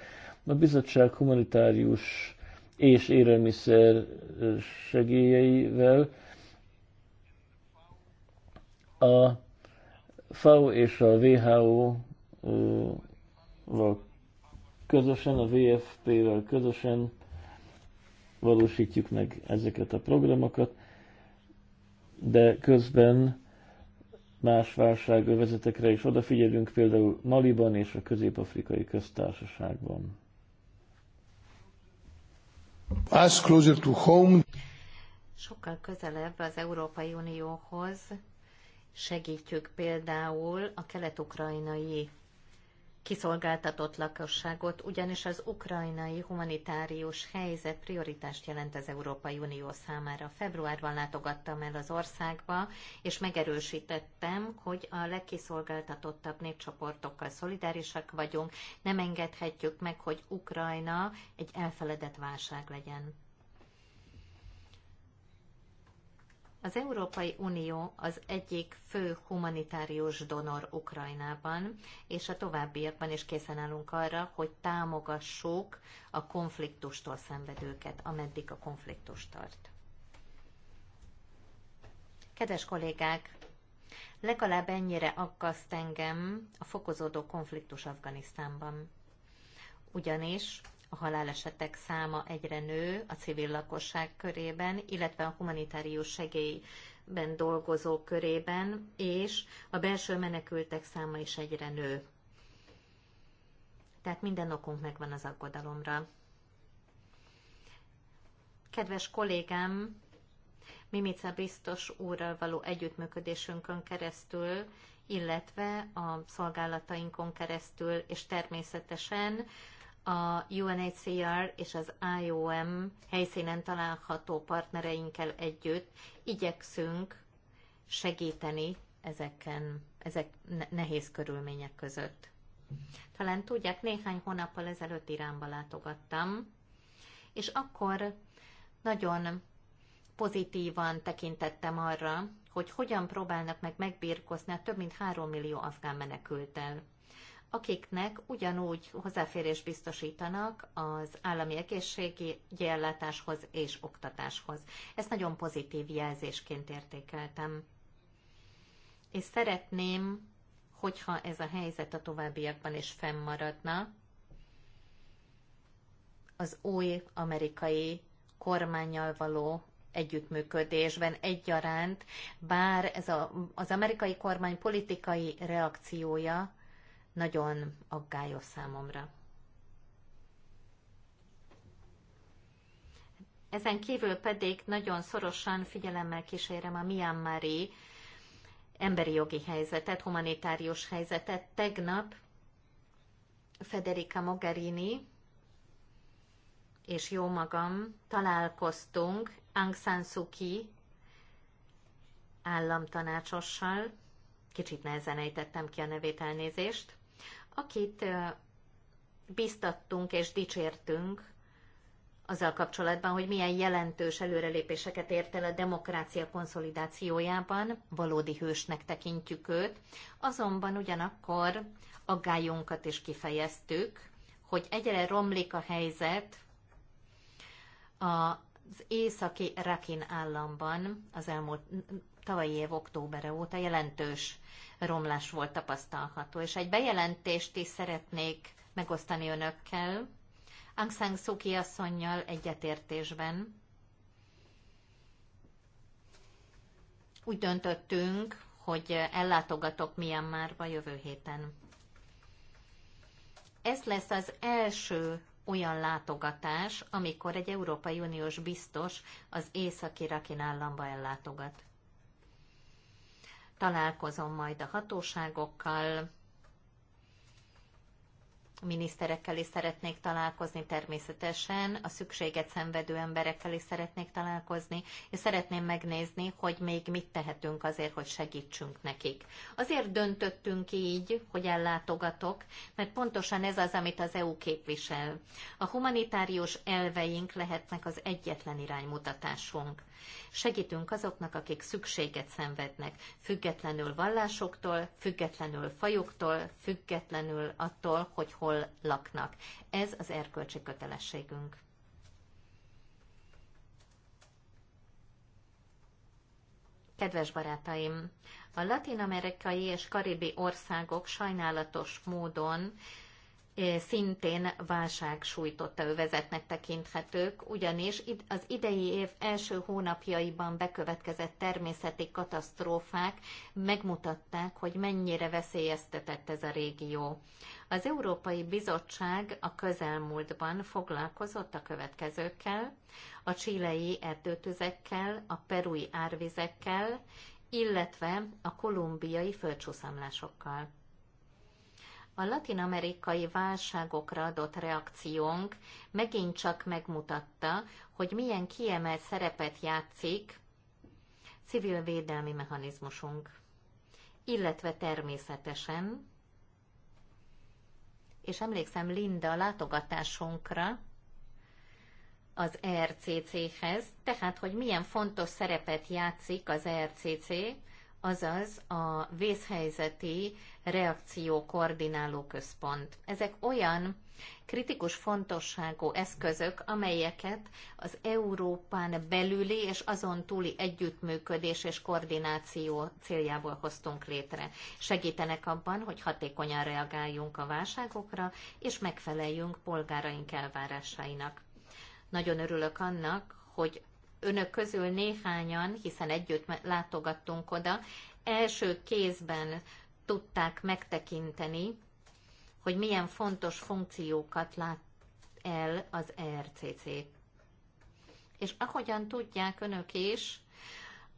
A bizottság humanitárius és élelmiszer segélyeivel a FAO és a WHO-val közösen, a VFP-vel közösen valósítjuk meg ezeket a programokat, de közben más válságövezetekre is odafigyelünk, például Maliban és a Közép-Afrikai Köztársaságban. As closer to home. Sokkal közelebb az Európai Unióhoz segítjük például a kelet-ukrajnai kiszolgáltatott lakosságot, ugyanis az ukrajnai humanitárius helyzet prioritást jelent az Európai Unió számára. Februárban látogattam el az országba, és megerősítettem, hogy a legkiszolgáltatottabb népcsoportokkal szolidárisak vagyunk, nem engedhetjük meg, hogy Ukrajna egy elfeledett válság legyen. Az Európai Unió az egyik fő humanitárius donor Ukrajnában, és a továbbiakban is készen állunk arra, hogy támogassuk a konfliktustól szenvedőket, ameddig a konfliktus tart. Kedves kollégák, legalább ennyire aggaszt engem a fokozódó konfliktus Afganisztánban. Ugyanis a halálesetek száma egyre nő a civil lakosság körében, illetve a humanitárius segélyben dolgozó körében, és a belső menekültek száma is egyre nő. Tehát minden okunk megvan az aggodalomra. Kedves kollégám, Mimica biztos úrral való együttműködésünkön keresztül, illetve a szolgálatainkon keresztül, és természetesen a UNHCR és az IOM helyszínen található partnereinkkel együtt igyekszünk segíteni ezeken, ezek nehéz körülmények között. Talán tudják, néhány hónappal ezelőtt Iránba látogattam, és akkor nagyon pozitívan tekintettem arra, hogy hogyan próbálnak meg megbírkozni a több mint három millió afgán menekültel akiknek ugyanúgy hozzáférés biztosítanak az állami egészségi ellátáshoz és oktatáshoz. Ezt nagyon pozitív jelzésként értékeltem. És szeretném, hogyha ez a helyzet a továbbiakban is fennmaradna, az új amerikai kormányjal való együttműködésben egyaránt, bár ez a, az amerikai kormány politikai reakciója nagyon aggályos számomra. Ezen kívül pedig nagyon szorosan figyelemmel kísérem a Myanmari emberi jogi helyzetet, humanitárius helyzetet. Tegnap Federica Mogherini és jó magam találkoztunk Aung San Suu Kyi államtanácsossal, kicsit nehezen ejtettem ki a nevét elnézést, akit biztattunk és dicsértünk azzal kapcsolatban, hogy milyen jelentős előrelépéseket ért el a demokrácia konszolidációjában, valódi hősnek tekintjük őt, azonban ugyanakkor aggályunkat is kifejeztük, hogy egyre romlik a helyzet az északi Rakin államban az elmúlt tavalyi év októbere óta jelentős romlás volt tapasztalható. És egy bejelentést is szeretnék megosztani önökkel. Aung San Suu Kyi asszonynal egyetértésben úgy döntöttünk, hogy ellátogatok Myanmarba jövő héten. Ez lesz az első olyan látogatás, amikor egy Európai Uniós biztos az északi Rakin államba ellátogat találkozom majd a hatóságokkal, a miniszterekkel is szeretnék találkozni természetesen, a szükséget szenvedő emberekkel is szeretnék találkozni, és szeretném megnézni, hogy még mit tehetünk azért, hogy segítsünk nekik. Azért döntöttünk így, hogy ellátogatok, mert pontosan ez az, amit az EU képvisel. A humanitárius elveink lehetnek az egyetlen iránymutatásunk. Segítünk azoknak, akik szükséget szenvednek, függetlenül vallásoktól, függetlenül fajoktól, függetlenül attól, hogy hol laknak. Ez az erkölcsi kötelességünk. Kedves barátaim, a latin-amerikai és karibi országok sajnálatos módon szintén válság sújtotta övezetnek tekinthetők, ugyanis az idei év első hónapjaiban bekövetkezett természeti katasztrófák megmutatták, hogy mennyire veszélyeztetett ez a régió. Az Európai Bizottság a közelmúltban foglalkozott a következőkkel, a csilei erdőtüzekkel, a perui árvizekkel, illetve a kolumbiai földcsúszamlásokkal. A latin-amerikai válságokra adott reakciónk megint csak megmutatta, hogy milyen kiemelt szerepet játszik civil védelmi mechanizmusunk, illetve természetesen, és emlékszem Linda látogatásunkra, az ercc hez tehát hogy milyen fontos szerepet játszik az ERCC? azaz a vészhelyzeti reakció koordináló központ. Ezek olyan kritikus fontosságú eszközök, amelyeket az Európán belüli és azon túli együttműködés és koordináció céljából hoztunk létre. Segítenek abban, hogy hatékonyan reagáljunk a válságokra, és megfeleljünk polgáraink elvárásainak. Nagyon örülök annak, hogy önök közül néhányan, hiszen együtt látogattunk oda, első kézben tudták megtekinteni, hogy milyen fontos funkciókat lát el az ERCC. És ahogyan tudják önök is,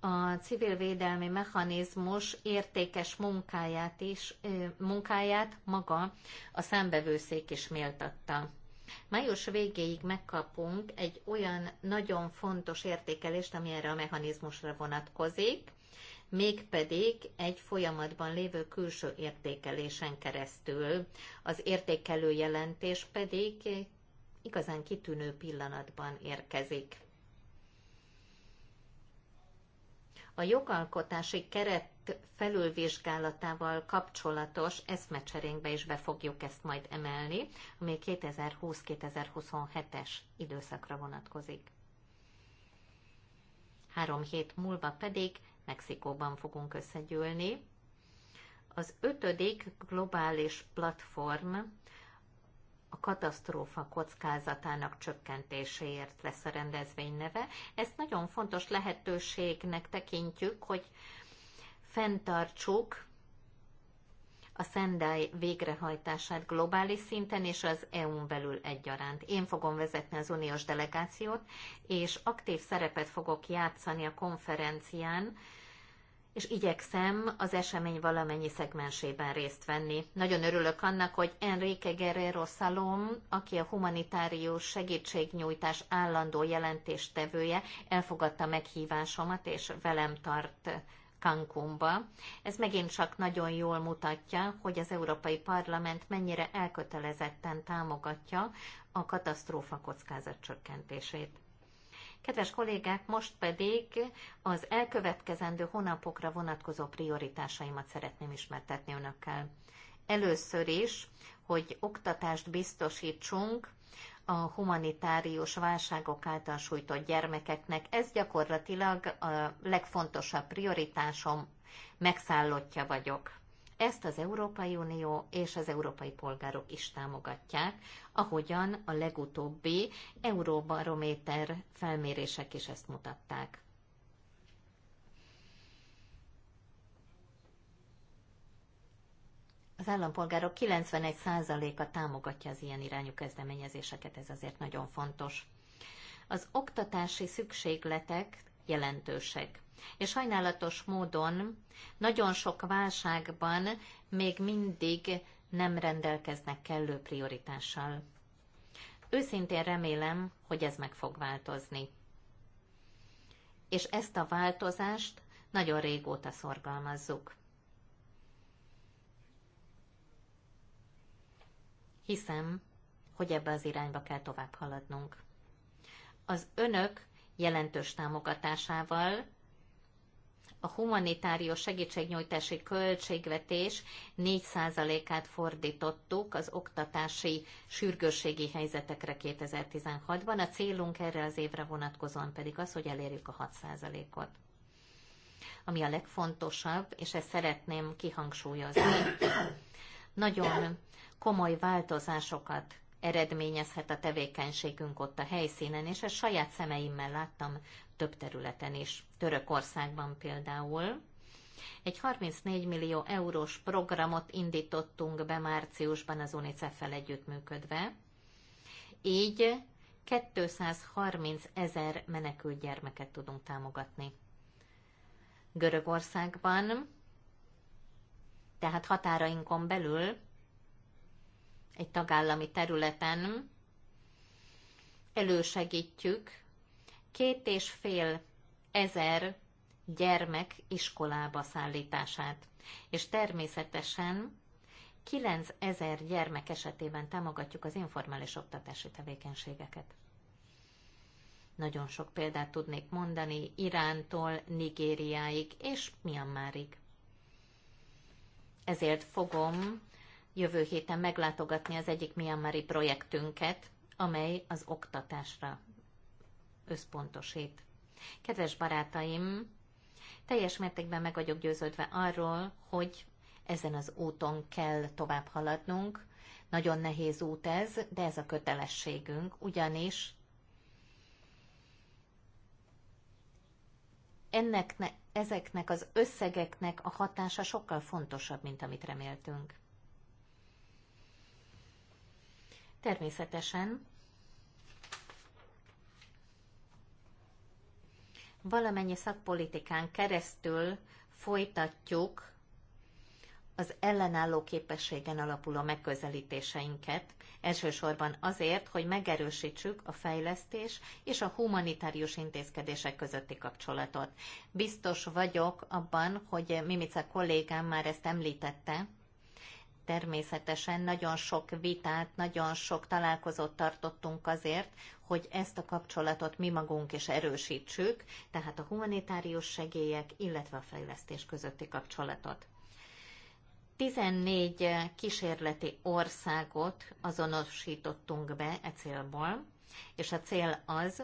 a civil védelmi mechanizmus értékes munkáját is, munkáját maga a számbevőszék is méltatta. Május végéig megkapunk egy olyan nagyon fontos értékelést, ami erre a mechanizmusra vonatkozik, mégpedig egy folyamatban lévő külső értékelésen keresztül. Az értékelő jelentés pedig igazán kitűnő pillanatban érkezik. A jogalkotási keret felülvizsgálatával kapcsolatos eszmecserénkbe is be fogjuk ezt majd emelni, ami 2020-2027-es időszakra vonatkozik. Három hét múlva pedig Mexikóban fogunk összegyűlni. Az ötödik globális platform a katasztrófa kockázatának csökkentéséért lesz a rendezvény neve. Ezt nagyon fontos lehetőségnek tekintjük, hogy fenntartsuk a Sendai végrehajtását globális szinten és az EU-n belül egyaránt. Én fogom vezetni az uniós delegációt, és aktív szerepet fogok játszani a konferencián, és igyekszem az esemény valamennyi szegmensében részt venni. Nagyon örülök annak, hogy Enrique Guerrero Salom, aki a humanitárius segítségnyújtás állandó jelentéstevője, elfogadta meghívásomat, és velem tart Cancúnba. Ez megint csak nagyon jól mutatja, hogy az Európai Parlament mennyire elkötelezetten támogatja a katasztrófa kockázat csökkentését. Kedves kollégák, most pedig az elkövetkezendő hónapokra vonatkozó prioritásaimat szeretném ismertetni önökkel. Először is, hogy oktatást biztosítsunk a humanitárius válságok által sújtott gyermekeknek. Ez gyakorlatilag a legfontosabb prioritásom, megszállottja vagyok. Ezt az Európai Unió és az európai polgárok is támogatják, ahogyan a legutóbbi Euróbarométer felmérések is ezt mutatták. Az állampolgárok 91%-a támogatja az ilyen irányú kezdeményezéseket, ez azért nagyon fontos. Az oktatási szükségletek jelentősek. És sajnálatos módon nagyon sok válságban még mindig nem rendelkeznek kellő prioritással. Őszintén remélem, hogy ez meg fog változni. És ezt a változást nagyon régóta szorgalmazzuk. hiszem, hogy ebbe az irányba kell tovább haladnunk. Az önök jelentős támogatásával a humanitárius segítségnyújtási költségvetés 4%-át fordítottuk az oktatási sürgősségi helyzetekre 2016-ban, a célunk erre az évre vonatkozóan pedig az, hogy elérjük a 6%-ot. Ami a legfontosabb, és ezt szeretném kihangsúlyozni, nagyon komoly változásokat eredményezhet a tevékenységünk ott a helyszínen, és ezt saját szemeimmel láttam több területen is. Törökországban például egy 34 millió eurós programot indítottunk be márciusban az UNICEF-fel együttműködve, így 230 ezer menekült gyermeket tudunk támogatni. Görögországban, tehát határainkon belül egy tagállami területen elősegítjük két és fél ezer gyermek iskolába szállítását. És természetesen 9000 gyermek esetében támogatjuk az informális oktatási tevékenységeket. Nagyon sok példát tudnék mondani Irántól, Nigériáig és Myanmarig. Ezért fogom jövő héten meglátogatni az egyik Myanmari projektünket, amely az oktatásra összpontosít. Kedves barátaim, teljes mértékben meg vagyok győződve arról, hogy ezen az úton kell tovább haladnunk. Nagyon nehéz út ez, de ez a kötelességünk, ugyanis ennek ne, ezeknek az összegeknek a hatása sokkal fontosabb, mint amit reméltünk. Természetesen valamennyi szakpolitikán keresztül folytatjuk az ellenálló képességen alapuló megközelítéseinket, elsősorban azért, hogy megerősítsük a fejlesztés és a humanitárius intézkedések közötti kapcsolatot. Biztos vagyok abban, hogy Mimica kollégám már ezt említette, természetesen nagyon sok vitát, nagyon sok találkozót tartottunk azért, hogy ezt a kapcsolatot mi magunk is erősítsük, tehát a humanitárius segélyek, illetve a fejlesztés közötti kapcsolatot. 14 kísérleti országot azonosítottunk be e célból, és a cél az,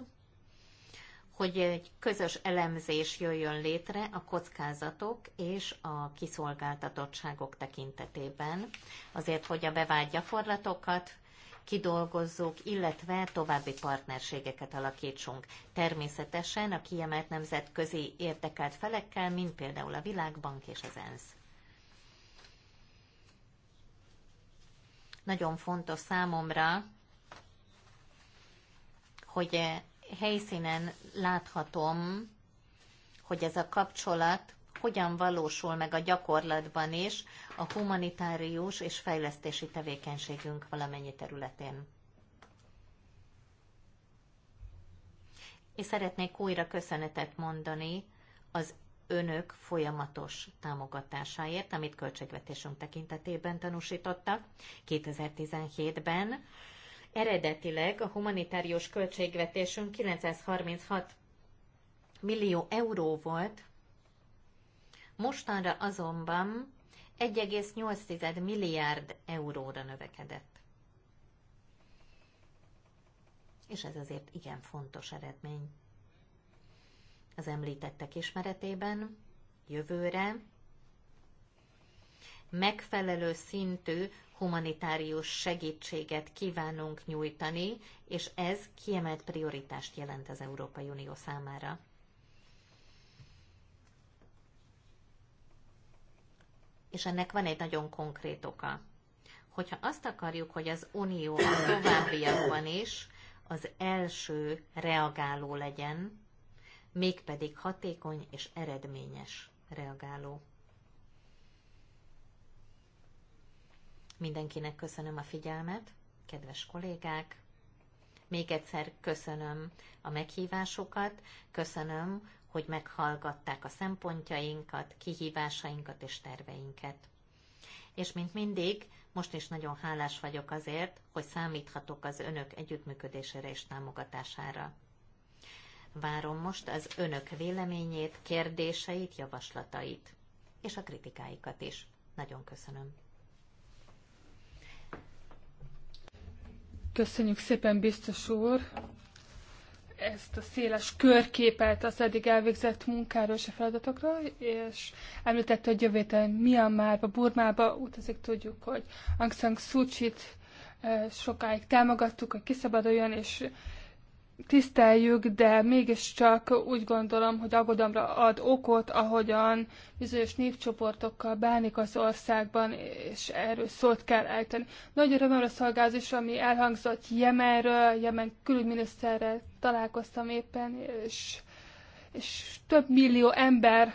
hogy egy közös elemzés jöjjön létre a kockázatok és a kiszolgáltatottságok tekintetében, azért, hogy a bevált gyakorlatokat kidolgozzuk, illetve további partnerségeket alakítsunk. Természetesen a kiemelt nemzetközi érdekelt felekkel, mint például a Világbank és az ENSZ. Nagyon fontos számomra, hogy helyszínen láthatom, hogy ez a kapcsolat hogyan valósul meg a gyakorlatban is a humanitárius és fejlesztési tevékenységünk valamennyi területén. És szeretnék újra köszönetet mondani az önök folyamatos támogatásáért, amit költségvetésünk tekintetében tanúsítottak 2017-ben. Eredetileg a humanitárius költségvetésünk 936 millió euró volt, mostanra azonban 1,8 milliárd euróra növekedett. És ez azért igen fontos eredmény. Az említettek ismeretében jövőre megfelelő szintű humanitárius segítséget kívánunk nyújtani, és ez kiemelt prioritást jelent az Európai Unió számára. És ennek van egy nagyon konkrét oka. Hogyha azt akarjuk, hogy az Unió a továbbiakban is az első reagáló legyen, mégpedig hatékony és eredményes reagáló. Mindenkinek köszönöm a figyelmet, kedves kollégák. Még egyszer köszönöm a meghívásokat, köszönöm, hogy meghallgatták a szempontjainkat, kihívásainkat és terveinket. És mint mindig, most is nagyon hálás vagyok azért, hogy számíthatok az önök együttműködésére és támogatására. Várom most az önök véleményét, kérdéseit, javaslatait és a kritikáikat is. Nagyon köszönöm. Köszönjük szépen, biztos úr, ezt a széles körképet az eddig elvégzett munkáról és a feladatokról, és említette, hogy jövő héten Myanmarba, Burmába utazik, tudjuk, hogy Aung San Suu eh, sokáig támogattuk, hogy kiszabaduljon, és tiszteljük, de mégiscsak úgy gondolom, hogy aggodalomra ad okot, ahogyan bizonyos népcsoportokkal bánik az országban, és erről szót kell ejteni. Nagy örömömre szolgál is, ami elhangzott Jemenről, Jemen külügyminiszterrel találkoztam éppen, és, és több millió ember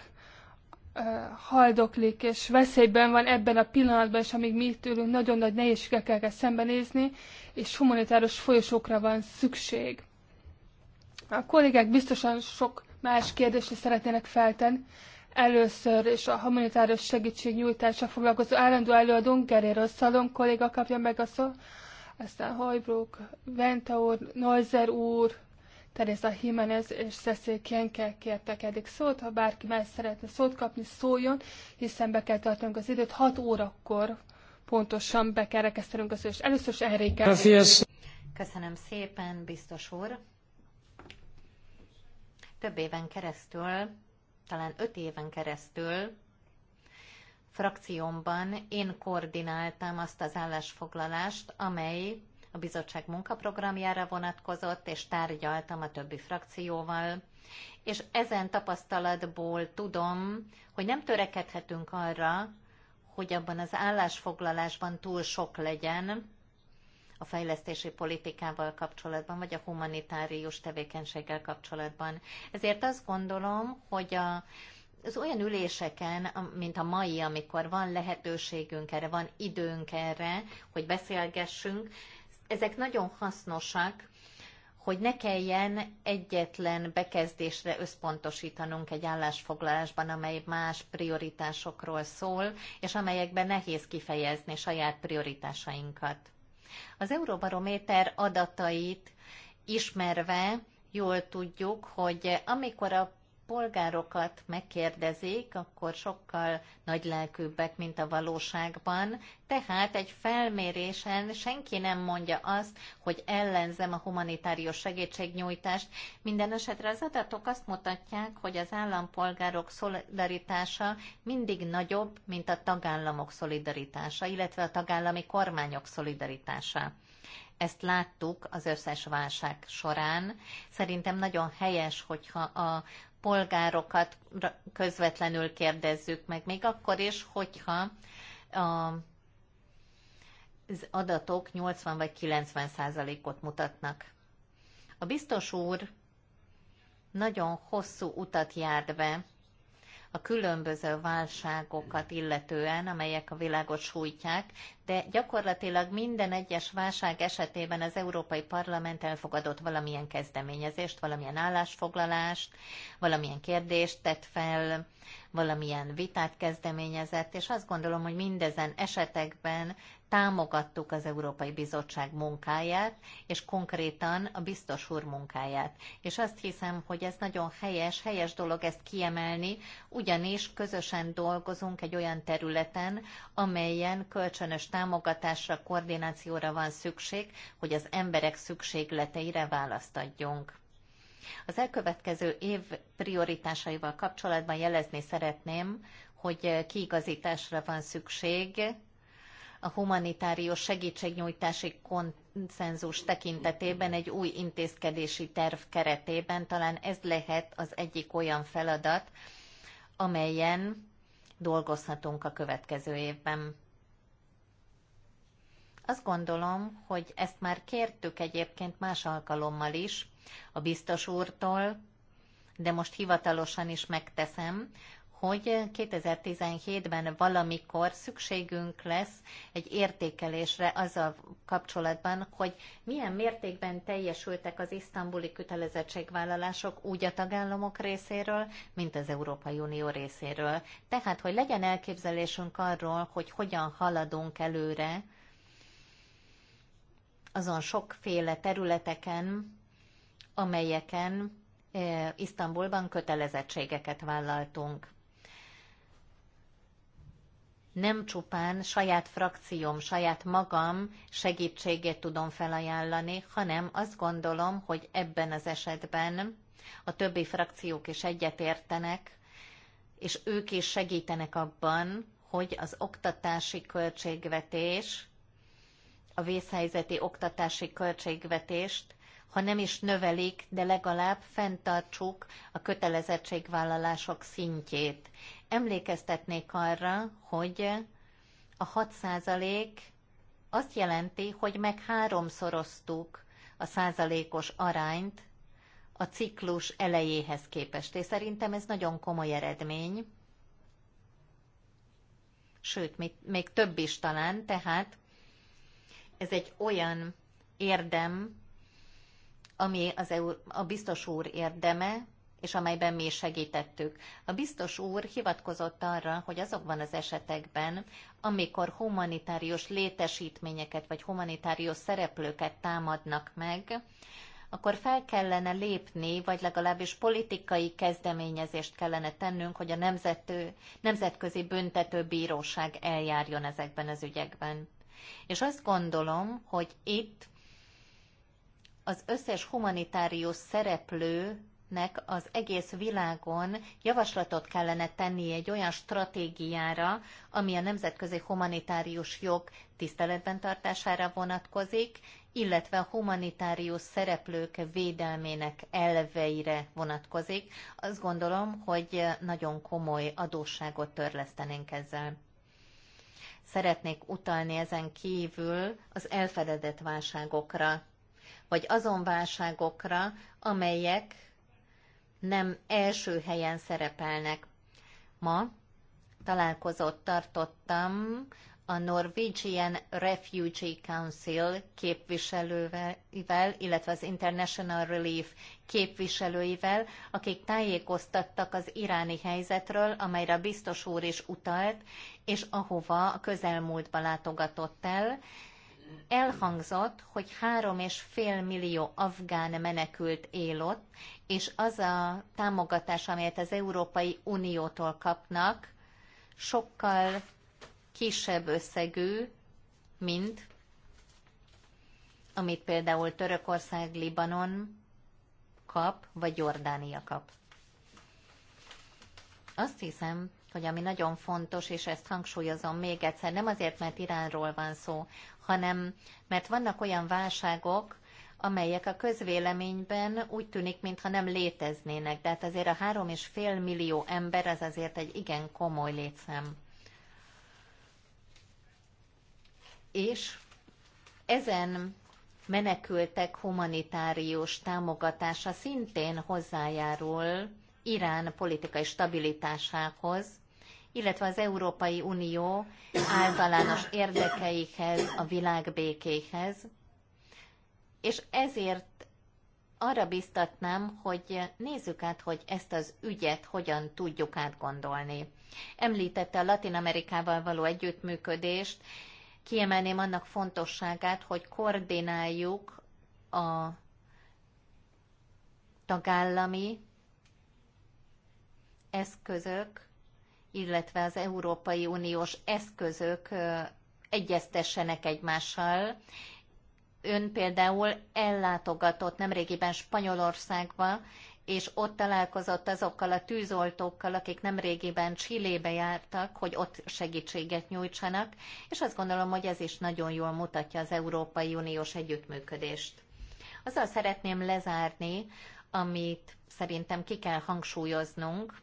uh, haldoklik, és veszélyben van ebben a pillanatban, és amíg mi itt ülünk, nagyon nagy nehézségekkel kell szembenézni, és humanitáros folyosókra van szükség a kollégák biztosan sok más kérdést szeretnének feltenni. Először és a humanitárius segítségnyújtásra foglalkozó állandó előadónk Gerér Szalom kolléga kapja meg a szó, aztán Hojbrook, Venta úr, Neuser úr, Teresa Jimenez és Cecil Kienke kértek eddig szót. Ha bárki más szeretne szót kapni, szóljon, hiszen be kell tartanunk az időt. 6 órakor pontosan be kell rekesztenünk az és először is Enrique. Köszönöm szépen, biztos úr több éven keresztül, talán öt éven keresztül frakciómban én koordináltam azt az állásfoglalást, amely a bizottság munkaprogramjára vonatkozott, és tárgyaltam a többi frakcióval. És ezen tapasztalatból tudom, hogy nem törekedhetünk arra, hogy abban az állásfoglalásban túl sok legyen, a fejlesztési politikával kapcsolatban, vagy a humanitárius tevékenységgel kapcsolatban. Ezért azt gondolom, hogy a, az olyan üléseken, mint a mai, amikor van lehetőségünk erre, van időnk erre, hogy beszélgessünk, ezek nagyon hasznosak, hogy ne kelljen egyetlen bekezdésre összpontosítanunk egy állásfoglalásban, amely más prioritásokról szól, és amelyekben nehéz kifejezni saját prioritásainkat. Az Euróbarométer adatait ismerve jól tudjuk, hogy amikor a polgárokat megkérdezik, akkor sokkal nagylelkűbbek, mint a valóságban. Tehát egy felmérésen senki nem mondja azt, hogy ellenzem a humanitárius segítségnyújtást. Minden esetre az adatok azt mutatják, hogy az állampolgárok szolidaritása mindig nagyobb, mint a tagállamok szolidaritása, illetve a tagállami kormányok szolidaritása. Ezt láttuk az összes válság során. Szerintem nagyon helyes, hogyha a polgárokat közvetlenül kérdezzük meg, még akkor is, hogyha a az adatok 80 vagy 90 százalékot mutatnak. A biztos úr nagyon hosszú utat járt be a különböző válságokat illetően, amelyek a világot sújtják, de gyakorlatilag minden egyes válság esetében az Európai Parlament elfogadott valamilyen kezdeményezést, valamilyen állásfoglalást, valamilyen kérdést tett fel, valamilyen vitát kezdeményezett, és azt gondolom, hogy mindezen esetekben támogattuk az Európai Bizottság munkáját, és konkrétan a biztos úr munkáját. És azt hiszem, hogy ez nagyon helyes, helyes dolog ezt kiemelni, ugyanis közösen dolgozunk egy olyan területen, amelyen kölcsönös támogatásra, koordinációra van szükség, hogy az emberek szükségleteire választ adjunk. Az elkövetkező év prioritásaival kapcsolatban jelezni szeretném, hogy kiigazításra van szükség a humanitárius segítségnyújtási konszenzus tekintetében egy új intézkedési terv keretében talán ez lehet az egyik olyan feladat, amelyen dolgozhatunk a következő évben. Azt gondolom, hogy ezt már kértük egyébként más alkalommal is a biztos úrtól, de most hivatalosan is megteszem, hogy 2017-ben valamikor szükségünk lesz egy értékelésre azzal kapcsolatban, hogy milyen mértékben teljesültek az isztambuli kötelezettségvállalások úgy a tagállamok részéről, mint az Európai Unió részéről. Tehát, hogy legyen elképzelésünk arról, hogy hogyan haladunk előre azon sokféle területeken, amelyeken eh, Isztambulban kötelezettségeket vállaltunk nem csupán saját frakcióm, saját magam segítségét tudom felajánlani, hanem azt gondolom, hogy ebben az esetben a többi frakciók is egyetértenek, és ők is segítenek abban, hogy az oktatási költségvetés, a vészhelyzeti oktatási költségvetést, ha nem is növelik, de legalább fenntartsuk a kötelezettségvállalások szintjét emlékeztetnék arra, hogy a 6 százalék azt jelenti, hogy meg háromszoroztuk a százalékos arányt a ciklus elejéhez képest. És szerintem ez nagyon komoly eredmény, sőt, még, még több is talán, tehát ez egy olyan érdem, ami az EU, a biztos úr érdeme, és amelyben mi is segítettük. A biztos úr hivatkozott arra, hogy azokban az esetekben, amikor humanitárius létesítményeket vagy humanitárius szereplőket támadnak meg, akkor fel kellene lépni, vagy legalábbis politikai kezdeményezést kellene tennünk, hogy a nemzető, nemzetközi büntetőbíróság eljárjon ezekben az ügyekben. És azt gondolom, hogy itt az összes humanitárius szereplő nek az egész világon javaslatot kellene tenni egy olyan stratégiára, ami a nemzetközi humanitárius jog tiszteletben tartására vonatkozik, illetve a humanitárius szereplők védelmének elveire vonatkozik. Azt gondolom, hogy nagyon komoly adósságot törlesztenénk ezzel. Szeretnék utalni ezen kívül az elfededett válságokra, vagy azon válságokra, amelyek nem első helyen szerepelnek. Ma találkozót tartottam a Norwegian Refugee Council képviselőivel, illetve az International Relief képviselőivel, akik tájékoztattak az iráni helyzetről, amelyre a biztos úr is utalt, és ahova a közelmúltba látogatott el. Elhangzott, hogy három és fél millió afgán menekült él ott, és az a támogatás, amelyet az Európai Uniótól kapnak, sokkal kisebb összegű, mint amit például Törökország, Libanon kap, vagy Jordánia kap. Azt hiszem, hogy ami nagyon fontos, és ezt hangsúlyozom még egyszer, nem azért, mert Iránról van szó, hanem mert vannak olyan válságok, amelyek a közvéleményben úgy tűnik, mintha nem léteznének. De hát azért a három és fél millió ember az azért egy igen komoly létszám. És ezen menekültek humanitárius támogatása szintén hozzájárul Irán politikai stabilitásához, illetve az Európai Unió általános érdekeihez, a világbékéhez, és ezért arra biztatnám, hogy nézzük át, hogy ezt az ügyet hogyan tudjuk átgondolni. Említette a Latin Amerikával való együttműködést, kiemelném annak fontosságát, hogy koordináljuk a tagállami eszközök, illetve az Európai Uniós eszközök egyeztessenek egymással, Ön például ellátogatott nemrégiben Spanyolországba, és ott találkozott azokkal a tűzoltókkal, akik nemrégiben Csillébe jártak, hogy ott segítséget nyújtsanak, és azt gondolom, hogy ez is nagyon jól mutatja az Európai Uniós együttműködést. Azzal szeretném lezárni, amit szerintem ki kell hangsúlyoznunk,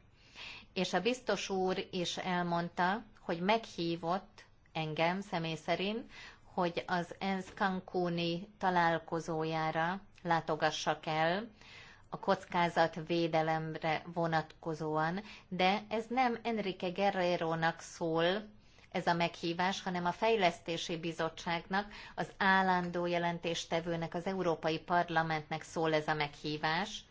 és a biztos úr is elmondta, hogy meghívott engem személy szerint, hogy az ENSZ Cancúni találkozójára látogassak el a védelemre vonatkozóan, de ez nem Enrique guerrero szól, ez a meghívás, hanem a Fejlesztési Bizottságnak, az állandó jelentéstevőnek, az Európai Parlamentnek szól ez a meghívás,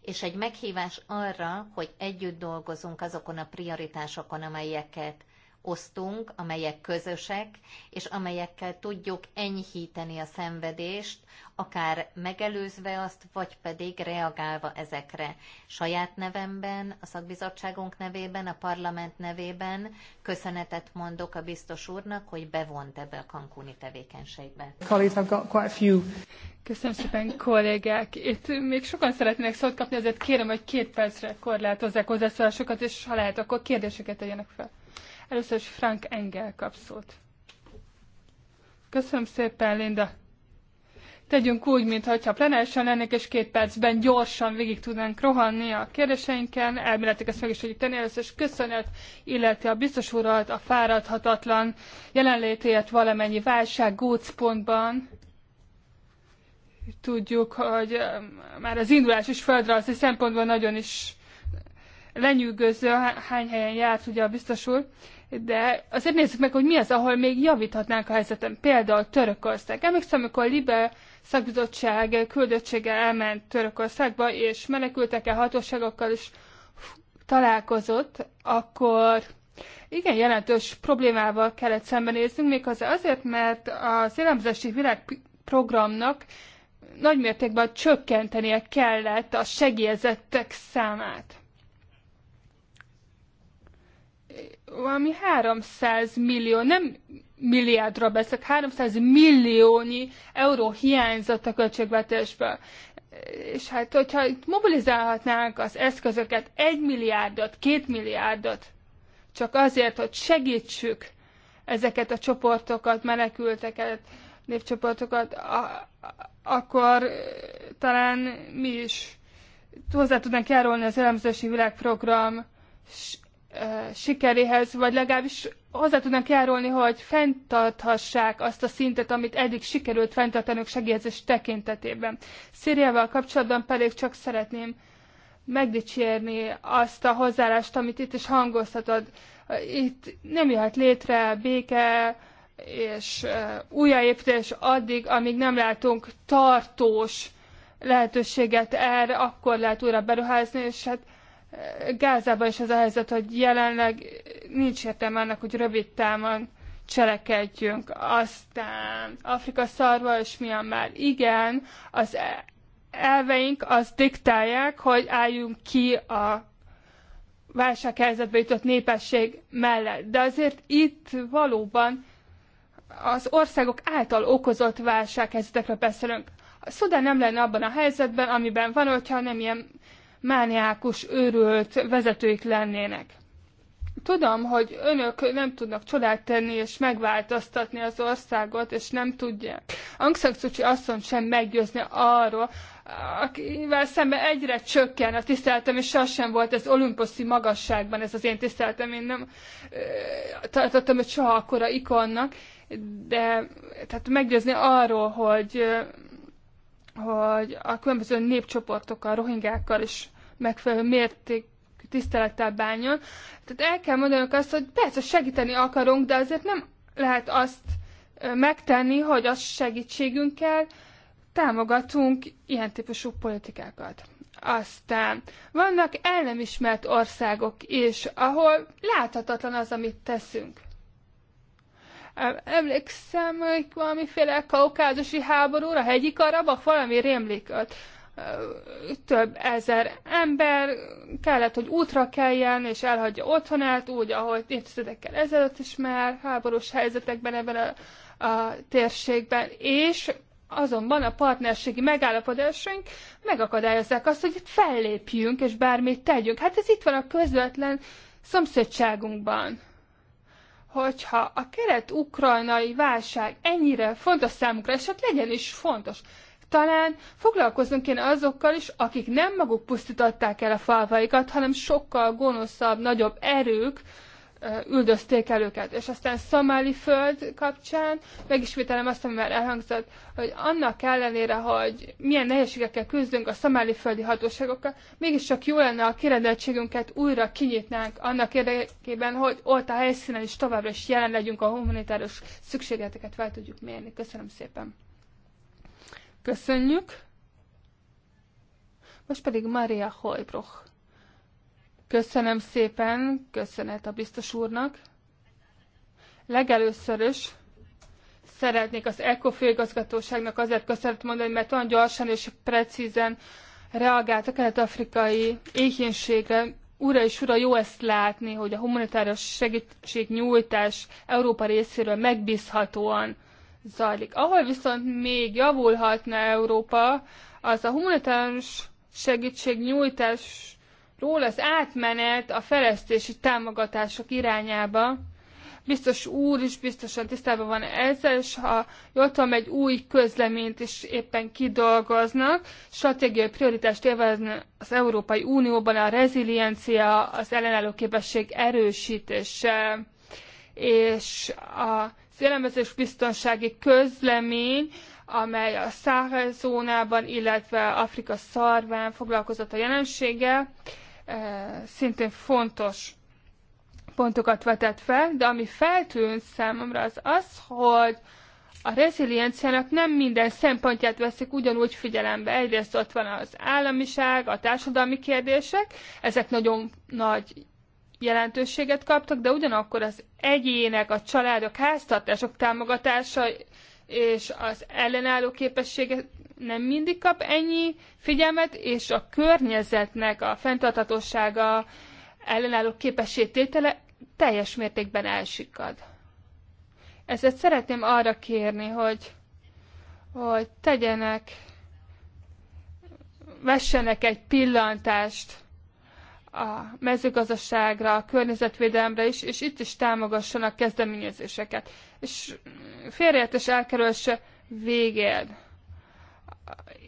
és egy meghívás arra, hogy együtt dolgozunk azokon a prioritásokon, amelyeket osztunk, amelyek közösek, és amelyekkel tudjuk enyhíteni a szenvedést, akár megelőzve azt, vagy pedig reagálva ezekre. Saját nevemben, a szakbizottságunk nevében, a parlament nevében köszönetet mondok a biztos úrnak, hogy bevont ebbe a kankúni tevékenységbe. Köszönöm szépen, kollégák! Itt még sokan szeretnének szót kapni, ezért kérem, hogy két percre korlátozzák hozzászólásokat, és ha lehet, akkor kérdéseket tegyenek fel. Először is Frank Engel kap szót. Köszönöm szépen, Linda. Tegyünk úgy, mintha plenárisan lennék, és két percben gyorsan végig tudnánk rohanni a kérdéseinken. Elméletek ezt meg is tudjuk tenni. Először is köszönet, illeti a biztos urat, a fáradhatatlan jelenlétét valamennyi válság gócpontban tudjuk, hogy már az indulás is földrajzi szempontból nagyon is lenyűgöző, hány helyen járt ugye a biztos úr de azért nézzük meg, hogy mi az, ahol még javíthatnánk a helyzetem. Például Törökország. Emlékszem, amikor a Libe szakbizottság küldöttsége elment Törökországba, és menekültek el hatóságokkal is találkozott, akkor igen, jelentős problémával kellett szembenéznünk, méghozzá az azért, mert az élelmezési világprogramnak nagymértékben csökkentenie kellett a segélyezettek számát valami 300 millió, nem milliárdra beszek, 300 milliónyi euró hiányzott a költségvetésből. És hát, hogyha itt mobilizálhatnánk az eszközöket, egy milliárdot, két milliárdot, csak azért, hogy segítsük ezeket a csoportokat, menekülteket, népcsoportokat, a, a, akkor talán mi is hozzá tudnánk járulni az elemzési világprogram sikeréhez, vagy legalábbis hozzá tudnak járulni, hogy fenntarthassák azt a szintet, amit eddig sikerült fenntartanunk segélyezés tekintetében. Szíriával kapcsolatban pedig csak szeretném megdicsérni azt a hozzáállást, amit itt is hangoztatod. Itt nem jöhet létre béke és újjáépítés addig, amíg nem látunk tartós lehetőséget erre, akkor lehet újra beruházni, és hát Gázában is az a helyzet, hogy jelenleg nincs értelme annak, hogy rövid távon cselekedjünk. Aztán Afrika szarva és milyen már. Igen, az e- elveink azt diktálják, hogy álljunk ki a válsághelyzetbe jutott népesség mellett. De azért itt valóban az országok által okozott válsághelyzetekről beszélünk. A Szudán nem lenne abban a helyzetben, amiben van, hogyha nem ilyen mániákus, őrült vezetőik lennének. Tudom, hogy önök nem tudnak csodát tenni és megváltoztatni az országot, és nem tudják. Aung San asszony sem meggyőzni arról, akivel szemben egyre csökken a tiszteletem, és sosem volt ez olimposzi magasságban, ez az én tiszteletem, én nem tartottam őt soha akkora ikonnak, de tehát meggyőzni arról, hogy hogy a különböző népcsoportokkal, rohingákkal is megfelelő mérték tisztelettel bánjon. Tehát el kell mondanunk azt, hogy persze segíteni akarunk, de azért nem lehet azt megtenni, hogy a segítségünkkel támogatunk ilyen típusú politikákat. Aztán vannak el nem ismert országok is, ahol láthatatlan az, amit teszünk. Emlékszem, hogy valamiféle kaukázusi háborúra, hegyi karabak, valami rémlik ott. Több ezer ember kellett, hogy útra keljen, és elhagyja otthonát, úgy, ahogy évtizedekkel ezelőtt is már háborús helyzetekben ebben a, a térségben, és azonban a partnerségi megállapodásunk megakadályozzák azt, hogy fellépjünk, és bármit tegyünk. Hát ez itt van a közvetlen szomszédságunkban hogyha a kelet-ukrajnai válság ennyire fontos számukra, és hát legyen is fontos, talán foglalkoznunk kéne azokkal is, akik nem maguk pusztították el a falvaikat, hanem sokkal gonoszabb, nagyobb erők, üldözték el őket. És aztán Szomáli föld kapcsán megismételem azt, ami már elhangzott, hogy annak ellenére, hogy milyen nehézségekkel küzdünk a szomáli földi hatóságokkal, mégiscsak jó lenne, a kirendeltségünket újra kinyitnánk annak érdekében, hogy ott a helyszínen is továbbra is jelen legyünk, a humanitáros szükségleteket fel tudjuk mérni. Köszönöm szépen. Köszönjük. Most pedig Maria Hojbruch Köszönöm szépen, köszönet a biztos úrnak. Legelőször is szeretnék az ECO főigazgatóságnak azért köszönet mondani, mert olyan gyorsan és precízen reagált a kelet-afrikai éhénységre. Ura és ura, jó ezt látni, hogy a humanitárius segítségnyújtás Európa részéről megbízhatóan zajlik. Ahol viszont még javulhatna Európa, az a humanitárius segítségnyújtás ról az átmenet a fejlesztési támogatások irányába. Biztos úr is biztosan tisztában van ezzel, és ha jól tudom, egy új közleményt is éppen kidolgoznak. Stratégiai prioritást élvezni az Európai Unióban a reziliencia, az ellenálló képesség erősítése és a élelmezés biztonsági közlemény, amely a Száhel zónában, illetve Afrika szarván foglalkozott a jelenséggel szintén fontos pontokat vetett fel, de ami feltűnt számomra az az, hogy a rezilienciának nem minden szempontját veszik ugyanúgy figyelembe. Egyrészt ott van az államiság, a társadalmi kérdések, ezek nagyon nagy jelentőséget kaptak, de ugyanakkor az egyének, a családok, háztartások támogatása és az ellenálló képessége nem mindig kap ennyi figyelmet, és a környezetnek a fenntartatossága ellenálló képességtétele teljes mértékben elsikad. Ezért szeretném arra kérni, hogy, hogy tegyenek, vessenek egy pillantást a mezőgazdaságra, a környezetvédelemre is, és itt is támogassanak kezdeményezéseket. És félreértés elkerülse végén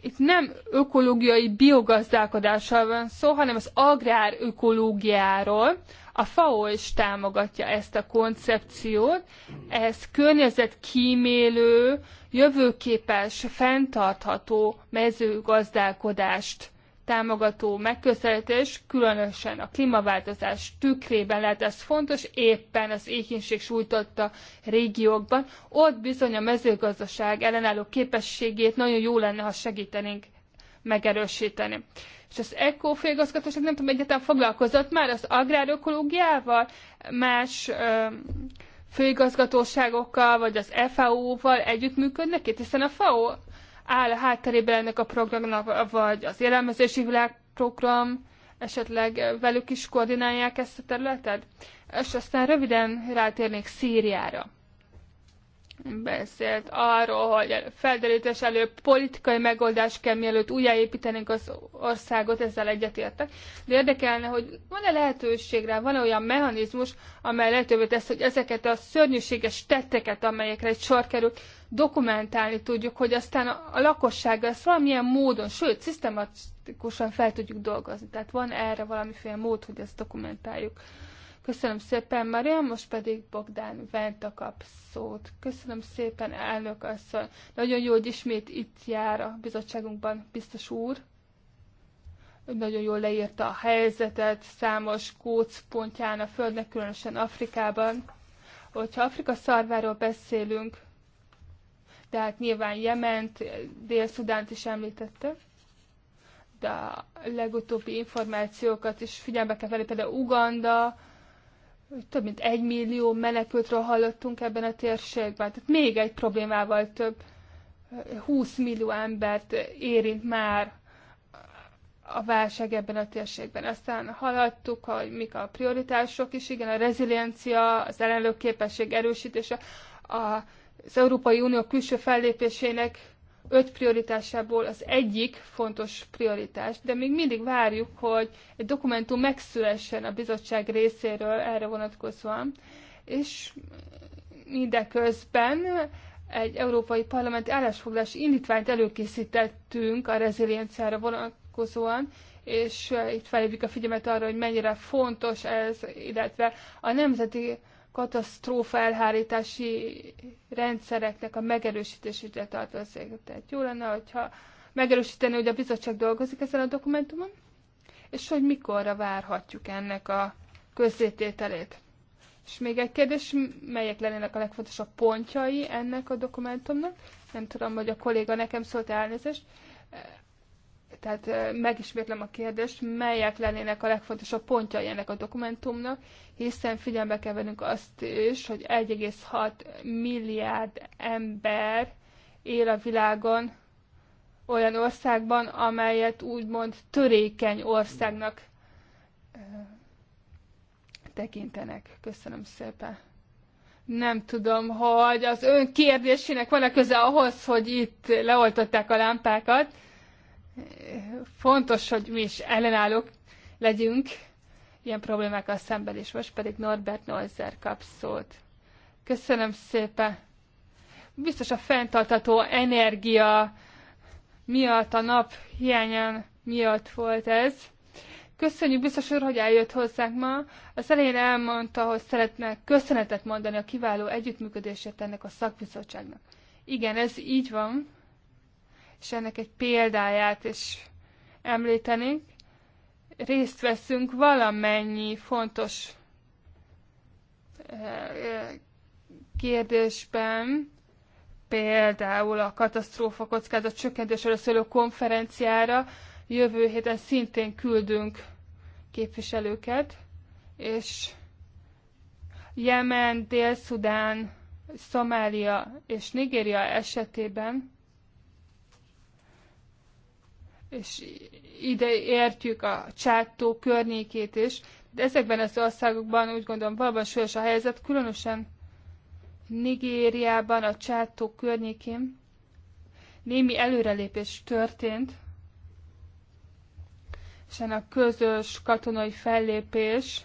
itt nem ökológiai biogazdálkodással van szó, hanem az agrárökológiáról. A FAO is támogatja ezt a koncepciót. Ez környezetkímélő, jövőképes, fenntartható mezőgazdálkodást támogató megközelítés, különösen a klímaváltozás tükrében lehet ez fontos, éppen az éhínség sújtotta régiókban. Ott bizony a mezőgazdaság ellenálló képességét nagyon jó lenne, ha segítenénk megerősíteni. És az ekofélgazgatóság, nem tudom, egyetem foglalkozott már az agrárökológiával, más ö, főigazgatóságokkal, vagy az FAO-val együttműködnek itt, hiszen a FAO áll a hátterében ennek a programnak, vagy az élelmezési világprogram, esetleg velük is koordinálják ezt a területet? És aztán röviden rátérnék Szíriára beszélt arról, hogy felderítés előbb politikai megoldás kell, mielőtt újjáépítenénk az országot, ezzel egyetértek. De érdekelne, hogy van-e lehetőség rá, van -e olyan mechanizmus, amely lehetővé tesz, hogy ezeket a szörnyűséges tetteket, amelyekre egy sor került, dokumentálni tudjuk, hogy aztán a lakossággal ezt valamilyen módon, sőt, szisztematikusan fel tudjuk dolgozni. Tehát van erre valamiféle mód, hogy ezt dokumentáljuk. Köszönöm szépen, Maria, most pedig Bogdán Venta kap szót. Köszönöm szépen, elnök asszony. Nagyon jó, hogy ismét itt jár a bizottságunkban biztos úr. Nagyon jól leírta a helyzetet számos kócpontján a Földnek, különösen Afrikában. Hogyha Afrika szarváról beszélünk, de hát nyilván Jement, Dél-Szudánt is említette, de a legutóbbi információkat is figyelme kell venni, például Uganda, több mint egy millió menekültről hallottunk ebben a térségben, tehát még egy problémával több 20 eh, millió embert érint már a válság ebben a térségben. Aztán hallottuk, hogy mik a prioritások is, igen, a reziliencia, az ellenőrképesség erősítése, a, az Európai Unió külső fellépésének öt prioritásából az egyik fontos prioritás, de még mindig várjuk, hogy egy dokumentum megszülessen a bizottság részéről erre vonatkozóan, és mindeközben egy európai parlamenti állásfoglalás indítványt előkészítettünk a rezilienciára vonatkozóan, és itt felhívjuk a figyelmet arra, hogy mennyire fontos ez, illetve a nemzeti katasztrófa elhárítási rendszereknek a megerősítésére tartozik. Tehát jó lenne, hogyha megerősíteni, hogy a bizottság dolgozik ezen a dokumentumon, és hogy mikorra várhatjuk ennek a közzétételét. És még egy kérdés, melyek lennének a legfontosabb pontjai ennek a dokumentumnak? Nem tudom, hogy a kolléga nekem szólt elnézést. Tehát megismétlem a kérdést, melyek lennének a legfontosabb pontjai ennek a dokumentumnak, hiszen figyelembe kell vennünk azt is, hogy 1,6 milliárd ember él a világon olyan országban, amelyet úgymond törékeny országnak tekintenek. Köszönöm szépen. Nem tudom, hogy az ön kérdésének van-e köze ahhoz, hogy itt leoltották a lámpákat fontos, hogy mi is ellenállók legyünk ilyen problémákkal szemben, és most pedig Norbert Neuser kap szót. Köszönöm szépen! Biztos a fenntartató energia miatt, a nap hiányán miatt volt ez. Köszönjük biztos úr, hogy eljött hozzánk ma. Az elején elmondta, hogy szeretne köszönetet mondani a kiváló együttműködésért ennek a szakbizottságnak. Igen, ez így van és ennek egy példáját is említenénk. Részt veszünk valamennyi fontos eh, eh, kérdésben, például a katasztrófa kockázat csökkentésről szóló konferenciára jövő héten szintén küldünk képviselőket, és Jemen, Dél-Szudán, Szomália és Nigéria esetében és ide értjük a csátó környékét is, de ezekben az országokban úgy gondolom valóban súlyos a helyzet, különösen Nigériában, a csátó környékén némi előrelépés történt, és ennek közös katonai fellépés,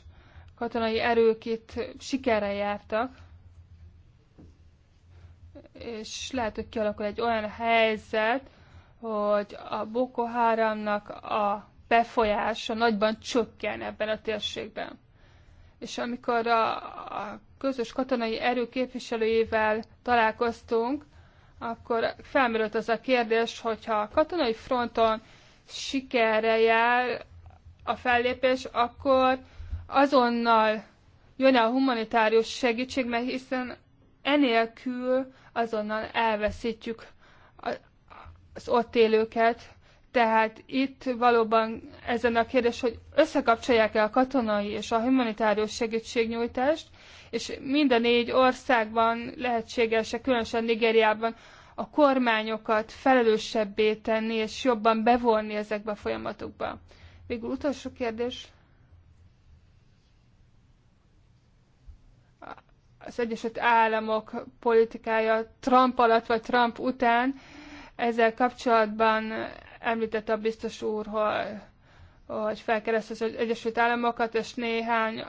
katonai erők itt sikerre jártak, és lehet, hogy kialakul egy olyan helyzet, hogy a Boko Haramnak a befolyása nagyban csökken ebben a térségben. És amikor a, a közös katonai erő képviselőjével találkoztunk, akkor felmerült az a kérdés, hogyha a katonai fronton sikerre jár a fellépés, akkor azonnal jön a humanitárius segítség, mert hiszen enélkül azonnal elveszítjük az ott élőket, tehát itt valóban ezen a kérdés, hogy összekapcsolják-e a katonai és a humanitárius segítségnyújtást, és mind a négy országban lehetséges, különösen Nigériában a kormányokat felelősebbé tenni, és jobban bevonni ezekbe a folyamatokba. Végül utolsó kérdés. Az Egyesült Államok politikája Trump alatt vagy Trump után ezzel kapcsolatban említette a biztos úr, hogy, hogy felkereszt az Egyesült Államokat, és néhány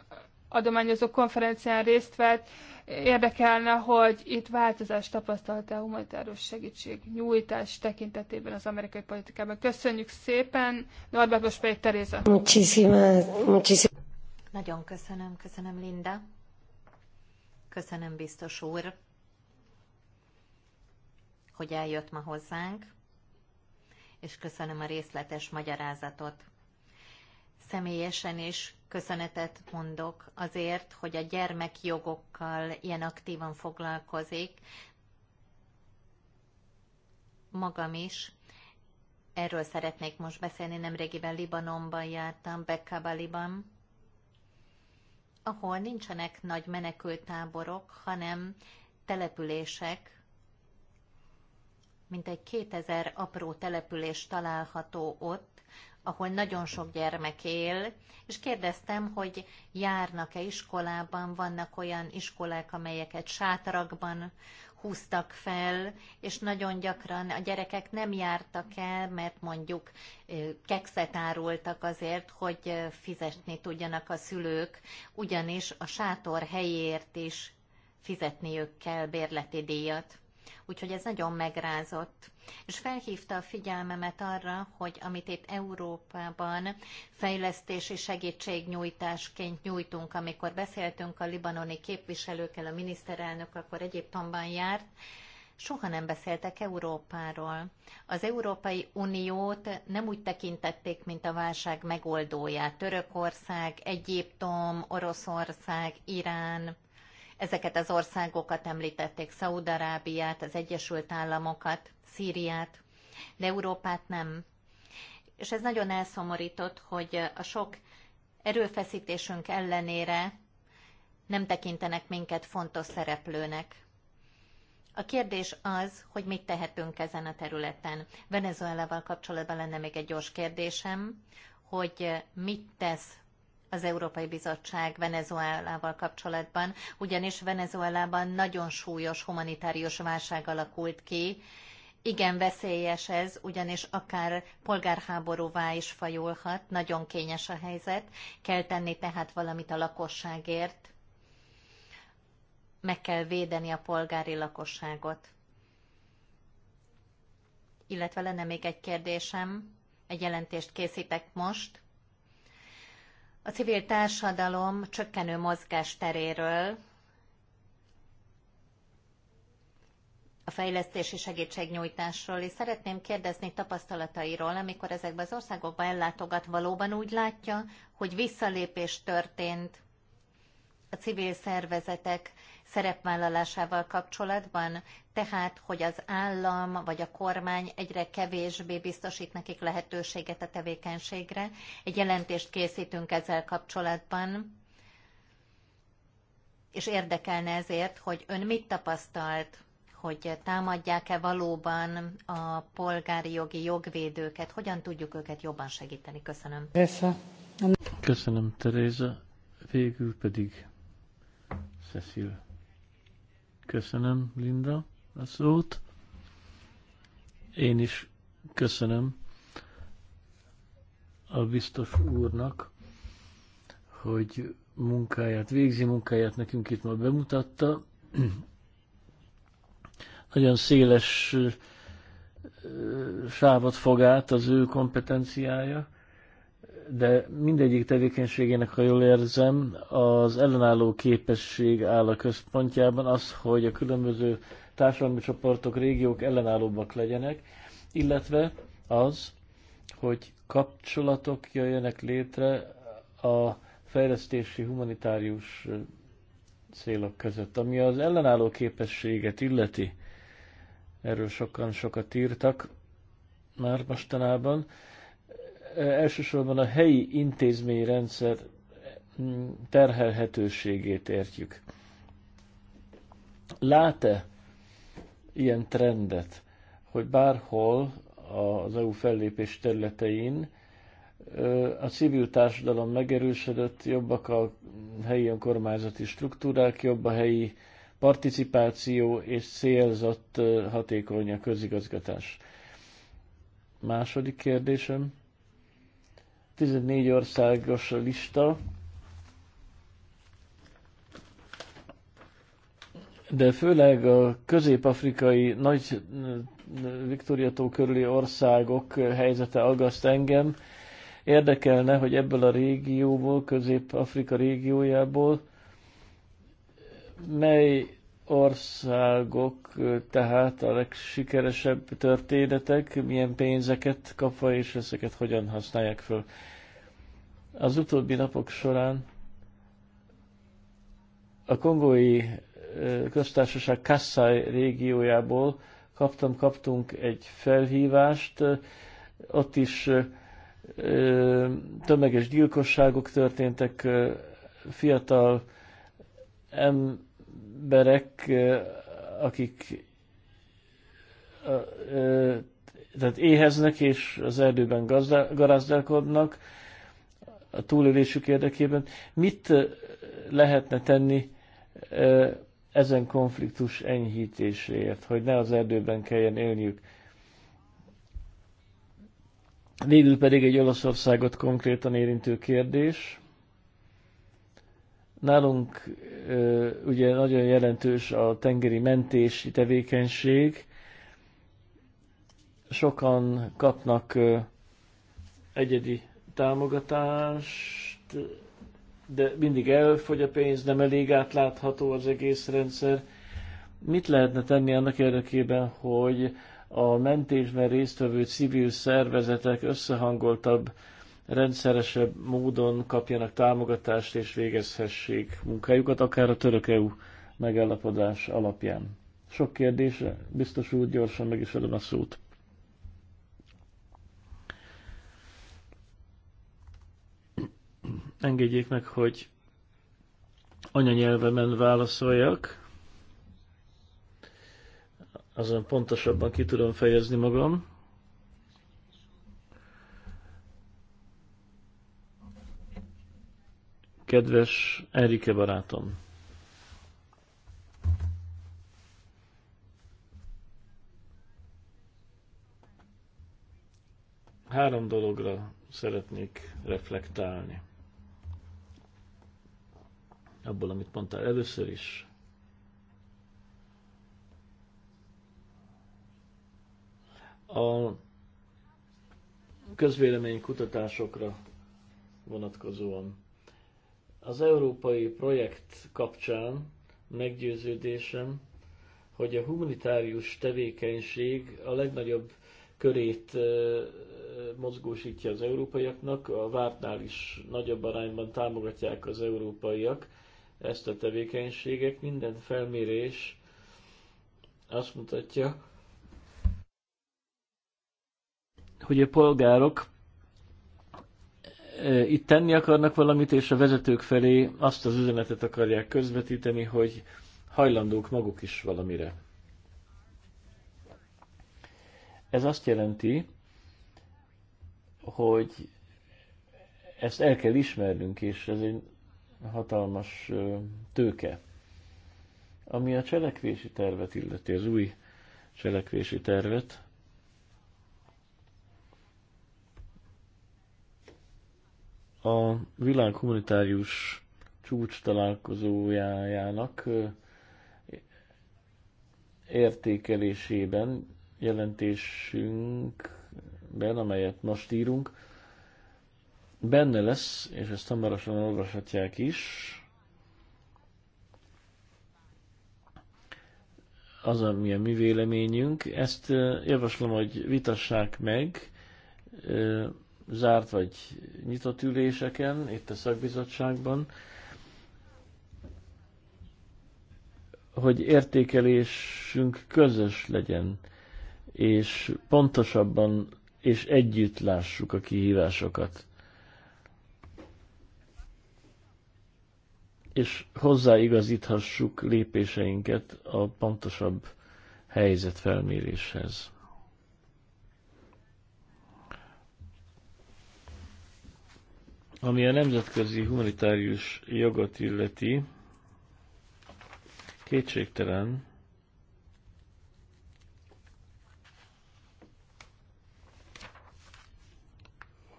adományozó konferencián részt vett. Érdekelne, hogy itt változást tapasztalta a humanitárius segítség nyújtás tekintetében az amerikai politikában. Köszönjük szépen, Norbert, most pedig Teréza. Nagyon köszönöm, köszönöm Linda. Köszönöm, biztos úr hogy eljött ma hozzánk, és köszönöm a részletes magyarázatot. Személyesen is köszönetet mondok azért, hogy a gyermekjogokkal ilyen aktívan foglalkozik. Magam is erről szeretnék most beszélni. Nemrégiben Libanonban jártam, Bekkabaliban, ahol nincsenek nagy menekültáborok, hanem települések, mintegy 2000 apró település található ott, ahol nagyon sok gyermek él, és kérdeztem, hogy járnak-e iskolában, vannak olyan iskolák, amelyeket sátrakban húztak fel, és nagyon gyakran a gyerekek nem jártak el, mert mondjuk kekszet árultak azért, hogy fizetni tudjanak a szülők, ugyanis a sátor helyért is fizetniük kell bérleti díjat. Úgyhogy ez nagyon megrázott. És felhívta a figyelmemet arra, hogy amit itt Európában fejlesztési segítségnyújtásként nyújtunk, amikor beszéltünk a libanoni képviselőkkel, a miniszterelnök akkor Egyiptomban járt, soha nem beszéltek Európáról. Az Európai Uniót nem úgy tekintették, mint a válság megoldóját. Törökország, Egyiptom, Oroszország, Irán, Ezeket az országokat említették, Szaúd-Arábiát, az Egyesült Államokat, Szíriát, de Európát nem. És ez nagyon elszomorított, hogy a sok erőfeszítésünk ellenére nem tekintenek minket fontos szereplőnek. A kérdés az, hogy mit tehetünk ezen a területen. Venezuelával kapcsolatban lenne még egy gyors kérdésem, hogy mit tesz az Európai Bizottság Venezuelával kapcsolatban, ugyanis Venezuelában nagyon súlyos humanitárius válság alakult ki. Igen veszélyes ez, ugyanis akár polgárháborúvá is fajulhat, nagyon kényes a helyzet, kell tenni tehát valamit a lakosságért, meg kell védeni a polgári lakosságot. Illetve lenne még egy kérdésem, egy jelentést készítek most, a civil társadalom csökkenő mozgásteréről, a fejlesztési segítségnyújtásról, és szeretném kérdezni tapasztalatairól, amikor ezekben az országokban ellátogat, valóban úgy látja, hogy visszalépés történt a civil szervezetek szerepvállalásával kapcsolatban, tehát hogy az állam vagy a kormány egyre kevésbé biztosít nekik lehetőséget a tevékenységre. Egy jelentést készítünk ezzel kapcsolatban, és érdekelne ezért, hogy ön mit tapasztalt, hogy támadják-e valóban a polgári jogi jogvédőket, hogyan tudjuk őket jobban segíteni. Köszönöm. Köszönöm, Teréza. Végül pedig Cecil. Köszönöm, Linda, a szót. Én is köszönöm a biztos úrnak, hogy munkáját, végzi munkáját nekünk itt ma bemutatta. Nagyon széles sávot fog át az ő kompetenciája de mindegyik tevékenységének, ha jól érzem, az ellenálló képesség áll a központjában az, hogy a különböző társadalmi csoportok, régiók ellenállóbbak legyenek, illetve az, hogy kapcsolatok jöjjenek létre a fejlesztési humanitárius célok között. Ami az ellenálló képességet illeti, erről sokan sokat írtak már mostanában, elsősorban a helyi intézményrendszer mm, terhelhetőségét értjük. Lát-e ilyen trendet, hogy bárhol az EU fellépés területein a civil társadalom megerősödött, jobbak a helyi önkormányzati struktúrák, jobb a helyi participáció és célzott hatékony a közigazgatás. Második kérdésem 14 országos lista, de főleg a közép-afrikai nagy eh, Viktoriató körüli országok helyzete aggaszt engem. Érdekelne, hogy ebből a régióból, közép-afrika régiójából, mely országok, tehát a legsikeresebb történetek, milyen pénzeket kapva, és ezeket hogyan használják föl. Az utóbbi napok során a kongói köztársaság Kassai régiójából kaptam, kaptunk egy felhívást, ott is tömeges gyilkosságok történtek, fiatal em, emberek, akik tehát éheznek és az erdőben garázdálkodnak a túlélésük érdekében. Mit lehetne tenni ezen konfliktus enyhítéséért, hogy ne az erdőben kelljen élniük? Végül pedig egy Olaszországot konkrétan érintő kérdés – Nálunk ugye nagyon jelentős a tengeri mentési tevékenység. Sokan kapnak egyedi támogatást, de mindig elfogy a pénz, nem elég átlátható az egész rendszer. Mit lehetne tenni annak érdekében, hogy a mentésben résztvevő civil szervezetek összehangoltabb rendszeresebb módon kapjanak támogatást és végezhessék munkájukat, akár a török EU megállapodás alapján. Sok kérdése, biztos úgy gyorsan meg is adom a szót. Engedjék meg, hogy anyanyelvemen válaszoljak. Azon pontosabban ki tudom fejezni magam. kedves Erike barátom. Három dologra szeretnék reflektálni. Abból, amit mondtál először is. A közvélemény kutatásokra vonatkozóan az európai projekt kapcsán meggyőződésem, hogy a humanitárius tevékenység a legnagyobb körét mozgósítja az európaiaknak, a vártnál is nagyobb arányban támogatják az európaiak ezt a tevékenységet. Minden felmérés azt mutatja, hogy a polgárok itt tenni akarnak valamit, és a vezetők felé azt az üzenetet akarják közvetíteni, hogy hajlandók maguk is valamire. Ez azt jelenti, hogy ezt el kell ismernünk, és ez egy hatalmas tőke. Ami a cselekvési tervet illeti, az új cselekvési tervet, a világ humanitárius csúcs találkozójának értékelésében, jelentésünkben, amelyet most írunk, benne lesz, és ezt hamarosan olvashatják is, az, ami a mi véleményünk. Ezt javaslom, hogy vitassák meg, zárt vagy nyitott üléseken, itt a szakbizottságban, hogy értékelésünk közös legyen, és pontosabban és együtt lássuk a kihívásokat. És hozzáigazíthassuk lépéseinket a pontosabb helyzetfelméréshez. Ami a nemzetközi humanitárius jogot illeti, kétségtelen,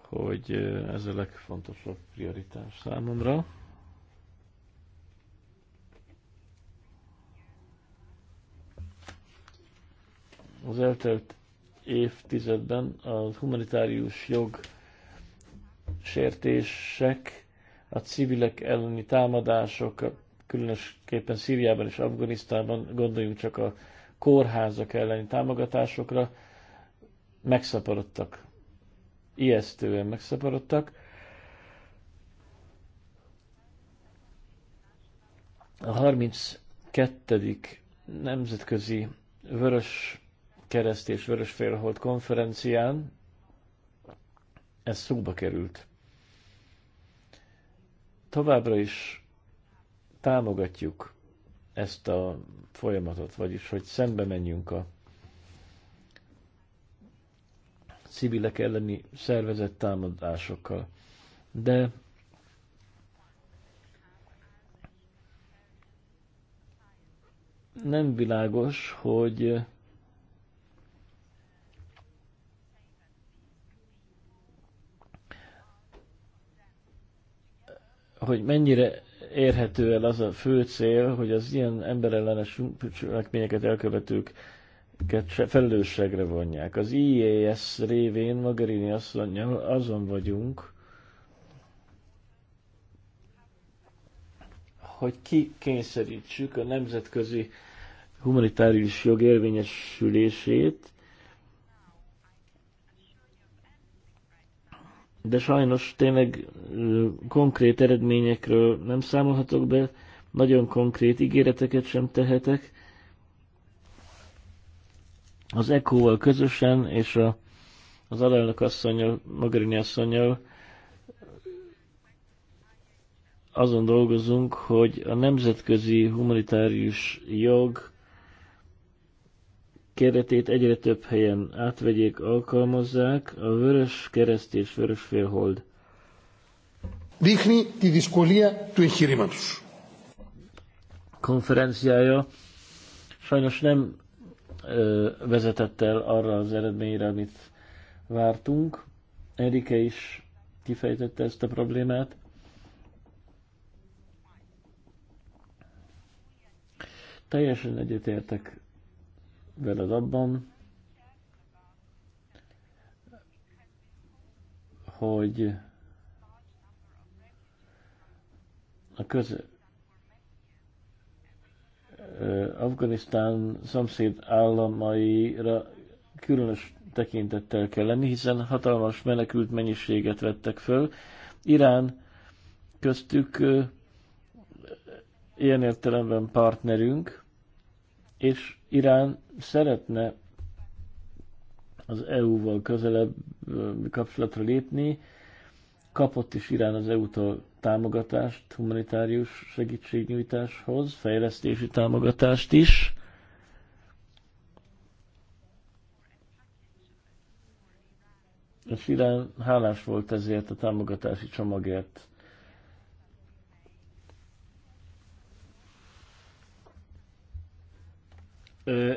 hogy ez a legfontosabb prioritás számomra. Az eltelt évtizedben a humanitárius jog sértések, a civilek elleni támadások, különösképpen Szíriában és Afganisztánban, gondoljunk csak a kórházak elleni támogatásokra, megszaporodtak. Ijesztően megszaporodtak. A 32. nemzetközi Vörös Kereszt és Vörös Félhold konferencián ez szóba került. Továbbra is támogatjuk ezt a folyamatot, vagyis hogy szembe menjünk a civilek elleni szervezett támadásokkal. De nem világos, hogy hogy mennyire érhető el az a fő cél, hogy az ilyen emberellenes cselekményeket elkövetők felelősségre vonják. Az IES révén Magarini asszonynal azon vagyunk, hogy kikényszerítsük a nemzetközi humanitárius jog érvényesülését, de sajnos tényleg konkrét eredményekről nem számolhatok be, nagyon konkrét ígéreteket sem tehetek. Az ECO-val közösen és a, az alelnök asszonyjal, Magarini asszonyjal azon dolgozunk, hogy a nemzetközi humanitárius jog keretét egyre több helyen átvegyék, alkalmazzák, a vörös kereszt és vörös félhold. Konferenciája sajnos nem ö, vezetett el arra az eredményre, amit vártunk. Erike is kifejtette ezt a problémát. Teljesen egyetértek veled abban, hogy a köz Afganisztán szomszéd államaira különös tekintettel kell lenni, hiszen hatalmas menekült mennyiséget vettek föl. Irán köztük ilyen értelemben partnerünk, és Irán szeretne az EU-val közelebb kapcsolatra lépni, kapott is Irán az EU-tól támogatást, humanitárius segítségnyújtáshoz, fejlesztési támogatást is. És Irán hálás volt ezért a támogatási csomagért.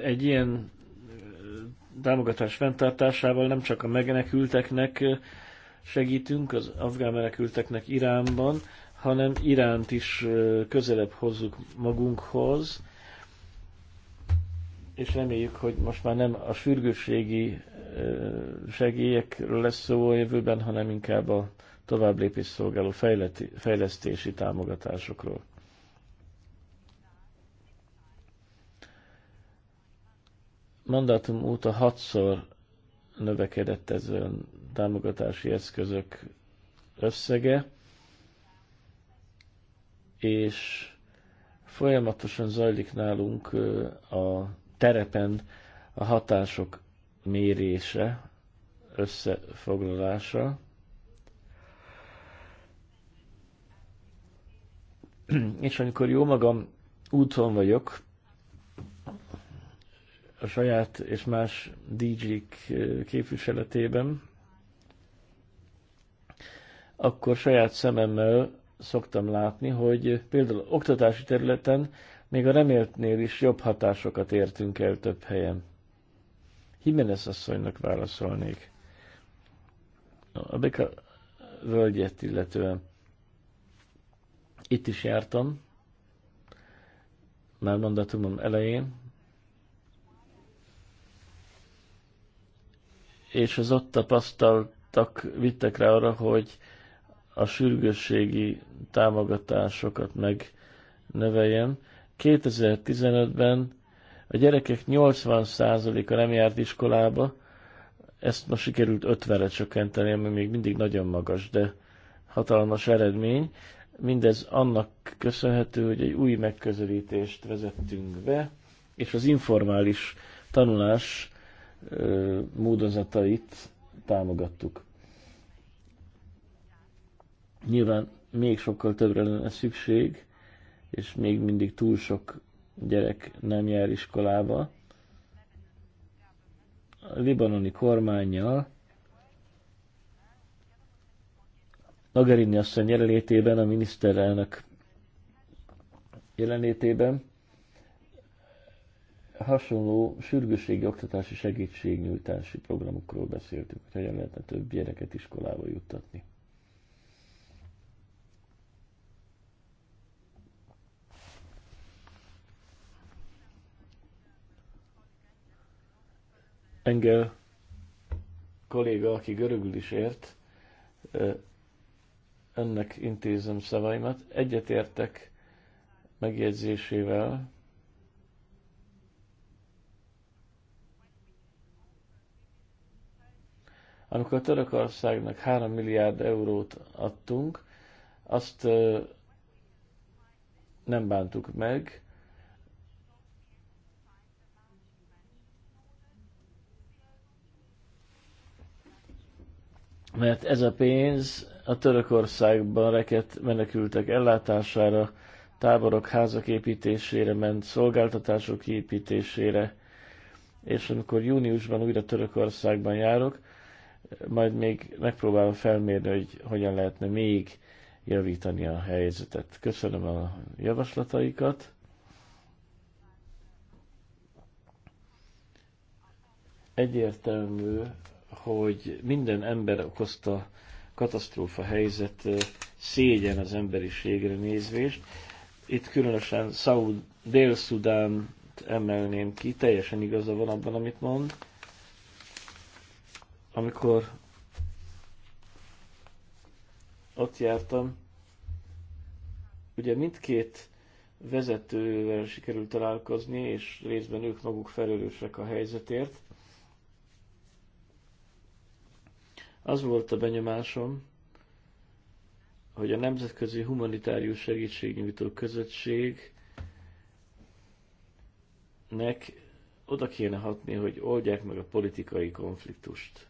egy ilyen támogatás fenntartásával nem csak a megenekülteknek segítünk, az afgán menekülteknek Iránban, hanem Iránt is közelebb hozzuk magunkhoz, és reméljük, hogy most már nem a sürgősségi segélyekről lesz szó a jövőben, hanem inkább a továbblépés szolgáló fejleti, fejlesztési támogatásokról. mandátum óta hatszor növekedett ez a támogatási eszközök összege, és folyamatosan zajlik nálunk a terepen a hatások mérése, összefoglalása. És amikor jó magam úton vagyok, a saját és más DJ-k eh, képviseletében, akkor saját szememmel szoktam látni, hogy például oktatási területen még a reméltnél is jobb hatásokat értünk el több helyen. Jimenez asszonynak válaszolnék. A Beka völgyet illetően. Itt is jártam, már mandatumom elején, és az ott tapasztaltak vittek rá arra, hogy a sürgősségi támogatásokat megneveljen. 2015-ben a gyerekek 80%-a nem járt iskolába, ezt most sikerült 50-re csökkenteni, ami még mindig nagyon magas, de hatalmas eredmény. Mindez annak köszönhető, hogy egy új megközelítést vezettünk be, és az informális tanulás módozatait támogattuk. Nyilván még sokkal többre lenne szükség, és még mindig túl sok gyerek nem jár iskolába. A libanoni kormányjal Nagarini asszony jelenlétében, a miniszterelnök jelenlétében hasonló sürgősségi oktatási segítségnyújtási programokról beszéltünk, hogy hogyan lehetne több gyereket iskolába juttatni. Engel kolléga, aki görögül is ért, önnek intézem szavaimat. Egyetértek megjegyzésével, Amikor Törökországnak 3 milliárd eurót adtunk, azt nem bántuk meg. Mert ez a pénz a Törökországban rekett menekültek ellátására, táborok, házak építésére ment, szolgáltatások építésére, és amikor júniusban újra Törökországban járok, majd még megpróbálom felmérni, hogy hogyan lehetne még javítani a helyzetet. Köszönöm a javaslataikat. Egyértelmű, hogy minden ember okozta katasztrófa helyzet szégyen az emberiségre nézvést. Itt különösen Dél-Szudánt emelném ki, teljesen igaza van abban, amit mond amikor ott jártam, ugye mindkét vezetővel sikerült találkozni, és részben ők maguk felelősek a helyzetért. Az volt a benyomásom, hogy a nemzetközi humanitárius segítségnyújtó közösségnek oda kéne hatni, hogy oldják meg a politikai konfliktust.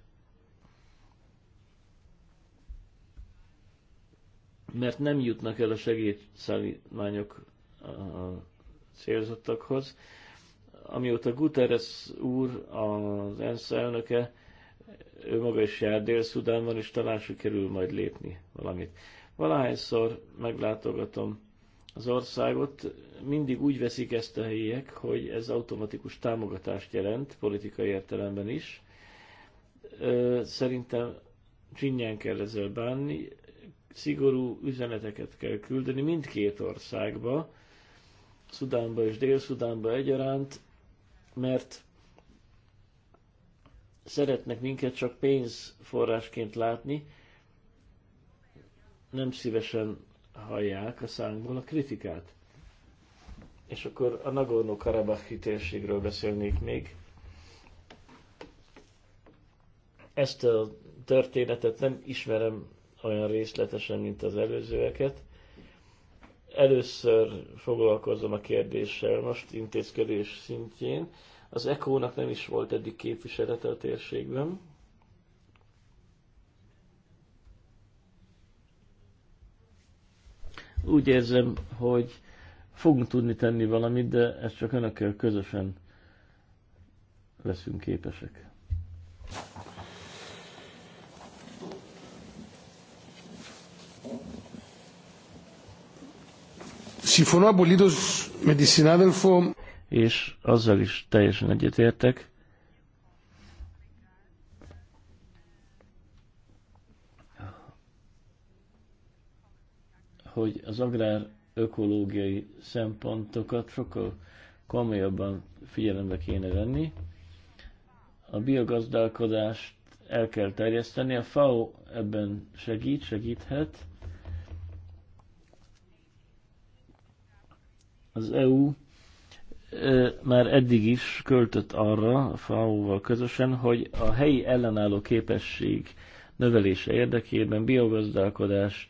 mert nem jutnak el a segédszállítmányok a célzottakhoz. Amióta Guterres úr, az ENSZ elnöke, ő maga is jár Dél-Szudánban, és talán sikerül majd lépni valamit. Valahányszor meglátogatom az országot, mindig úgy veszik ezt a helyiek, hogy ez automatikus támogatást jelent, politikai értelemben is. Szerintem csinyán kell ezzel bánni, szigorú üzeneteket kell küldeni mindkét országba, Szudánba és Dél-Szudánba egyaránt, mert szeretnek minket csak pénzforrásként látni, nem szívesen hallják a szánkból a kritikát. És akkor a Nagorno-Karabahi térségről beszélnék még. Ezt a történetet nem ismerem olyan részletesen, mint az előzőeket. Először foglalkozom a kérdéssel most intézkedés szintjén. Az ECO-nak nem is volt eddig képviselete a térségben. Úgy érzem, hogy fogunk tudni tenni valamit, de ezt csak önökkel közösen leszünk képesek. Συμφωνώ απολύτως με τη συνάδελφο. És azzal is teljesen egyetértek, hogy az agrár ökológiai szempontokat sokkal komolyabban figyelembe kéne venni. A biogazdálkodást el kell terjeszteni, a FAO ebben segít, segíthet, Az EU már eddig is költött arra a FAO-val közösen, hogy a helyi ellenálló képesség növelése érdekében biogazdálkodás,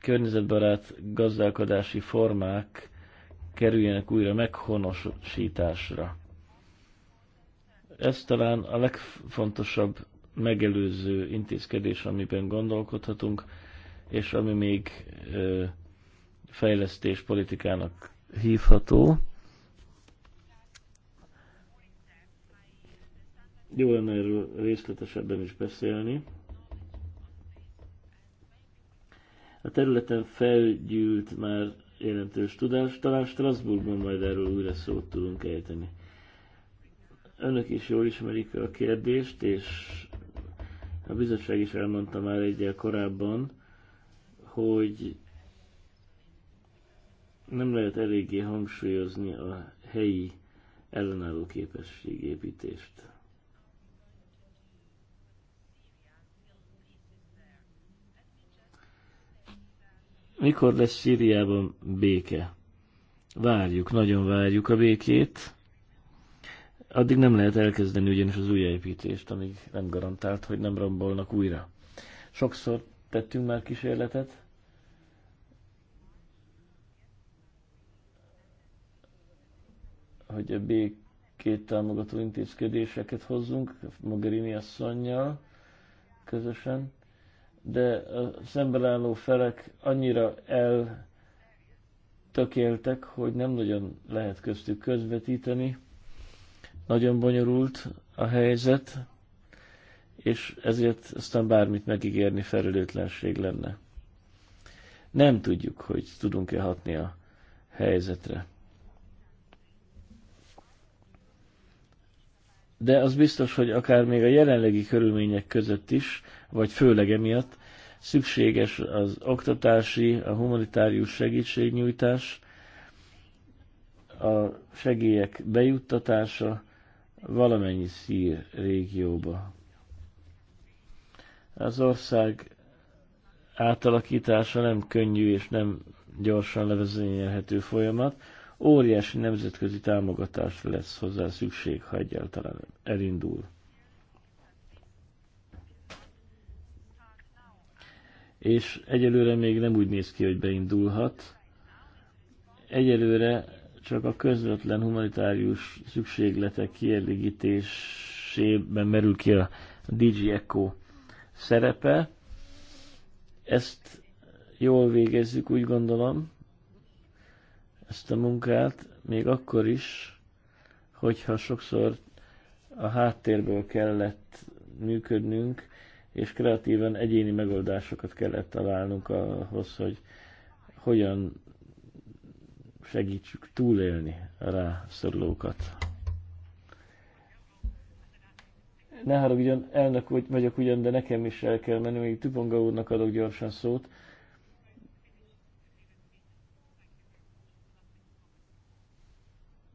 környezetbarát gazdálkodási formák kerüljenek újra meghonosításra. Ez talán a legfontosabb megelőző intézkedés, amiben gondolkodhatunk, és ami még fejlesztés politikának hívható. Jó lenne erről részletesebben is beszélni. A területen felgyűlt már jelentős tudás, talán Strasbourgban majd erről újra szót tudunk ejteni. Önök is jól ismerik a kérdést, és a bizottság is elmondta már egyel korábban, hogy nem lehet eléggé hangsúlyozni a helyi ellenálló képességépítést. Mikor lesz Szíriában béke? Várjuk, nagyon várjuk a békét. Addig nem lehet elkezdeni ugyanis az újjáépítést, amíg nem garantált, hogy nem rombolnak újra. Sokszor tettünk már kísérletet, hogy a békét támogató intézkedéseket hozzunk, Mogherini asszonynal közösen, de a szemben álló felek annyira tökéltek, hogy nem nagyon lehet köztük közvetíteni. Nagyon bonyolult a helyzet, és ezért aztán bármit megígérni felelőtlenség lenne. Nem tudjuk, hogy tudunk-e hatni a helyzetre. de az biztos, hogy akár még a jelenlegi körülmények között is, vagy főleg emiatt, szükséges az oktatási, a humanitárius segítségnyújtás, a segélyek bejuttatása valamennyi szír régióba. Az ország átalakítása nem könnyű és nem gyorsan levezényelhető folyamat, Óriási nemzetközi támogatás lesz hozzá szükség, ha egyáltalán elindul. És egyelőre még nem úgy néz ki, hogy beindulhat. Egyelőre csak a közvetlen humanitárius szükségletek kielégítésében merül ki a DG Echo szerepe. Ezt jól végezzük, úgy gondolom ezt a munkát, még akkor is, hogyha sokszor a háttérből kellett működnünk, és kreatívan egyéni megoldásokat kellett találnunk ahhoz, hogy hogyan segítsük túlélni a rászorulókat. Ne haragudjon, elnök vagyok ugyan, de nekem is el kell menni, még Tüponga úrnak adok gyorsan szót.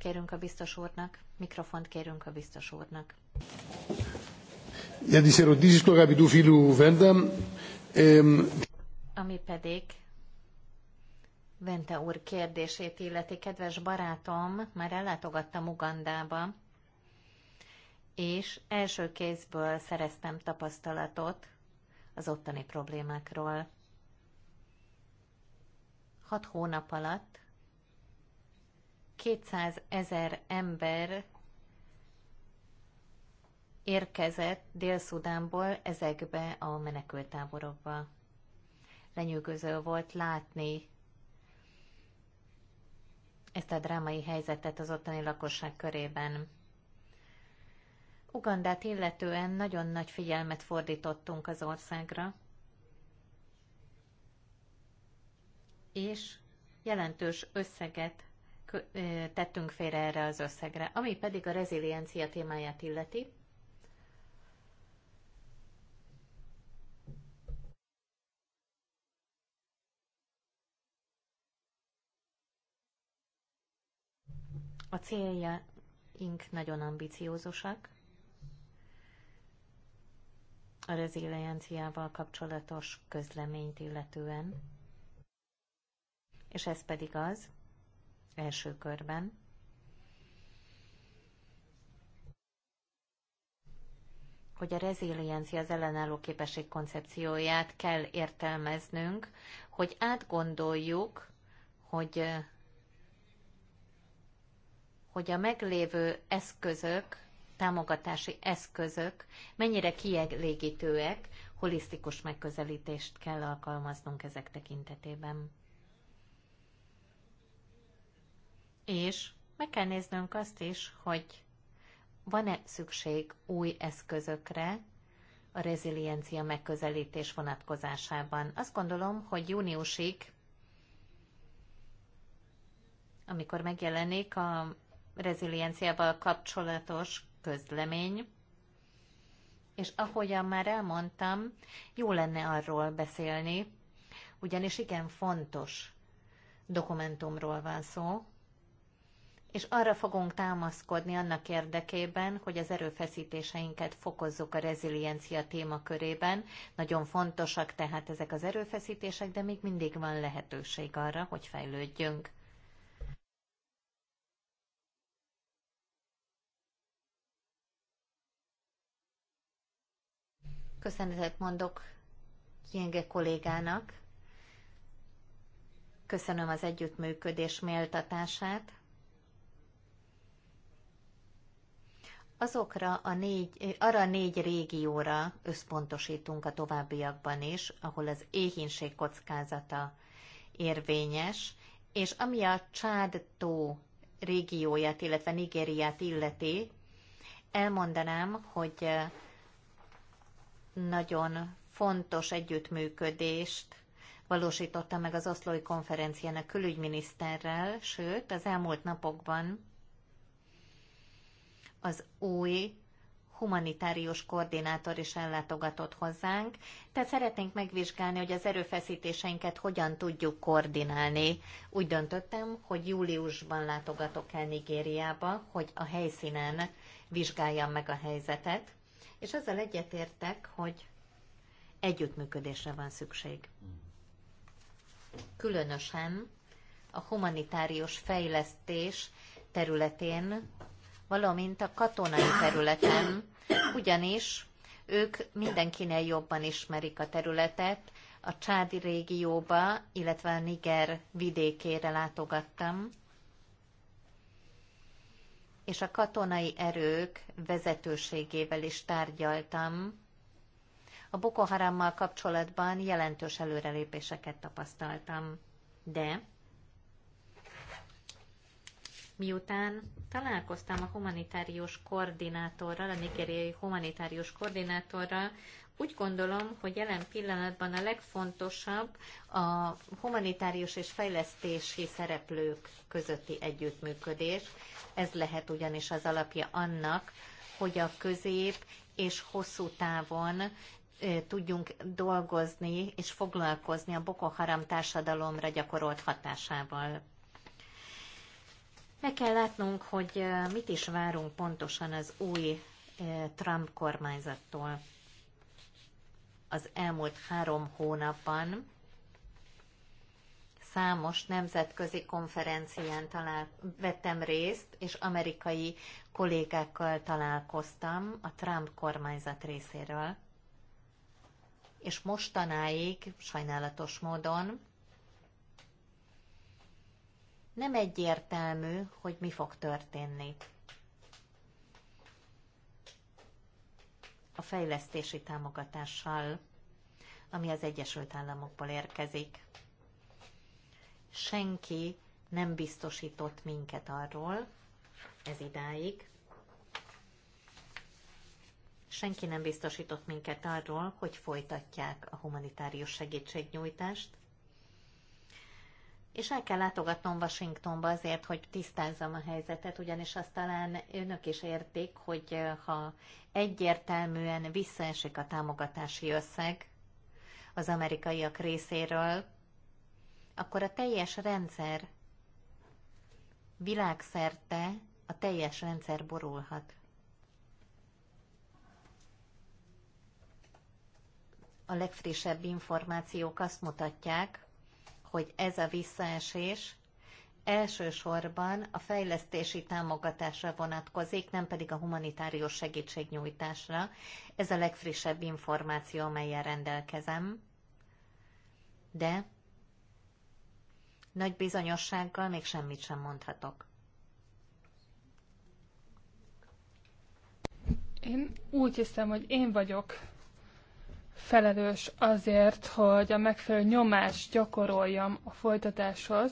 kérünk a biztos úrnak, mikrofont kérünk a biztos úrnak. ami pedig Vente úr kérdését illeti, kedves barátom, már ellátogattam Ugandába, és első kézből szereztem tapasztalatot az ottani problémákról. Hat hónap alatt 200 ezer ember érkezett Dél-Szudánból ezekbe a menekültáborokba. Lenyűgöző volt látni ezt a drámai helyzetet az ottani lakosság körében. Ugandát illetően nagyon nagy figyelmet fordítottunk az országra, és jelentős összeget tettünk félre erre az összegre. Ami pedig a reziliencia témáját illeti, A céljaink nagyon ambiciózusak. A rezilienciával kapcsolatos közleményt illetően. És ez pedig az, első körben. hogy a reziliencia, az ellenálló képesség koncepcióját kell értelmeznünk, hogy átgondoljuk, hogy, hogy a meglévő eszközök, támogatási eszközök mennyire kielégítőek, holisztikus megközelítést kell alkalmaznunk ezek tekintetében. És meg kell néznünk azt is, hogy van-e szükség új eszközökre a reziliencia megközelítés vonatkozásában. Azt gondolom, hogy júniusig, amikor megjelenik a rezilienciával kapcsolatos közlemény, és ahogyan már elmondtam, jó lenne arról beszélni, ugyanis igen fontos dokumentumról van szó, és arra fogunk támaszkodni annak érdekében, hogy az erőfeszítéseinket fokozzuk a reziliencia témakörében. Nagyon fontosak tehát ezek az erőfeszítések, de még mindig van lehetőség arra, hogy fejlődjünk. Köszönetet mondok Kienge kollégának. Köszönöm az együttműködés méltatását azokra a négy, arra a négy régióra összpontosítunk a továbbiakban is, ahol az éhínség kockázata érvényes, és ami a Csád tó régióját, illetve Nigériát illeti, elmondanám, hogy eh, nagyon fontos együttműködést valósította meg az oszlói konferencián a külügyminiszterrel, sőt, az elmúlt napokban az új humanitárius koordinátor is ellátogatott hozzánk, tehát szeretnénk megvizsgálni, hogy az erőfeszítéseinket hogyan tudjuk koordinálni. Úgy döntöttem, hogy júliusban látogatok el Nigériába, hogy a helyszínen vizsgáljam meg a helyzetet, és azzal egyetértek, hogy együttműködésre van szükség. Különösen a humanitárius fejlesztés területén valamint a katonai területen, ugyanis ők mindenkinél jobban ismerik a területet. A csádi régióba, illetve a Niger vidékére látogattam, és a katonai erők vezetőségével is tárgyaltam. A Boko Harammal kapcsolatban jelentős előrelépéseket tapasztaltam. De Miután találkoztam a humanitárius koordinátorral, a nigériai humanitárius koordinátorral, úgy gondolom, hogy jelen pillanatban a legfontosabb a humanitárius és fejlesztési szereplők közötti együttműködés. Ez lehet ugyanis az alapja annak, hogy a közép és hosszú távon tudjunk dolgozni és foglalkozni a Boko Haram társadalomra gyakorolt hatásával. Meg kell látnunk, hogy mit is várunk pontosan az új Trump kormányzattól az elmúlt három hónapban számos nemzetközi konferencián talál, vettem részt, és amerikai kollégákkal találkoztam a Trump kormányzat részéről. És mostanáig, sajnálatos módon, nem egyértelmű, hogy mi fog történni. A fejlesztési támogatással, ami az Egyesült Államokból érkezik. Senki nem biztosított minket arról, ez idáig, senki nem biztosított minket arról, hogy folytatják a humanitárius segítségnyújtást, és el kell látogatnom Washingtonba azért, hogy tisztázzam a helyzetet, ugyanis azt talán önök is értik, hogy ha egyértelműen visszaesik a támogatási összeg az amerikaiak részéről, akkor a teljes rendszer világszerte a teljes rendszer borulhat. A legfrissebb információk azt mutatják, hogy ez a visszaesés elsősorban a fejlesztési támogatásra vonatkozik, nem pedig a humanitárius segítségnyújtásra. Ez a legfrissebb információ, amelyel rendelkezem. De nagy bizonyossággal még semmit sem mondhatok. Én úgy hiszem, hogy én vagyok felelős azért, hogy a megfelelő nyomást gyakoroljam a folytatáshoz,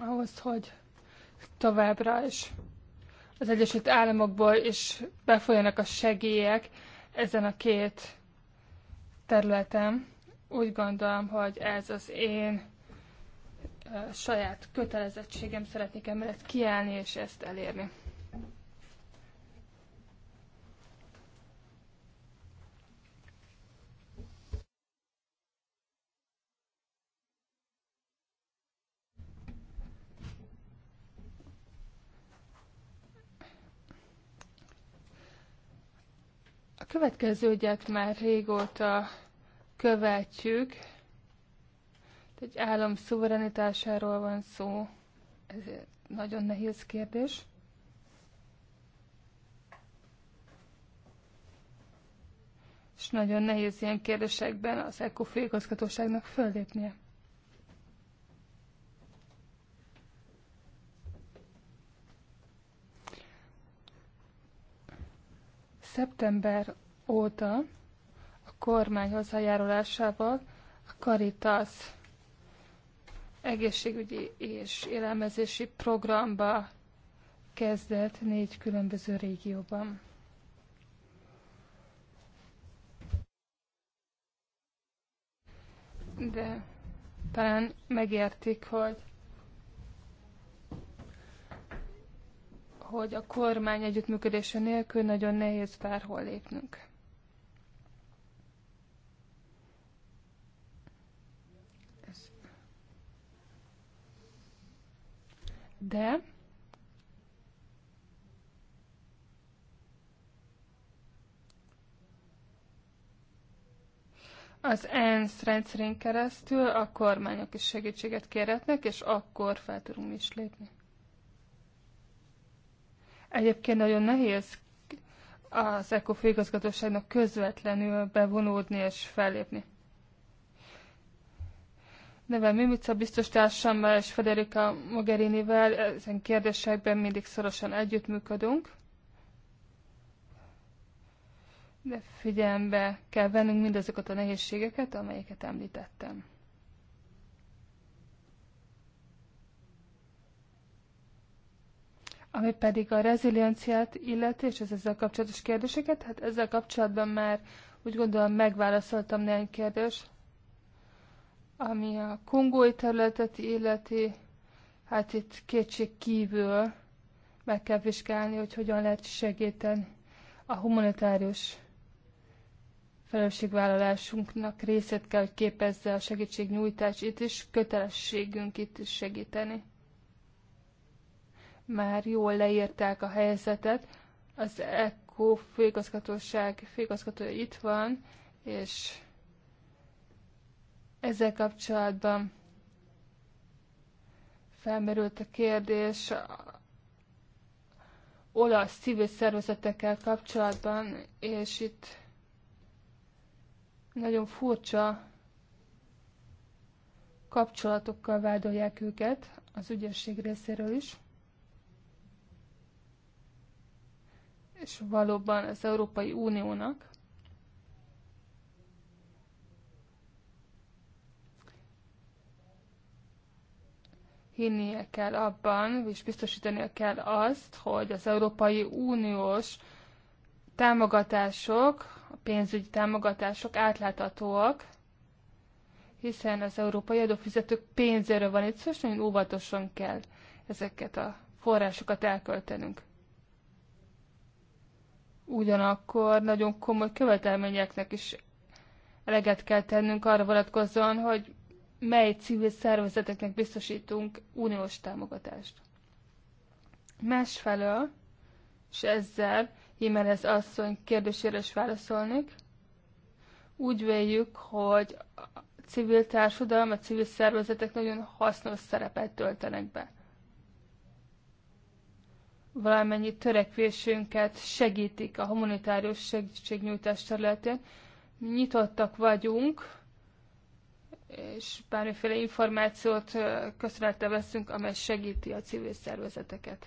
ahhoz, hogy továbbra is az Egyesült Államokból is befolyanak a segélyek ezen a két területen. Úgy gondolom, hogy ez az én saját kötelezettségem, szeretnék emellett kiállni és ezt elérni. következő ügyet már régóta követjük. Egy állam szuverenitásáról van szó. Ez nagyon nehéz kérdés. És nagyon nehéz ilyen kérdésekben az ECO főigazgatóságnak föllépnie. szeptember óta a kormány hozzájárulásával a Caritas egészségügyi és élelmezési programba kezdett négy különböző régióban. De talán megértik, hogy hogy a kormány együttműködése nélkül nagyon nehéz bárhol lépnünk. de az ENSZ rendszerén keresztül a kormányok is segítséget kérhetnek, és akkor fel tudunk is lépni. Egyébként nagyon nehéz az ECO főigazgatóságnak közvetlenül bevonódni és fellépni. Nevel Mimica biztos társammal és Federica Mogherinivel ezen kérdésekben mindig szorosan együttműködünk. De figyelembe kell vennünk mindazokat a nehézségeket, amelyeket említettem. Ami pedig a rezilienciát illeti, és az ezzel kapcsolatos kérdéseket, hát ezzel kapcsolatban már úgy gondolom megválaszoltam néhány kérdést. Ami a kongói területet illeti, hát itt kétség kívül meg kell vizsgálni, hogy hogyan lehet segíteni a humanitárius felelősségvállalásunknak részét kell, hogy képezze a segítségnyújtás itt is, kötelességünk itt is segíteni. Már jól leírták a helyzetet, az ECO főigazgatóság főigazgatója itt van, és ezzel kapcsolatban felmerült a kérdés olasz civil szervezetekkel kapcsolatban, és itt nagyon furcsa kapcsolatokkal vádolják őket az ügyesség részéről is. És valóban az Európai Uniónak hinnie kell abban, és biztosítania kell azt, hogy az Európai Uniós támogatások, a pénzügyi támogatások átláthatóak, hiszen az európai adófizetők pénzéről van itt, szóval nagyon óvatosan kell ezeket a forrásokat elköltenünk. Ugyanakkor nagyon komoly követelményeknek is eleget kell tennünk arra vonatkozóan, hogy mely civil szervezeteknek biztosítunk uniós támogatást. Másfelől, és ezzel Jimenez asszony kérdésére is válaszolnék, úgy véljük, hogy a civil társadalom, a civil szervezetek nagyon hasznos szerepet töltenek be. Valamennyi törekvésünket segítik a humanitárius segítségnyújtás területén. Nyitottak vagyunk, és bármiféle információt köszönettel veszünk, amely segíti a civil szervezeteket.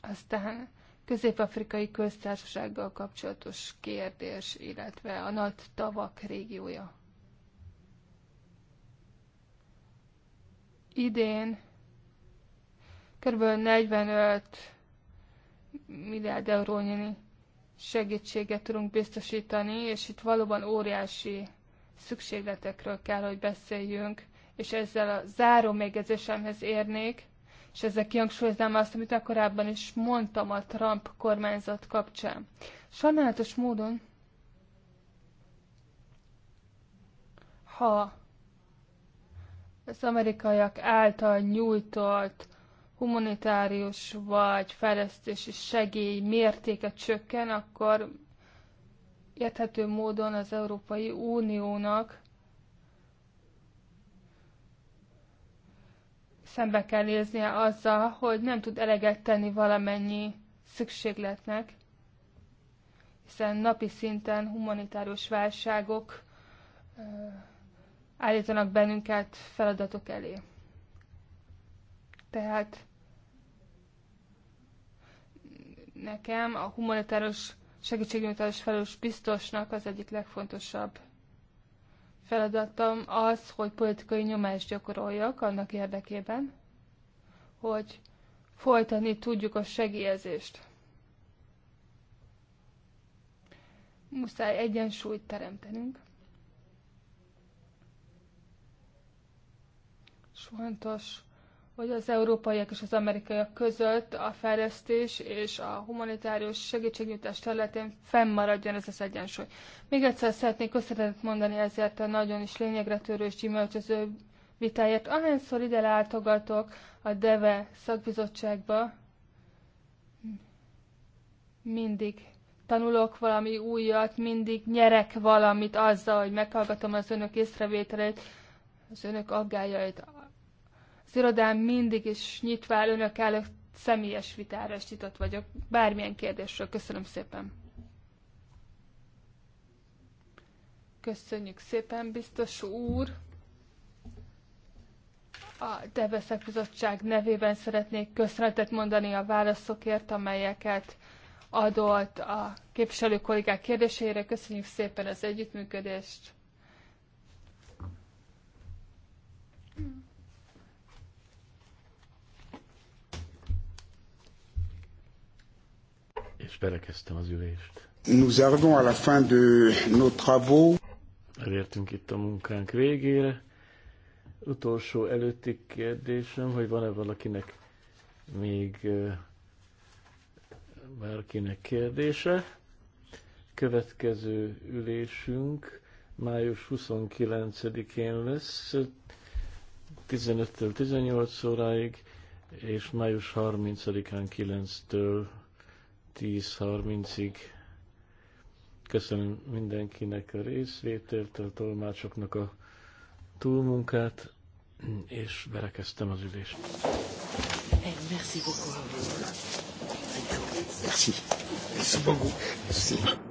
Aztán közép-afrikai köztársasággal kapcsolatos kérdés, illetve a nagy tavak régiója. Idén kb. 45 milliárd eurónyi segítséget tudunk biztosítani, és itt valóban óriási szükségletekről kell, hogy beszéljünk, és ezzel a záró megjegyzésemhez érnék, és ezzel kihangsúlyoznám azt, amit a korábban is mondtam a Trump kormányzat kapcsán. Sajnálatos módon, ha az amerikaiak által nyújtott humanitárius vagy fejlesztési segély mértéke csökken, akkor érthető módon az Európai Uniónak szembe kell néznie azzal, hogy nem tud eleget tenni valamennyi szükségletnek, hiszen napi szinten humanitárius válságok állítanak bennünket feladatok elé. Tehát nekem a humanitáros segítségnyújtás felelős biztosnak az egyik legfontosabb feladatom az, hogy politikai nyomást gyakoroljak annak érdekében, hogy folytani tudjuk a segélyezést. Muszáj egyensúlyt teremtenünk. És fontos hogy az európaiak és az amerikaiak között a fejlesztés és a humanitárius segítségnyújtás területén fennmaradjon ez az egyensúly. Még egyszer szeretnék köszönetet mondani ezért a nagyon is lényegre törő és gyümölcsöző vitáért. Ahányszor ide látogatok a DEVE szakbizottságba, mindig tanulok valami újat, mindig nyerek valamit azzal, hogy meghallgatom az önök észrevételét, az önök aggájait, az irodám mindig is nyitva áll önök előtt személyes vitára, is nyitott vagyok bármilyen kérdésről. Köszönöm szépen! Köszönjük szépen, biztos úr! A Deveszek Bizottság nevében szeretnék köszönetet mondani a válaszokért, amelyeket adott a képviselő kollégák kérdéseire. Köszönjük szépen az együttműködést! Mm. és berekeztem az ülést. Nous arrivons à la fin de nos travaux. Elértünk itt a munkánk végére. Utolsó előtti kérdésem, hogy van-e valakinek még bárkinek kérdése. Következő ülésünk május 29-én lesz, 15-től 18 óráig, és május 30-án 9-től 10.30-ig. Köszönöm mindenkinek a részvételt, a tolmácsoknak a túlmunkát, és berekeztem az ülést. Eh, merci beaucoup. Merci. Merci beaucoup. Merci.